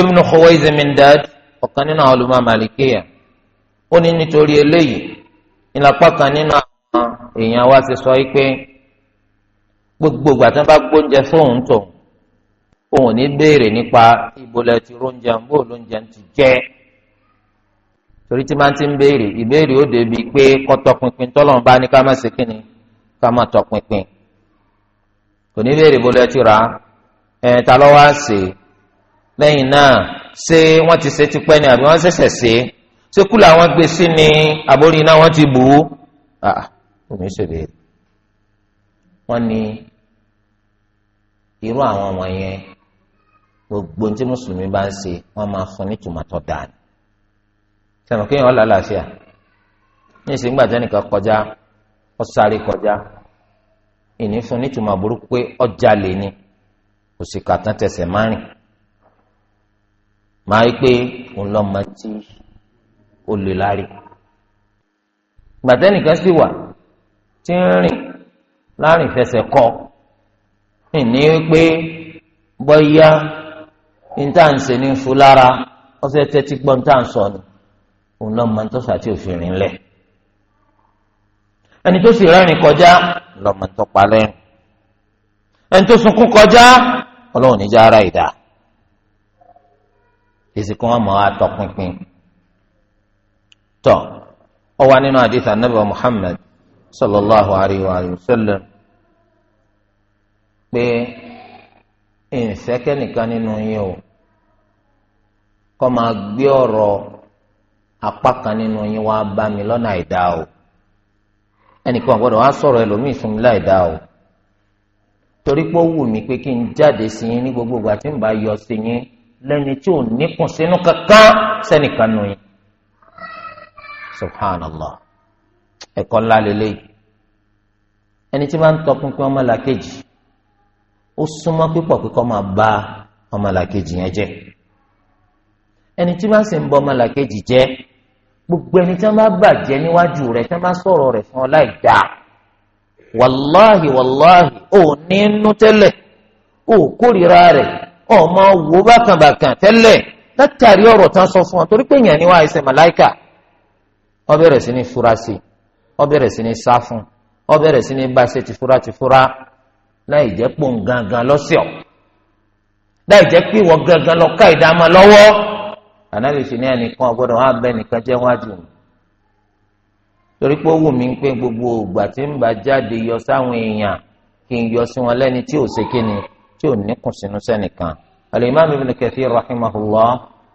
Ibn Khuwaizmindad ọ̀kan nínú àwọn olùmọ̀ Màlìkéyà ó ní nítorí eléyìí ìlàpá kan nínú àwọn èèyàn wa ti sọ pé gbogbo ìgbà tí wọn bá gbóúnjẹ fóun tó òun ní béèrè nípa ìbòlẹ̀ ti róúnjẹ ń bò lóúnjẹ ti jẹ́ torí tí máa ti ń béèrè ìbéèrè ó débi pé kọ́tọ́pinpin tọ́lọ́run bá ní ká má ṣe kínni ká má tọpinpin kò ní béèrè ìbòlẹ̀ ti rà ẹ̀ ta lọ́wọ́ àṣẹ lẹ́yìn náà ṣé wọ́n ti ṣe tipẹ́ ni àbí wọ́n ṣẹ̀ṣẹ̀ ṣe é sekú làwọn gbé sí ni àbórí iná wọn ti bù ú àà omi ṣèbéèrè wọn ni irú àwọn wọ̀nyẹn gbogbo tí mùsùlùmí bá ń ṣe wọn máa fún ní tòmátọ dání sẹnu kéèyàn lálàáfíà ní ìsìn gbàjẹ́ nìkan kọjá ó sáré kọjá ìní fún ní tòmá burúkú pé ọjà lè ní òsì kàtàn tẹsẹ̀ márìn máa rí pé òun lọ́ọ́ máa ti olè lárí gbàtẹ́nìkan sì wà tí ń rìn láàrin fẹsẹ̀ kọ ní pé bọ́yá ntáǹsẹ̀ ní fún lára ọsẹ tẹ́tí gbọ́ ntáǹsọ̀ ni òun náà máa ń tọ́sà tí òfin rìn lẹ̀ ẹni tó sì rẹ́rìn kọjá lọ́mọ tó pa lẹ́rìn ẹni tó sunkún kọjá ọlọ́run níjà ara ìdá èsì kan wọn máa tọpinpin. tọ ọ wá nínú àdìsá nàbà Muhammad sallallahu alayhi wa sallam pé ìǹfẹ́kẹ́ nìkan nínú yín o kọ́ máa gbé ọ̀rọ̀ apá kan nínú yín wá bá mi lọ́nà àìdá o ẹnìkan gbọ́dọ̀ wá subhanallah ẹ̀kọ́ ńlá lélẹ̀ ẹni tí máa ń tọpinpin ọmọlàkejì ó súnmọ́ pípọ̀ pípọ̀ máa bá ọmọlàkejì yẹn jẹ́ ẹni tí máa ń sì ń bọ ọmọlàkejì jẹ́ gbogbo ẹni tí wọ́n bá bàjẹ́ níwájú rẹ tí wọ́n bá sọrọ rẹ fún ọ láì dáa wàláhì wàláhì ò ní inú tẹ́lẹ̀ ò kórìíra rẹ̀ ọ̀ máa wò bákànbàkàn tẹ́lẹ̀ látàrí ọ̀rọ̀ tán sọ fún ọ torí pé èèyàn ni wàá ẹsẹ̀ màláìkà ó bẹ̀rẹ̀ sí ní fura sí i ó bẹ̀rẹ̀ sí ni sá fún bẹ̀rẹ̀ sí bá láì jẹ́ pò gangan lọ́sẹ̀ láì lọ ká ìdámọ́ lọ́wọ́ ànábì fi ní ẹnìkan ọgbọ́dọ̀ wá bẹ nìkan wájú wù mí pé gbogbo ògbà yọ sáwọn èèyàn kì yọ sí wọn tí ò ṣe kí ni tí ò sínú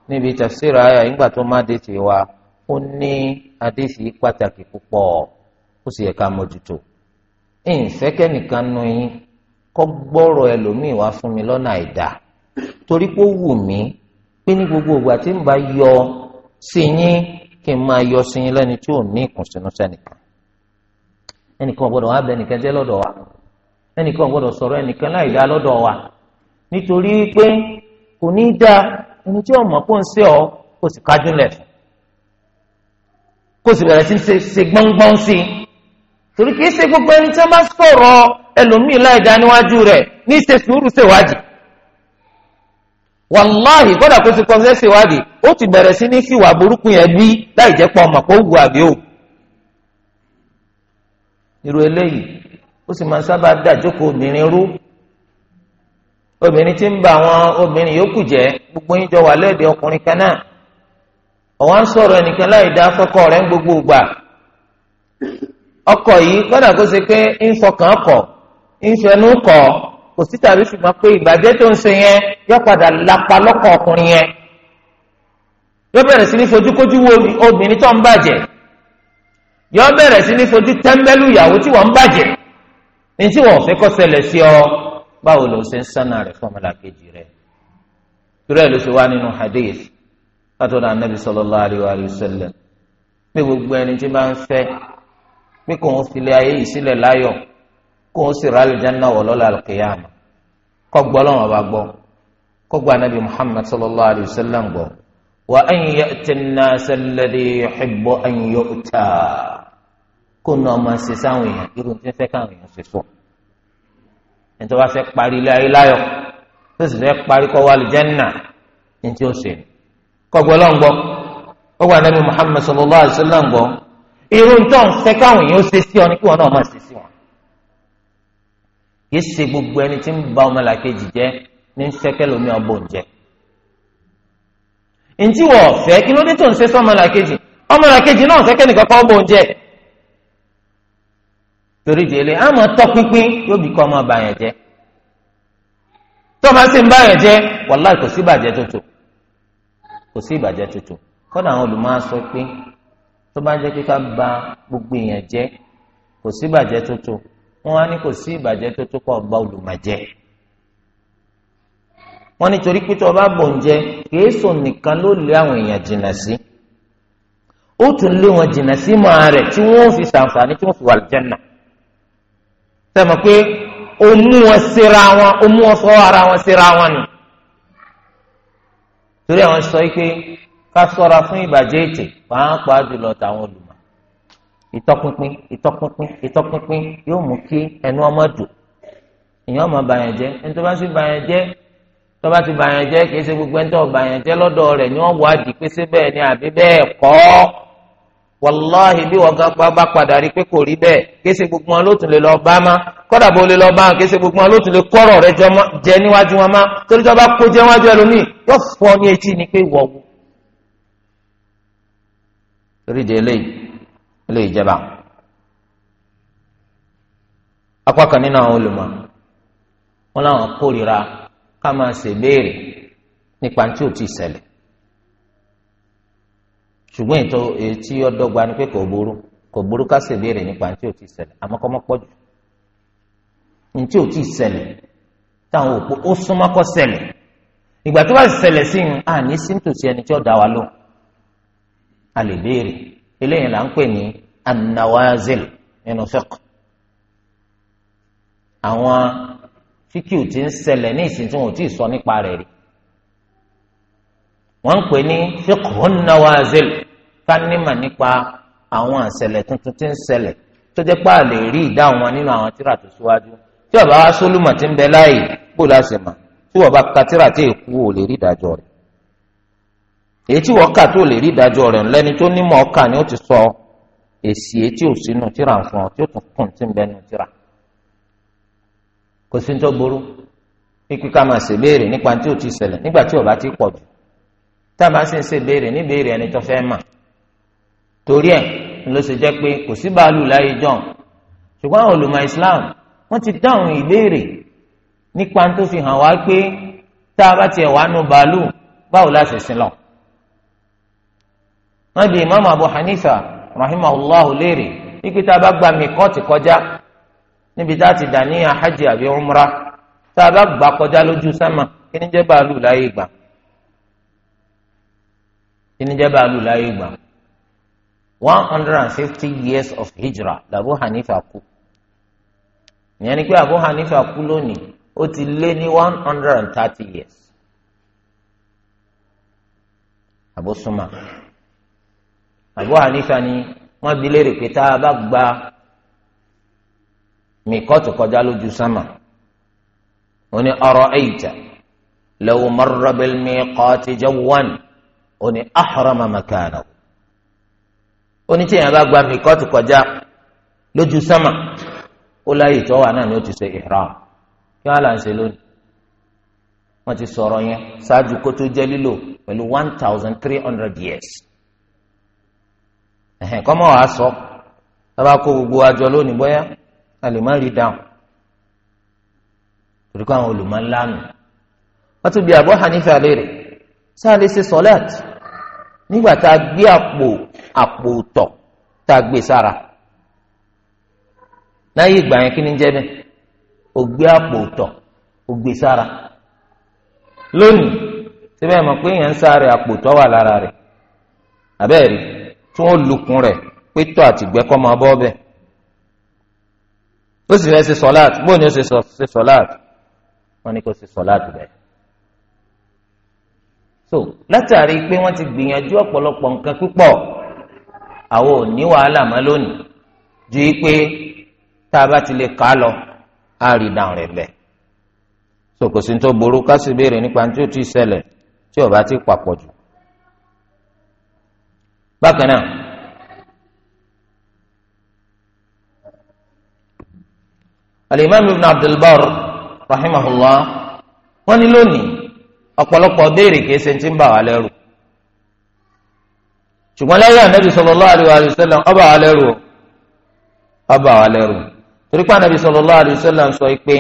níbi tafsir ìgbà tó má dé ó ní àdéhìí pàtàkì púpọ̀ ó sì yẹ ká mójútó ìǹfẹ́kẹ́ nìkan nu yín kọ́ gbọ́rọ̀ ẹlòmíì wá fún mi lọ́nà àìdá torí pé ó wù mí pé ní gbogbo ògbà tí ń bá yọ sí yín kí n máa yọ sí yín lẹ́ni tí ò ní ìkùnsínú sẹ́nìkan ẹnìkan gbọ́dọ̀ wá bẹ ẹnìkan jẹ́ lọ́dọ̀ wa ẹnìkan gbọ́dọ̀ sọ̀rọ̀ ẹnìkan láì dá lọ́dọ̀ wa nítorí pé kò ní í dá ẹni tí ọmọ kò ń ṣe ọ kò sì kájú lẹ̀ fún kó sì bẹ̀rẹ̀ sí ṣe gbọ́ngbọ́n sí i torí kìí ṣe gbogbo ẹni tí wọ́n bá sọ̀rọ̀ ẹlòmíì láìda níwájú rẹ̀ ní ṣe sùúrù ṣèwádìí wàláhì gbọ́dọ̀ kó ti kọ́ṣẹ́ ṣèwádìí ó ti bẹ̀rẹ̀ sí ní fìwà burúkú yẹn bí láì jẹ́ pọ̀ ọmọ wù àbí o irú eléyìí ó sì máa ń sábà dàjókòó obìnrin rú obìnrin tí ń ba àwọn obìnrin yòókù jẹ́ gbogbo yín jọ wà lẹ́ẹ̀dẹ̀ ọkùnrin kan náà ọ̀wá ń sọ̀rọ̀ ẹnìkan láì dá sọ́kọ rẹ̀ ń gbogbo ọkọ yìí kọ́dà kó ṣe pé ń fọkàn kọ̀ ń fẹnu kọ̀ kò sí tàbí ṣùgbọ́n pé ìbàjẹ́ tó ń ṣe yẹn yọ padà lápá lọ́kọ̀ ọkùnrin yẹn yọ bẹ̀rẹ̀ sí ní fojúkójú wo obìnrin tó ń bàjẹ́ yọ bẹ̀rẹ̀ sí ní ọ báwo ló ṣe ń sánà rẹ̀ rẹ̀ nínú hadith látọ̀dọ̀ anabi sallallahu alaihi wa sallam pé gbogbo ẹni tí bá ń fẹ́ pé kò ń filẹ̀ ayé yìí sílẹ̀ láyọ̀ kò ń sì rálẹ̀ jẹ́nà wọ̀ lọ́la al-qiyama kó gbọ́ lọ́wọ́ bá gbọ́ kó gba anabi muhammad sallallahu alaihi wa sallam gbọ́ wa an ya'ti an-nas alladhi yuhibbu an yu'ta kó nà ọmọ ṣe sáwọn èèyàn irun tí ń fẹ́ káwọn èèyàn ṣe sùn ẹni tó bá fẹ́ parí ilé ayé láyọ̀ tó sì fẹ́ parí kó wà jẹ́nà ní tí ó ṣe kọgbọlọ ń gbọ ọgbà nàbí Muhammad sallallahu alaihi wasallam ń gbọ irú ń tán sẹkáwọn yìí ó ọ ní kí wọn náà ṣe sí wọn. ṣe gbogbo ẹni tí ń ba jẹ ní ọgbọ ń jẹ. ntí wọ́n fẹ́ kí ló dé tó ń ṣe náà sẹkẹ nìkan ń tọpinpin yóò bí kọ́ ọmọ bàyàn jẹ. tọ́ bá kò sí ìbàjẹ́ tuntun kọ́dà àwọn olùmọ̀ọ́ sọ pé tó bá jẹ́ pé ba gbogbo èèyàn jẹ́ kò sí ìbàjẹ́ tuntun wọ́n á ní kò sí ìbàjẹ́ tuntun kọ́ ọba olùmọ̀jẹ́ wọ́n nítorí pé tó bá bọ̀ ń jẹ kìí sọ nìkan ló lé àwọn èèyàn jìnnà sí ó tún lé wọn jìnnà sí máa rẹ̀ tí wọ́n fi ṣàǹfààní tí wọ́n fi wà lẹ́nà sẹ́mi pé ó mú wọn síra wọn ó mú wọn fọ́ ara wọn síra wọn nù torí àwọn sọ pé ká sọ́ra fún ìbàjẹ́ ètè pàápàá jùlọ tàwọn olùmọ̀ ìtọpinpin ìtọpinpin ìtọpinpin yóò mú kí ẹnu ọmọ dùn èèyàn ọmọ bàyàn jẹ́ ẹni tó bá sì bàyàn jẹ́ tó bá ti bàyàn jẹ́ kì í ṣe gbogbo ẹni tó bàyàn jẹ́ lọ́dọ̀ rẹ̀ ni wọ́n wádìí pé ṣé ni àbí bẹ́ẹ̀ kọ́ wàláhì bí wọn gan bá padà rí pé kò rí bẹ́ẹ̀ kése gbogbo wọn ló tún lè lọ bá má kódà bó lè bá wọn kése gbogbo wọn ló tún kọrọ rẹ jẹ níwájú wọn má torí tó bá kó jẹ wájú yóò fọ ní etí ni pé wọ torí de eléyìí eléyìí jẹba apá kan nínú àwọn wọn làwọn kórìíra ká máa ṣèbéèrè nípa tí ṣùgbọ́n ètò tí ó dọ́gba ni pé kò burú kò burú ká sì léèrè nípa ní tí ò ti ṣẹlẹ̀ àmọ́ kọ́ mọ́ pọ̀ jù ní tí ò ti ṣẹlẹ̀ táwọn òpó ó súnmọ́ kó ṣẹlẹ̀ ìgbà tó bá ṣẹlẹ̀ sí ń à ní síntòsí ẹni tí ó dá wa lóhùn a lè béèrè eléyìí là ń pè ní anawazil nínú fiqh àwọn fíkì ò ti ń ṣẹlẹ̀ ní ìsìn tí wọn ò tí ì sọ nípa rẹ̀ rí wọ́n ń pè ní fiqh nawazil ká nímọ̀ nípa àwọn àṣẹlẹ̀ tuntun tí ń ṣẹlẹ̀ tó jẹ́ pé a lè rí ìdáhùn wọn nínú àwọn tíra tó síwájú tí ọba wa sólùmọ̀ ti ń bẹ láàyè bó láṣẹ mọ̀ tí wọ́n bá ka tíra tí èkú ò lè rí ìdájọ́ rẹ̀ èyí tí wọ́n kà tó lè rí ìdájọ́ rẹ̀ lẹ́ni tó nímọ̀ ọkà ni ó ti sọ èsì èyí tí ò sínú tíra fún ọ tí ó tún kùn tí ń bẹ nù tíra kò sí ní tó burú pípí ká máa ṣe béèrè nípa tí ò ti ṣẹlẹ̀ nígbà tí ọba ti pọ̀ jù tá a máa ṣe ń ṣe béèrè ní béèrè ẹni tó fẹ́ mà torí ẹ̀ ló ṣe jẹ́ pé kò sí bàálù láyé john ṣùgbọ́n àwọn olùmọ̀ islam wọ́n ti dáhùn ìbéèrè nípa tó fi hàn wá pé tá a bá tiẹ̀ wá nu bàálù báwo la ṣe sin lọ. wọ́n di imam abu hanifa rahimahullah léèrè ikú tá a bá gba mikọ́ọ̀tì kọjá níbi tá a ti dàníyàn hajj àbí umra tá a bá gbà kọjá lójú sámà kí ni jẹ́ bàálù láyé gbà kí ni jẹ́ bàálù láyé gbà one hundred and fifty years of hijra làbó hanifa kú ìyẹn ni pé àbó hanifa kú lónìí ó ti lé ní one hundred and thirty years àbó súnmà àbó hanifa ni wọ́n bi léèrè pé tá a bá gba mikọ́tù kọjá lójú sámà ó ní ara'ayta law marra bil miqati jawwan ó ní ahrama makanahu onítìyàn bá gba mìkọ́tù kọjá lójú sámà ó láyè tó wà náà ni ó ti ṣe ihram kí wọ́n á là ń ṣe lónìí wọ́n ti sọ̀rọ̀ yẹn ṣáájú kó tó jẹ́ lílò pẹ̀lú one thousand three hundred years ẹ̀hẹ̀n kọ́mọ́ wàá sọ bàbá kó gbogbo àjọ lónìí bóyá a lè má rí dáhùn torí kó àwọn olùmọ̀ wọ́n tún bí Abu Hanifa léèrè sáà lè ṣe sọ́lẹ́t nígbà tá a gbé àpò àpò tọ̀ tá a gbé sára láyé ìgbà yẹn kí ni jẹ́ bẹ́ẹ̀ ó gbé àpò tọ̀ ó gbé sára lónìí síbẹ̀ mọ̀ pé èèyàn ń sáré àpò tọ̀ wà lára rẹ̀ àbẹ́ẹ̀rí tí wọ́n lukùn rẹ̀ pé àti gbẹ́kọ́ máa bọ́ bẹ́ẹ̀ so látàrí pé wọ́n ti gbìyànjú ọ̀pọ̀lọpọ̀ nǹkan púpọ̀ àwọn ò ní wàhálà mọ́ lónìí ju pé tá a bá ti lè kà á lọ á rí dáhùn rẹ̀ bẹ́ẹ̀ tó burú béèrè nípa tí ó ti ṣẹlẹ̀ tí ọba ti papọ̀ jù. bákan náà alimami ibn abdulbar rahimahullah wọn ni lónìí ọpọlọpọ béèrè ṣùgbọ́n lẹ́yìn anabi sallallahu alayhi ọba wa lẹ́rù ọba wa lẹ́rù torí anabi sọ pé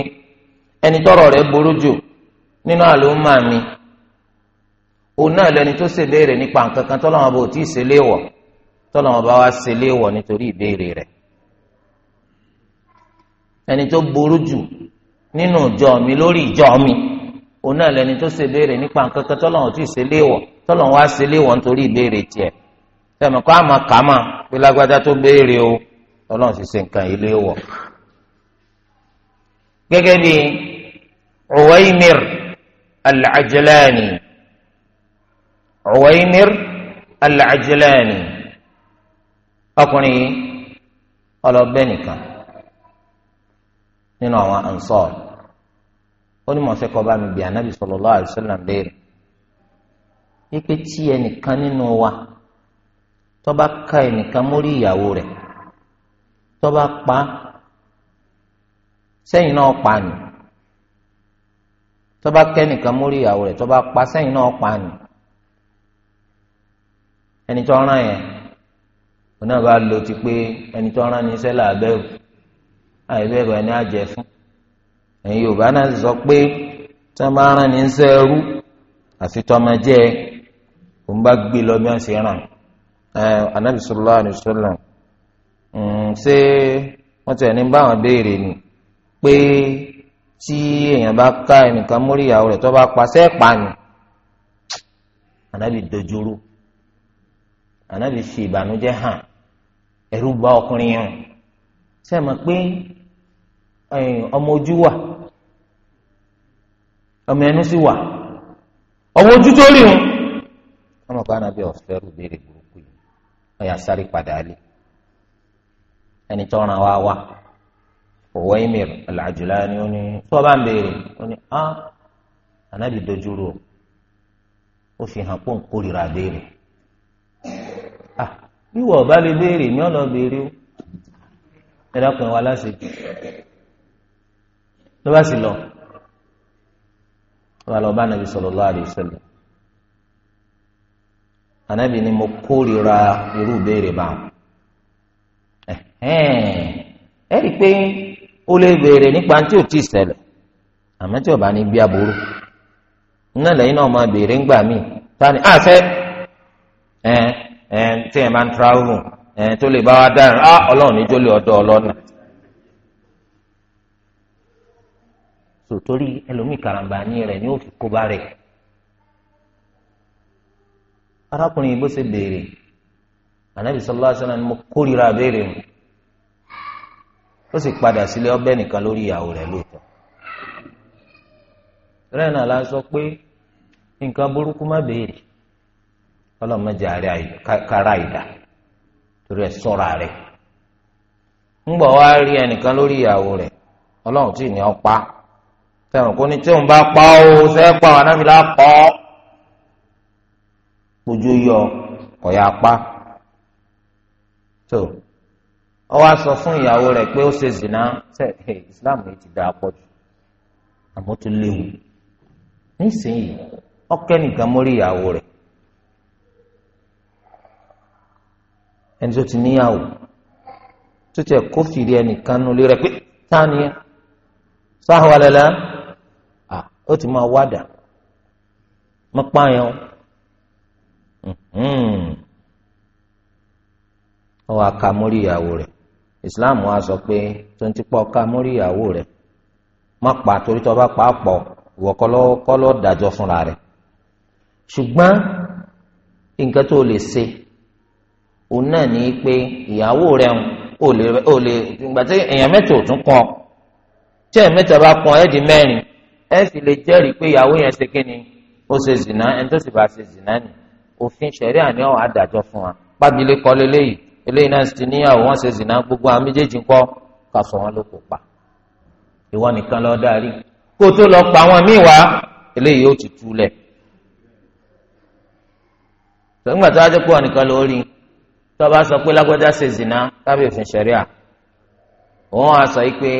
ẹni tọrọ rẹ burú jù nínú àlùmọ́ mi òun náà lẹni tó béèrè nípa nǹkan kan bá ṣe nítorí ìbéèrè rẹ ẹni tó burú jù nínú ìjọ lórí ìjọ mi òun náà nípa nǹkan kan ṣe nítorí ìbéèrè tiẹ̀ sẹ́mi kọ́ àmọ́ kàmá pé lágbájá tó béèrè o ọlọ́run sì ṣe nǹkan ilé wọ̀. gẹ́gẹ́ bí Uwaymir al-Ajlani Uwaymir al-Ajlani ọkùnrin yìí ọlọ́bẹ̀ nìkan nínú àwọn ansọ́ọ̀ ó ní mọ̀ọ́sẹ́ kọ́ bá mi bí anabi sallallahu alaihi wasallam béèrè wípé tí ẹnìkan nínú wa. tọba ka ẹnìkan mórí ìyàwó rẹ tọba pa sẹ́yìn náà pa ni tọba kẹ́nìkan mórí ìyàwó pa náà pa ni ẹni tó rán yẹn bá lo ti pé ẹni tó rán ni sẹ́là abẹ́rù àìbẹ́rù ẹni àjẹ fún ẹ̀yin Yorùbá náà sọ pé tí bá rán ni àfi tọ́mọ jẹ́ òun bá gbé lọ bí wọ́n anabi sallallahu alayhi wa sallam hmm, ṣé wọ́n tẹ̀ ní báwọn béèrè ni pé tí èèyàn bá ká ẹnìkan mórí ìyàwó anabi anabi fi hàn ọkùnrin ṣe pé ọmọ wà ọmọ ẹnu sì wà ọmọ ojú tó rí ọmọ kan anabi rú béèrè ọ̀yà sáré padà lé ẹni tó ràn wá wá òwò emir Al-Ajlani ó ní tó bá ń béèrè ó ní á ànábì dojúrò ó fi hàn pọ́n kórìíra béèrè à ah, wíwọ̀ ọ̀bá lè béèrè ní ọ̀nà béèrè ó ẹ wa lásìkò ló bá sì lọ wà lọ bá nàbì sallallahu alaihi wasallam. anabi ni mo kórìíra irú ìbéèrè bá wọn. ẹ rí i pé ó lè béèrè nípa tí ò tí ì tí ọba ní bí aburú iná lẹ́yìn náà máa béèrè ńgbà míì tani àṣẹ ah, ẹ ẹ tí ẹ máa ń travel ẹ tó lè bá wa á ah, ọlọ́run ní lè ọ̀dọ̀ arákùnrin ibo ṣe béèrè anabi sọlá sọlá ni mo kórìíra béèrè mu ó sì padà sílé ọbẹ̀ nìkan lórí ìyàwó rẹ̀ la sọ pé nǹkan burúkú má béèrè ọlọ́mọdé àárẹ̀ kára ìdá torí ẹ sọ́ra rẹ̀ ńgbọ̀ wá rí ẹnìkan lórí ìyàwó rẹ̀ ọlọ́run tí ì ní ọ pa fẹ́ràn kó ní tí òun bá pa ó sẹ́ kpojú yọ ọ̀yà pa tó ọ wá sọ fún ìyàwó rẹ̀ pé ó ṣe zina ṣe ẹ Islam yìí ti dáa pọ̀ jù tó léwu nísìnyí ọkẹ nìkan mórí ìyàwó rẹ̀ ẹni tó ti níyàwó tó tẹ kófìrí ẹnìkan rẹ̀ pé táni ẹ ó ti máa wádà ọ wá ka mórí ìyàwó rẹ̀ islam wa sọ pé tó ń ti pọ̀ ká mórí ìyàwó rẹ̀ má pa torí tó bá pa á pọ̀ ìwọ kọ́ ló dájọ́ fúnra rẹ̀ ṣùgbọ́n nǹkan tó lè ṣe òun náà ní pé ìyàwó rẹ̀ ò lè ò lè ìgbà tí èèyàn mẹ́ta ò tún kàn tí èèyàn mẹ́ta bá kàn ẹ́ di mẹ́rin ẹ sì lè jẹ́rìí pé ìyàwó yẹn ṣe kí ni ó ṣe zìnà ẹni tó sì bá ṣe zìnà nìyí òfin ṣẹ̀ríà ni ó adájọ́ fún wa pábílẹ̀ kọ́ lélẹ́yìí eléyìí náà ti níyàwó wọn ṣe zìnà gbogbo àwọn méjèèjì ńkọ́ ká sọ wọn ló kó pa ìwọ nìkan lọ darí kó tó lọ pa àwọn míì wá eléyìí ó ti túlẹ̀ tòǹgbà tó wájú pé wọn nìkan ló rí tó bá sọ pé lágbájá ṣe zìnà lábẹ́ òfin ṣẹ̀ríà òun á sọ yìí pé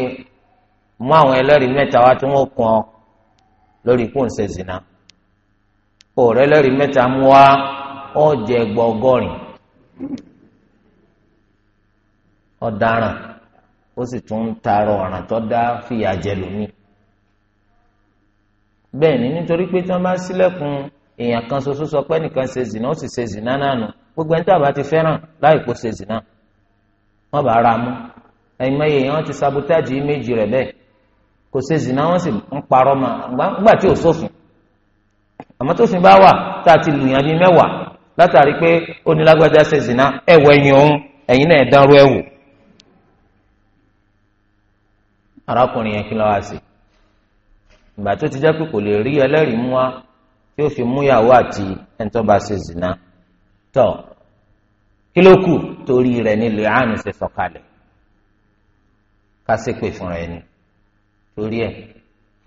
mú àwọn ẹlẹ́rìí mẹ́ta wá tí wọ́n kàn lórí ikú ń ṣe zìnà. ọ̀rẹ́ lẹ́rìí mẹ́ta mú wa ọ̀jẹ̀ gbọ́gọ́rin ọ̀daràn ó sì tún ń taarọ̀ ọ̀ràn tó dá fìyà jẹ lómi. bẹ́ẹ̀ ni nítorí pé tí wọ́n bá sílẹ̀kùn èèyàn kan ṣoṣo sọ pé nìkan ṣe zìnà ó sì ṣe zìnà náà nù gbogbo ẹni tí àbá ti fẹ́ràn láìpò ṣe zìnà wọ́n bá ra mú ẹ̀yìn mọ́ èèyàn ti sabotage méjì rẹ̀ bẹ́ẹ̀ kò ṣe zìnà wọ́n sì ń parọ́ mọ́ àgbà tí ò sófin àmọ́ tó sì bá wà tá a ti lù yàn bíi mẹ́wàá látàrí pé onílágbájá ṣe zina ẹ̀wọ̀ ẹ̀yìn òun ẹ̀yìn náà dánrú ẹ̀wò. arákùnrin yẹn kí ló wá sí ìgbà tó ti jẹ́ pé kò lè rí ẹlẹ́rìí mú wa tí ó fi múyàwó àti ẹ̀ńtọ́ bá ṣe zina tọ̀ kí ló kù torí rẹ̀ ní lùhánù ṣe sọ̀kalẹ̀ kásìpè fúnra ẹni torí ẹ̀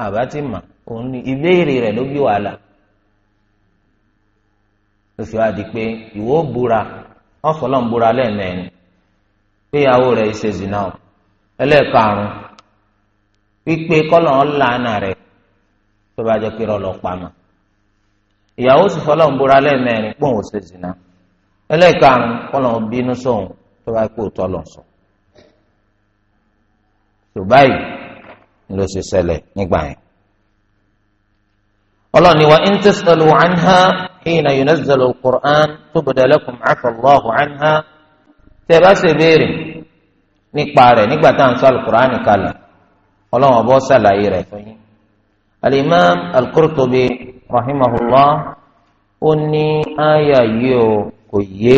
àbá ti mà òun ní ìbéèrè rẹ̀ ló bí wàhálà ló fi wá di pé ìwọ búra wọn ń búra lẹ́ẹ̀mẹ́rin pé ìyàwó rẹ̀ ṣe zina o ẹlẹ́ẹ̀karùn wípé kọ́lọ̀ ń lànà tó bá jẹ́ pé rọlọ́ pamọ́ ìyàwó sì fọlọ́ ń búra lẹ́ẹ̀mẹ́rin pé òun ṣe zina ẹlẹ́ẹ̀karùn kọ́lọ̀ ń bínú sóhun tó bá pé lọ sọ tó báyìí ló ṣe nígbà yẹn. ọlọ́ni wa in tasalu anha hina yunazzalu al-Qur'an tubda lakum afa Allahu anha tẹ́ bá ṣe béèrè nípa rẹ̀ nígbà tá à ń sọ al-Qur'an kalẹ̀ ọlọ́wọ́n bọ́ sàlàyé rẹ̀ fún yín. al-Imam al-Qurtubi rahimahullah ó ní àyà yìí ó kò yé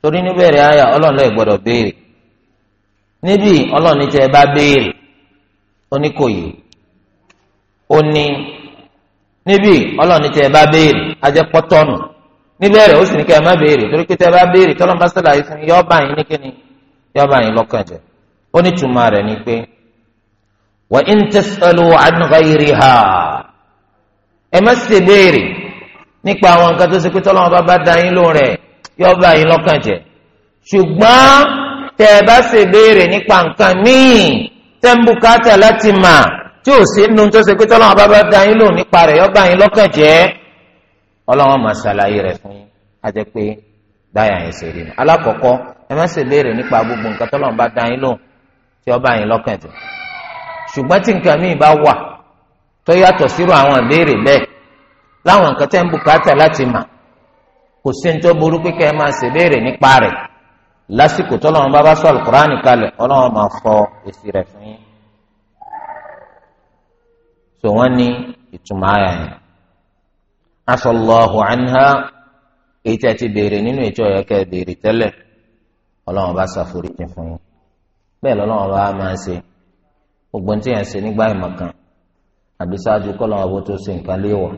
torí níbẹ̀rẹ̀ àyà ọlọ́run lè gbọ́dọ̀ béèrè níbi ọlọ́run ní bá béèrè ó ní kò yé ó ní. níbí ọlọ́ọ̀ni tẹ́ ẹ bá béèrè ajẹ́ pọ́tọ́nù níbẹ̀rẹ̀ ó sì ní kẹ́ ẹ má béèrè torí pé tẹ́ ẹ bá béèrè tọ́lọ́n bá sàlàyé fún yọ́ bá ó ní rẹ̀ ni pé in tas'alu an ha ẹ má ṣe béèrè nípa àwọn nǹkan tó ṣe pé bá ṣùgbọ́n ẹ bá béèrè nípa nǹkan míì tẹ́ tí ò sí nu tó ṣe pé bá bá da yín lò nípa rẹ̀ yọ́ bá yín lọ́kàn jẹ́ ọlọ́wọ́n máa ṣàlàyé rẹ̀ fún yín jẹ́ pé báyà yẹn alákọ̀ọ́kọ́ ẹ nípa gbogbo nǹkan tọ́lọ́wọ́n da yín lò tí yín lọ́kàn jẹ́ ṣùgbọ́n tí nǹkan míì bá wà tó yàtọ̀ sírò àwọn bẹ́ẹ̀ láwọn nǹkan tẹ́ ń bùkátà láti mà kò sí ní tó burú pé kẹ́ ẹ so wọn ní ìtumọ̀ ayà yẹn asọlọ́hu anha èyí tí a ti béèrè nínú ètò ọ̀yọ́kẹ́ béèrè tẹ́lẹ̀ ọlọ́run bá ṣàforíjì fún yín bẹ́ẹ̀ lọ́lọ́run bá máa ṣe gbogbo tí yẹn ṣe nígbà ìmọ̀kan àbí ṣáájú kọ́ lọ́wọ́ bó tó ṣe nǹkan léèwọ̀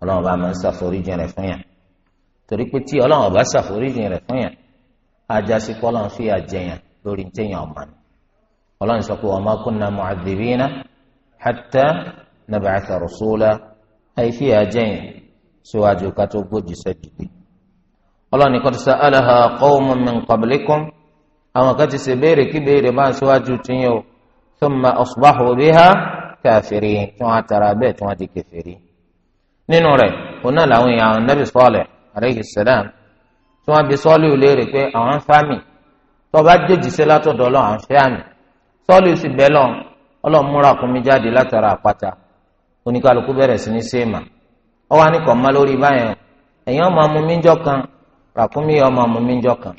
ọlọ́run bá máa ṣàforíjì rẹ̀ fún torí pé tí ọlọ́run bá ṣàforíjì rẹ̀ fún ajá sí kọ́ lọ́run fi àjẹyàn lórí téèyàn ọ̀mà ọlọ́run sọ pé ma hatta nab'atha rasula àìfi àjẹyìn síwájú ká tó gbòdì sẹ́dìdì. ọlọ́ni kan ti sa'alaha qawmun min qablikum àwọn kan ti ṣe béèrè kí béèrè máa síwájú tiyín o thumma asbahu biha kafirin tí wọ́n atara bẹ́ẹ̀ tí wọ́n di kèfèrí. nínú rẹ̀ òun náà làwọn èèyàn nabi Salih aleyhi salam tí wọ́n bi sọ́ọ̀lì ò léèrè pé àwọn ń fámì tó bá jòjì sí látọ̀dọ̀ lọ àwọn fẹ́ àmì sọ́ọ̀lì sì bẹ́ lọ́n ọlọ́run múra kún mi jáde látara àpáta oníkálukú bẹrẹ sí ní sèémà ọ wá ní kọ̀ọ̀má lórí báyẹn ẹ̀yin ọmọ njọ kan ràkúnmí ọmọ njọ kan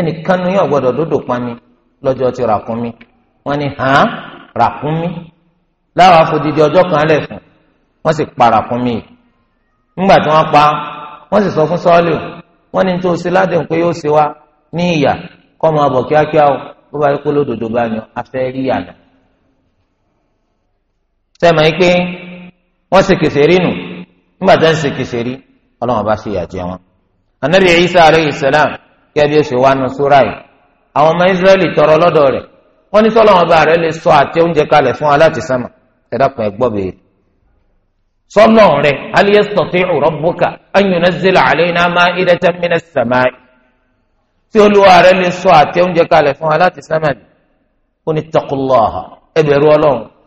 ẹnìkan ní ọ̀gbọ́dọ̀ dódò pami lọ́jọ́ ti ràkúnmí wọ́n ní hàn ràkúnmí láwọn afọdídì ọjọ kan lẹ̀ fún wọ́n sì pa ràkúnmí nígbà tí wọ́n pa wọn sì sọ fún sọ́ọ́lì wọ́n ní tó ṣe ládùn pé yóò ṣe wá ní ìyà kọ́ ọmọ ọbọ̀ kíákíá o bó bá yẹ kó lódodo bá yan afẹ́ rí àná sẹ́mi pé wọ́n ṣe kèsèrí nù nígbà tó ń ṣe kèsèrí ọlọ́run bá fìyà jẹ wọn. anabi isa aleyhi salam kẹ́bi oṣù wa nu súra yìí àwọn ọmọ israẹli tọrọ lọ́dọ̀ rẹ̀ wọ́n ní sọ́lọ́run bá rẹ̀ lè sọ àti oúnjẹ kalẹ̀ fún aláti sánmà ẹ̀dàkùn ẹ̀gbọ́ bèèrè. sọ́lọ́run rẹ̀ hal yastati'u rabbuka an yunazzila alayna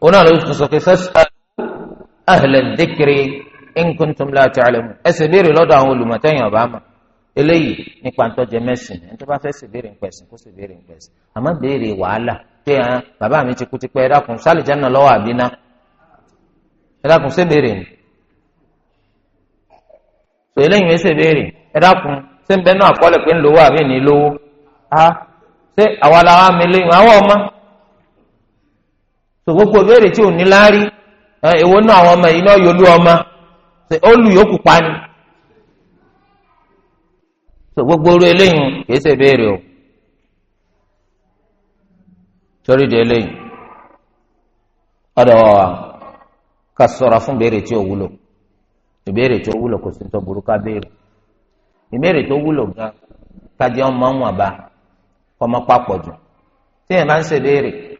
òun náà ló sọ sọ pé sọ́sà ahlẹ̀ dékèrè ẹ̀ńkùntùm láti àlẹ́ mu ẹsẹ̀ béèrè lọ́dọ̀ àwọn olùmọ̀tẹ́yìn ọ̀bá mà eléyìí nípa ntọ́jẹ mẹ́sìn ẹni tó bá fẹ́ sì béèrè npẹ̀sìn kó sì béèrè npẹ̀sìn àmọ́ béèrè wàhálà pé hàn ah, bàbá mi ti kú ti pẹ́ ẹ̀dàkùn sálìjánà lọ́wọ́ àbíná ẹ̀dàkùn ṣé béèrè ni sọ eléyìí ṣe béèrè ẹ̀dàkùn ṣé ń bẹ́ẹ̀ náà àkọọ́lẹ̀ pé ń àbí ní lówó a ah, ṣé àwa la wá àwọn ọmọ tó gbogbo béèrè tí ò ní láárí èwo náà àwọn ọmọ yìí náà yọlú ọmọ ó lù yókù pa ni tó gbogbo orí eléyìí kìí ṣe béèrè o torí di eléyìí ọ̀dọ̀ ká ṣọ́ra fún béèrè tí ò wúlò ìbéèrè tó wúlò kò ìbéèrè tó wúlò gan ọmọ ń wà bá béèrè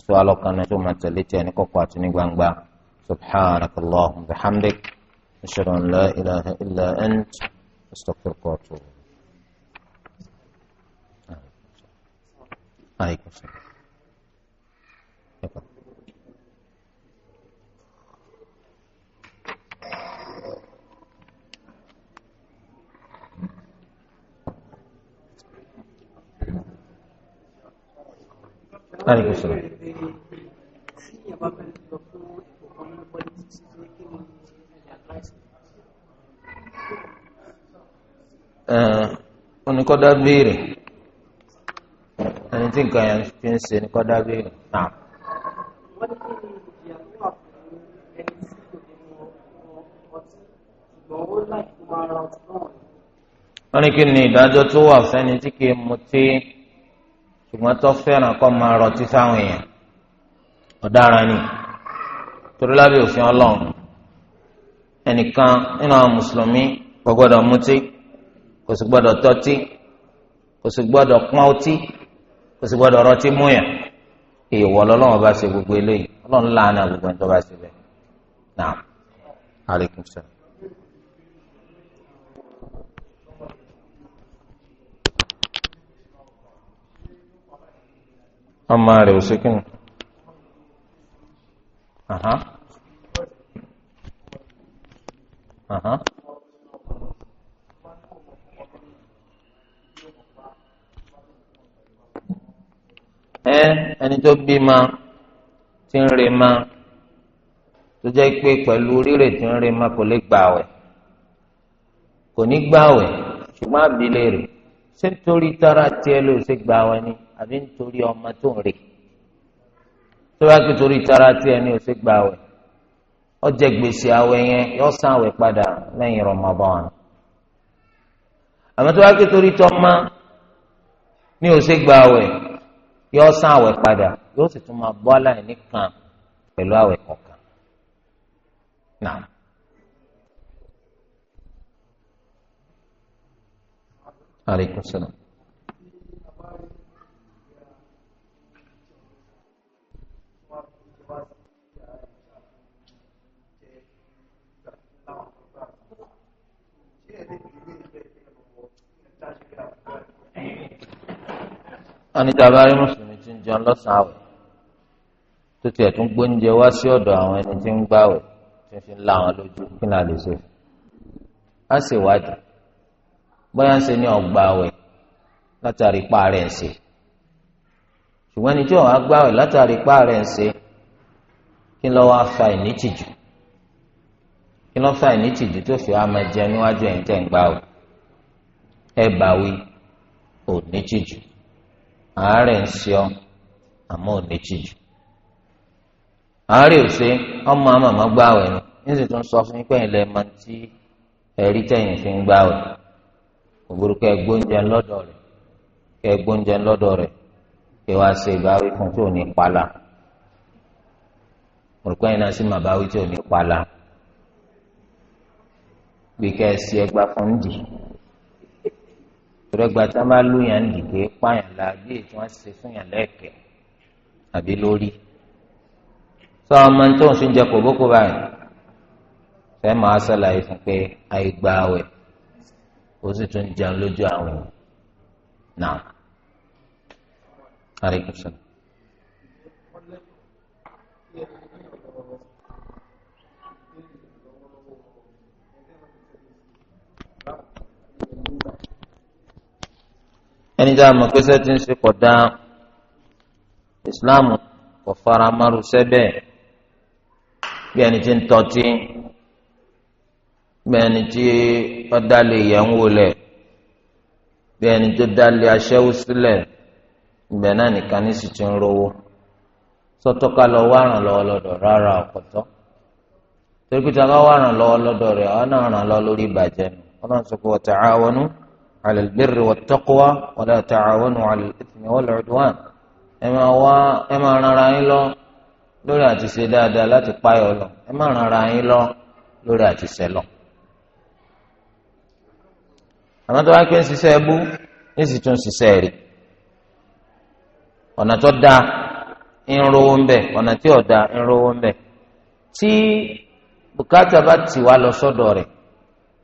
سبحانك اللهم بحمدك أشهد أن لا إله إلا أنت أستغفرك وأتوب عليك السلام عليكم السلام pé tí èèyàn bá fẹ́ lọ fún ipò kan nínú politics ní kí ni ẹ̀dẹ̀ advice. oníkọ́dá béèrè ẹni tí nǹkan yẹn fi ń ṣe oníkọ́dá béèrè náà. wọ́n ní kí ni ìyàwó àpò ẹni tí kò lè mọ ọtí ṣùgbọ́n ó láì fún ara ọtí náà. wọ́n ní kí ni ìdájọ́ tó wà fẹ́ni tí kì í mutí ṣùgbọ́n tó fẹ́ràn kọ́ máa rọtí fáwọn èèyàn ọ̀daràn ni torí lábẹ́ òfin ọlọ́run ẹnìkan nínú àwọn mùsùlùmí kò gbọ́dọ̀ mutí kò sì gbọ́dọ̀ tọ́tí kò sì gbọ́dọ̀ pọ́n ọtí kò sì gbọ́dọ̀ rọtí múyà èèwọ̀ lọ́lọ́run bá ṣe gbogbo eléyìí ọlọ́run láàánú àgbègbè tó bá ṣe bẹ́ẹ̀ náà alaikum salaam. ọmọ rẹ̀ ò ṣe kí ni. Ajá. Ajá. ẹ ẹni tó bí ma ti ń re ma tó jẹ́ pé pẹ̀lú rírè tí ń re ma kò lè gbààwẹ̀ kò ní gbààwẹ̀ ṣùgbọ́n àbílẹ̀ rẹ̀ ṣé nítorí tara tiẹ̀ ló ṣe gbààwẹ̀ ni àbí nítorí ọmọ tó ń rè é. tó kí torí tara tí ẹni ò sí gba jẹ gbèsè àwẹ̀ yẹn san padà lẹ́yìn Ramadan àmọ́ tó kí torí tọmọ ní ò sí gba awẹ san padà yóò sì tún máa bọ́ kan pẹ̀lú àwẹ̀ kọ̀ọ̀kan wọn ní tàbá rí mùsùlùmí tí ń jẹun lọ́sàn-án àwẹ̀ tó tiẹ̀ tún gbóúnjẹ wá sí ọ̀dọ̀ àwọn ẹni tí ń gbàwẹ̀ tí ń fi la àwọn lójú kí náà lè ṣe á sì wádìí bóyá ń ṣe ní ọgbà àwẹ̀ látàrí ipá rẹ̀ ń ṣe ṣùgbọ́n ẹni tí òun á gbàwẹ̀ látàrí ipá rẹ̀ ń ṣe kí ló wá fa ìnítìjú kí ló fa ìnítìjú tó fi wá jẹ níwájú ẹ̀ ń tẹ̀ ń gbàwẹ̀ ẹ bá wí ò àárẹ̀ ń ṣe ọ àmọ́ ò ní tìjú àárẹ̀ ò ṣe ọmọ àmàmà gbààwẹ̀ ni níṣẹ́ tó ń sọ fún ẹ̀rí tẹ̀yìn fi ń kẹ́ gbóúnjẹ lọ́dọ̀ rẹ̀ kẹ́ gbóúnjẹ lọ́dọ̀ rẹ̀ kẹ́ wá ṣe ìbáwí fún tí ò ní pala òrùkọ́ yìí náà sì báwí ìrọ̀gbà tá a máa lù yàn dìde pààyàn la bí èyí tí wọ́n ṣe fún yàn lẹ́ẹ̀kẹ́ àbí lórí. sọ ọmọ tó ń sún jẹ kòbókò báyìí fẹ́ máa ṣàlàyé fún pé àìgbà àwẹ̀ ó sì tún jẹun lójú àwọn náà. Hare Krishna. ẹni tá a mọ̀ pé sẹ́tí ń ṣe pọ̀ dá ìsìláàmù kò fara márùn sẹ́bẹ̀ bí ẹni tí ń tọ́tí bí ẹni tí ó dálé ìyẹn ń wọlẹ̀ bí ẹni tó dálé aṣẹ́wó sílẹ̀ ìgbẹ́ náà nìkan ní sì ti ń rówó sọtọ́ka lọ wá ràn lọ́wọ́ lọ́dọ̀ rárá ọ̀pọ̀tọ́ torí pé tí a bá wá ràn lọ́wọ́ lọ́dọ̀ rẹ̀ àwọn náà ràn lọ́wọ́ lórí ìbàjẹ́ nù sọ pé wa ta'awanu. على البر والتقوى ولا تعاونوا على الإثم والعدوان إما هو إما نرايلو لولا تسدادا لا تقايلو إما نرايلو لولا تسلو àmọ́ tó bá pé ń ṣiṣẹ́ ẹbú ń sì tún ṣiṣẹ́ rí ọ̀nà tó da ń ń bẹ̀ ọ̀nà tí ò da ń ń bẹ̀ tí bùkátà bá tì wá lọ sọ́dọ̀ rẹ̀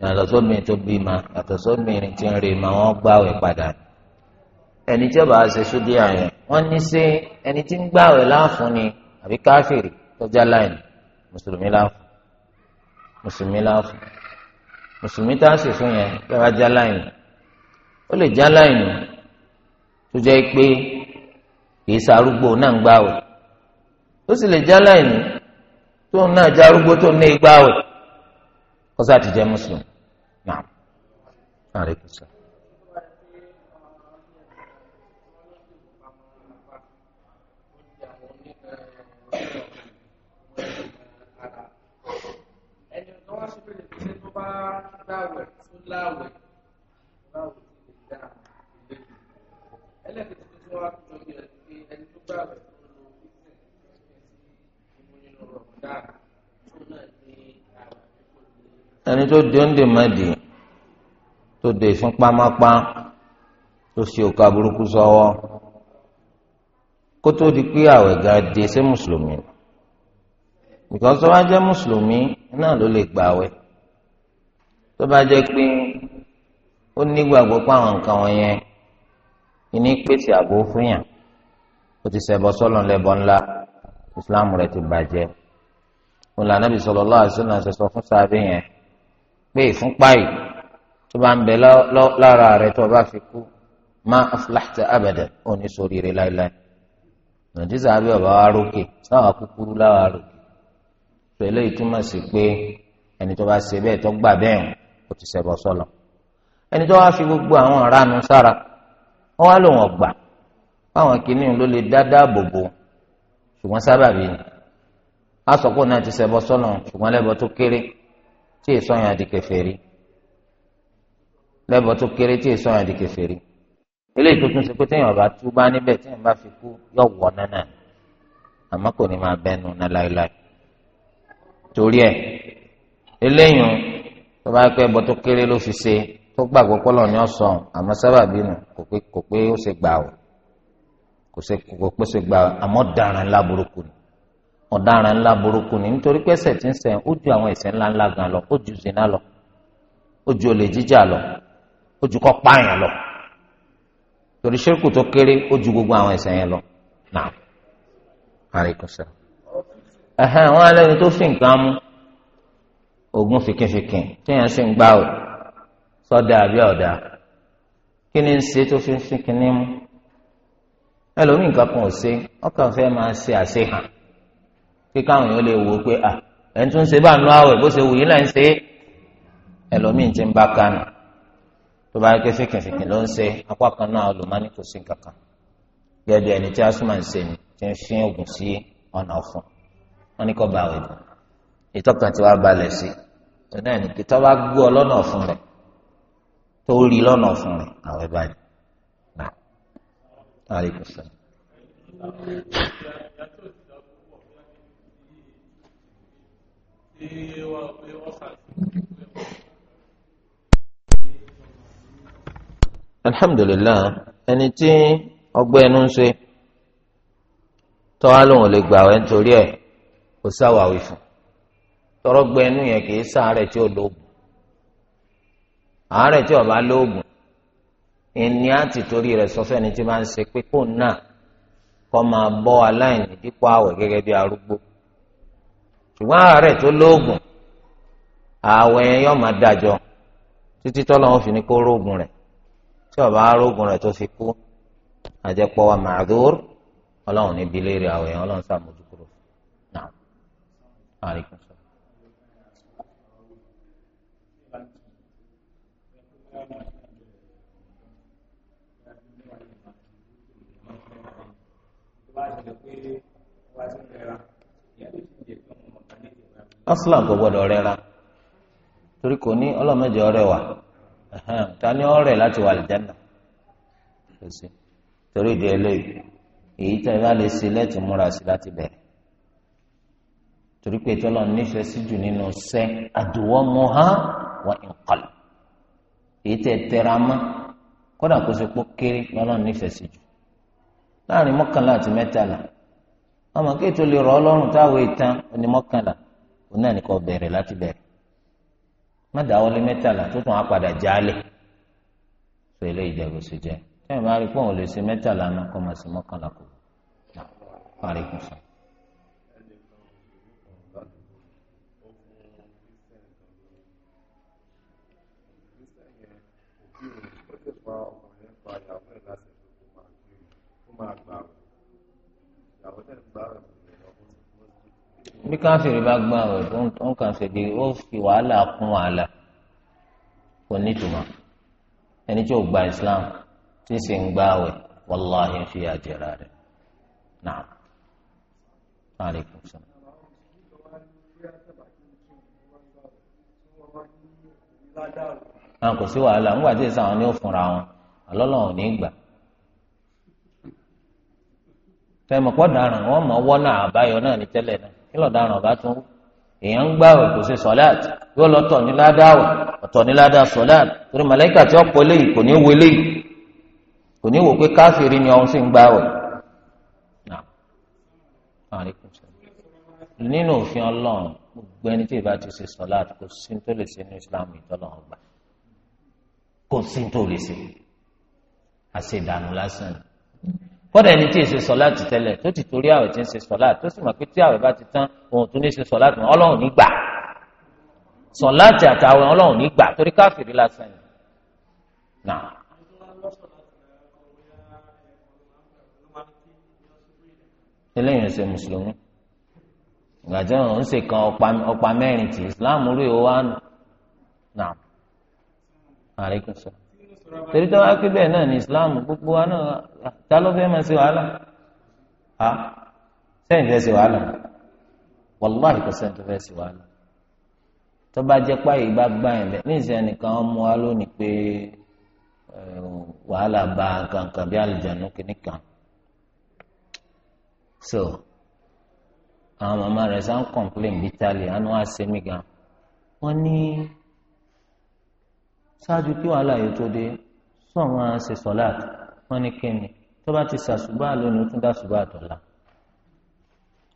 yàtọ̀ sómìnrin tó bí ma yàtọ̀ sómìnrin tí ń rè ma wọ́n gbàwẹ̀ padà ẹni tí ó bá ṣe ṣúdí àyàn wọ́n ní ṣe ẹni tí ń gbàwẹ̀ láàfún ni àbí káfíìrì tọ́jà láìní mùsùlùmí láàfún mùsùlùmí láàfún mùsùlùmí tá a sì fún yẹn yàrá já láìní ó lè já láìní tó jẹ́ pé kìí ṣarúgbó náà ń gbàwẹ̀ ó sì lè já láìní tó náà já arúgbó tó ní gbàwẹ̀ kọ́sá ti jẹ́ mùsùlùm náà àríkù sọ. Yeah ẹni tó de ń de mẹ́dì tó de ìfúnpámápá tó ṣe òkà burúkú sọ́wọ́ kó tó di pé àwẹ̀ ga de ṣé mùsùlùmí nǹkan tó bá jẹ́ mùsùlùmí náà ló lè gbà wẹ̀ tó bá jẹ́ pé ó nígbàgbọ́ pé àwọn nǹkan wọ̀nyẹn ìní pèsè ààbò fún yàn ó ti ṣẹbọ sọ́lọ̀ lẹ́bọ ńlá ìsìláàmù rẹ̀ ti bàjẹ́ òun làǹdàbí sallallahu alaihi wasallam sọ fún sábẹ́ yẹn pé ìfúnpá yìí tó bá ń bẹ lára rẹ tó bá fi kú má aflahta abada òní sóríire láéláé nàìjíríà abẹ́ ọ̀bá wa rókè sáwà kúkúrú láwà rókè pẹ̀lú ìtumọ̀ sí pé ẹni tó bá ṣe bẹ́ẹ̀ tó gbà bẹ́ẹ̀ kò ti ṣẹbọ sọ́lọ ẹni tó wá fi gbogbo àwọn ìranu sára wọn wá lòun ọgbà fáwọn kìnnìún ló lè dá dáàbò bò sábàbí ni a sọ pé òun náà ti ṣẹbọ sọ́lọ ṣùgbọ́n lẹ́bọ tó kéré tí èso yẹn di kèfèrí lẹ́bọ̀ tó kéré tí èso yẹn di kèfèrí eléyìí tó tún ṣe pé téèyàn bá tú bá níbẹ̀ téèyàn bá fi kú yọ wọ̀ nánà àmọ́ kò ní máa bẹ́nu ná láéláé torí ẹ̀ eléyìí tó bá pẹ́ bọ́ tó kéré ló fi ṣe tó gbàgbọ́ pọ́lọ̀ ní ọ̀sán àmọ́ sábàbí nù kò pé kò pé ó ṣe gbà ó kò pé ṣe gbà àmọ́ dáràn láburúkú ni ọ̀daràn ńlá burúkú ni nítorí pé ẹ̀ṣẹ̀ tí ń ṣẹ̀ ó ju àwọn lọ ó zina lọ ó ju olè jíjà lọ ó ju kọ́ lọ torí ṣírkù tó kéré ó ju gbogbo àwọn ẹ̀ṣẹ̀ yẹn lọ náà àríkùsẹ̀. ẹ̀hẹ́n àwọn alẹ́ni tó fi nǹkan mú oògùn tí téèyàn sì ń gbá o kí káwọn èèyàn lè wò ó pé à ẹ̀ ń tún ṣe bá nu àwẹ̀ bó ṣe wù yín náà ń ṣe é ẹlòmíín ti ń bá kánú tó bá ké ló ń ṣe apá kan náà olùmọ́ni kò sí kankan gẹ́gẹ́ ẹni tí asúmọ̀ ń ṣe ni ti ń fi oògùn sí ọ̀nà ọ̀fun wọn ní kò bá àwẹ̀ dùn ìtọ́kàn tí wàá balẹ̀ sí tó náà ní kí tó bá gbé ọ lọ́nà ọ̀fun alhamdulilah ẹni tí ọgbẹ́ ẹnu ń ṣe tọ́wá lòun lè gbà wẹ́ nítorí ẹ̀ kò sáwàwí fún ẹnu yẹn kì í tí ó lóògùn àárẹ̀ tí ó bá lóògùn ẹni á ti torí rẹ̀ sọ fẹ́ni tí máa ń ṣe pé kó náà kọ́ máa bọ́ aláìní dípò àwẹ̀ gẹ́gẹ́ ṣùgbọ́n àárẹ̀ tó lóògùn ààwẹ̀ yọ máa dájọ́ títí tọ́lọ́ wọn fi ní kó rógùn rẹ̀ tí ọba róògùn rẹ̀ tó fi wa màdúr ọlọ́run níbi léèrè ààwẹ̀ yẹn ọlọ́run aslan kò gbọdọ̀ ra torí kò ní ọlọ́mọdé ọrẹ wa ta ni ọrẹ láti wà lìjánà torí ìdí eléyìí èyí tẹ́ ẹ bá lè ṣe lẹ́tì múra sí láti bẹ̀rẹ̀ torí pé tọ́lọ́ nífẹ̀ẹ́ sí jù nínú sẹ́ àdùwọ́mú ha wà ń èyí tẹ́ tẹra mọ́ kódà kó ṣe pọ́ kéré lọ́lọ́ nífẹ̀ẹ́ sí jù láàrin mọ́kànlá àti mẹ́tàlá ọmọ kéètò lè rọ ọlọ́run táwọn ìtàn òun náà nìkan bẹ̀rẹ̀ láti bẹ̀rẹ̀ má dáwọ́ lé mẹ́tàlá tó tún á padà jálẹ̀ sọ eléyìí dẹ̀gbẹ̀ sí jẹ́ tẹ́yìn bá rí pé òun lè ṣe mẹ́tàlá náà kọ́ máa ṣe mọ́kànlá kù parí kù sọ. Wow. bí káfíìrì bá gbà wẹ̀ tó ń kàn ṣèdí ó fi wàhálà kún wàhálà kò nítumọ̀ ẹni tí ó gba Islam tí sì ń gbà wẹ̀ wàláhì fi àjẹrà rẹ̀ náà. Alaikum salaam. àwọn ah, kò sí wàhálà ńgbà tí èsì àwọn ni ó wọn àlọ́lọ́ ò ní gbà tẹmọ pọ dáràn wọn mọ wọnà àbáyọ náà ní tẹ́lẹ̀ náà kí lọ́daràn bá tún èèyàn ń gbà kò ṣe sọ́láàt yóò lọ tọ̀ ní ládàáwà ọ̀tọ̀ ní ládàá sọ́láàt torí màláìkà tí ọ̀pọ̀ eléyìí kò ní wo eléyìí kò ní wò pé káfíìrì ni ọ̀hún sì ń gbà wọ̀ nínú òfin ọlọ́run gbogbo ẹni tí ìbá ti ṣe sọ́láàt kò sí tó lè ṣe ní Islam ìtọ́nà ọgbà kò sí tó lè ṣe àṣedànù lásán ni kọ́dà ẹni tí ì ṣe sọ̀lá ti tẹ́lẹ̀ tó ti torí àwẹ̀ tí ń ṣe sọ̀lá tó sì mọ̀ pé tí àwẹ̀ bá ti tán òun tún ní ṣe sọ̀lá tó ọlọ́run ní gbà sọ̀lá ti àtàwẹ̀ ọlọ́run ní gbà torí káfíìrì lásán ni. Nah. eléyìí ń ṣe mùsùlùmí ìgbàjẹ́ òun ṣe kan ọ̀pá mẹ́rin ti Islam rú ìwọ́n náà. Alaikum salaam. torí tó islam gbogbo wa náà ta ló fẹ́ máa ha sẹ́yìn fẹ́ ṣe wàhálà wàláhì kò sẹ́yìn tó fẹ́ ṣe wàhálà tó jẹ́ páyì bá gbá yẹn bẹ́ẹ̀ ní nìkan wa lónìí pé wàhálà bá kankan bí kìnnìkan so àwọn màmá rẹ̀ sá ń tálẹ̀ ṣáájú kí wàhálà yìí tó dé sọ wọn ṣe sọláàtì wọn ní kíni tó bá ti ṣàṣùbà lónìí ó tún dá ṣùbà àtọ̀la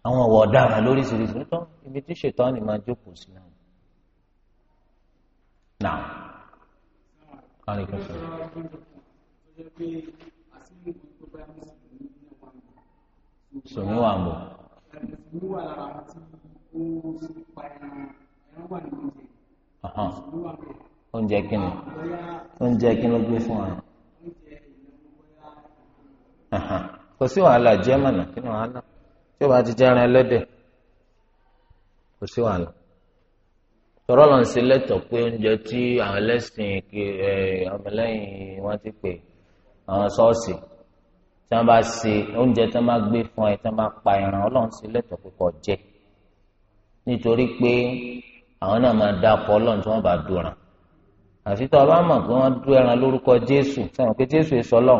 àwọn ọ̀wọ̀ ọ̀daràn lóríṣiríṣi tó ibi tí ṣètọ́ ni máa jókòó sí náà. Now, Ari kan sọ. Sùnmí wà mọ̀. Sùnmí oúnjẹ kínní oúnjẹ kínní gbé fún wa kò sí wàhálà jẹ́ mọ̀nà kí ni wàhálà tí o bá ti jẹran ẹlẹ́dẹ̀ kò sí wàhálà tọrọ lọ sí lẹ́tọ̀ pé oúnjẹ tí àwọn ẹlẹ́sìn ọmọlẹ́yìn wọn ti pè àwọn ṣọ́ọ̀ṣì tí wọ́n bá ṣe oúnjẹ tí wọ́n bá gbé fún ẹ tí wọ́n bá pa ẹran Ọlọ́run sí lẹ́tọ̀ pé jẹ nítorí pé àwọn náà máa dá ọkọ Ọlọ́run tí wọ́n bá dúnra àfi tó a bá mọ̀ pé wọ́n dú ẹran lórúkọ jésù sẹ́wọ̀n pé jésù èso lọ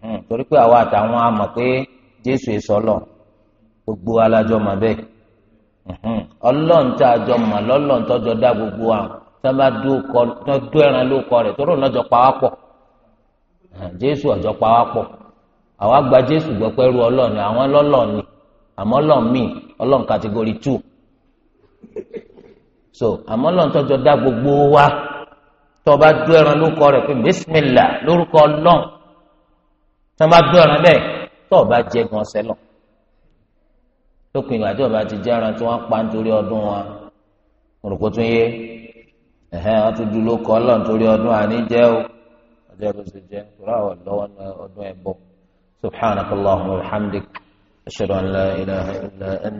hmm, torí pé àwa àtàwọn a mọ̀ pé jésù èso lọ gbogbo alájọ mọ̀ bẹ́ẹ̀ hmm, ọlọ́run tá a jọ mọ̀ lọ́lọ́run dá gbogbo wa tó bá dú ẹran rẹ̀ hmm, jésù ọ̀jọ́ àwa gba jésù gbọ́ so àmọ́ tó o bá dú ẹran lórúkọ rẹ̀ pé bísímìlà lórúkọ Ọlọ́run tó o bá dú ẹran bẹ́ẹ̀ tó jẹ gan ọsẹ lópin ìgbà tí o ti jẹ ẹran tí wọ́n pa nítorí ọdún wọn òrùkó tún yé ẹhẹn wọ́n tún dú lórúkọ Ọlọ́run nítorí ọdún àní jẹ o ọjọ́ ló ṣe jẹ tó ráwọ lọ́wọ́ ọdún ẹ bọ subhanakallahumma wa bihamdik ashhadu an la ilaha illa anta.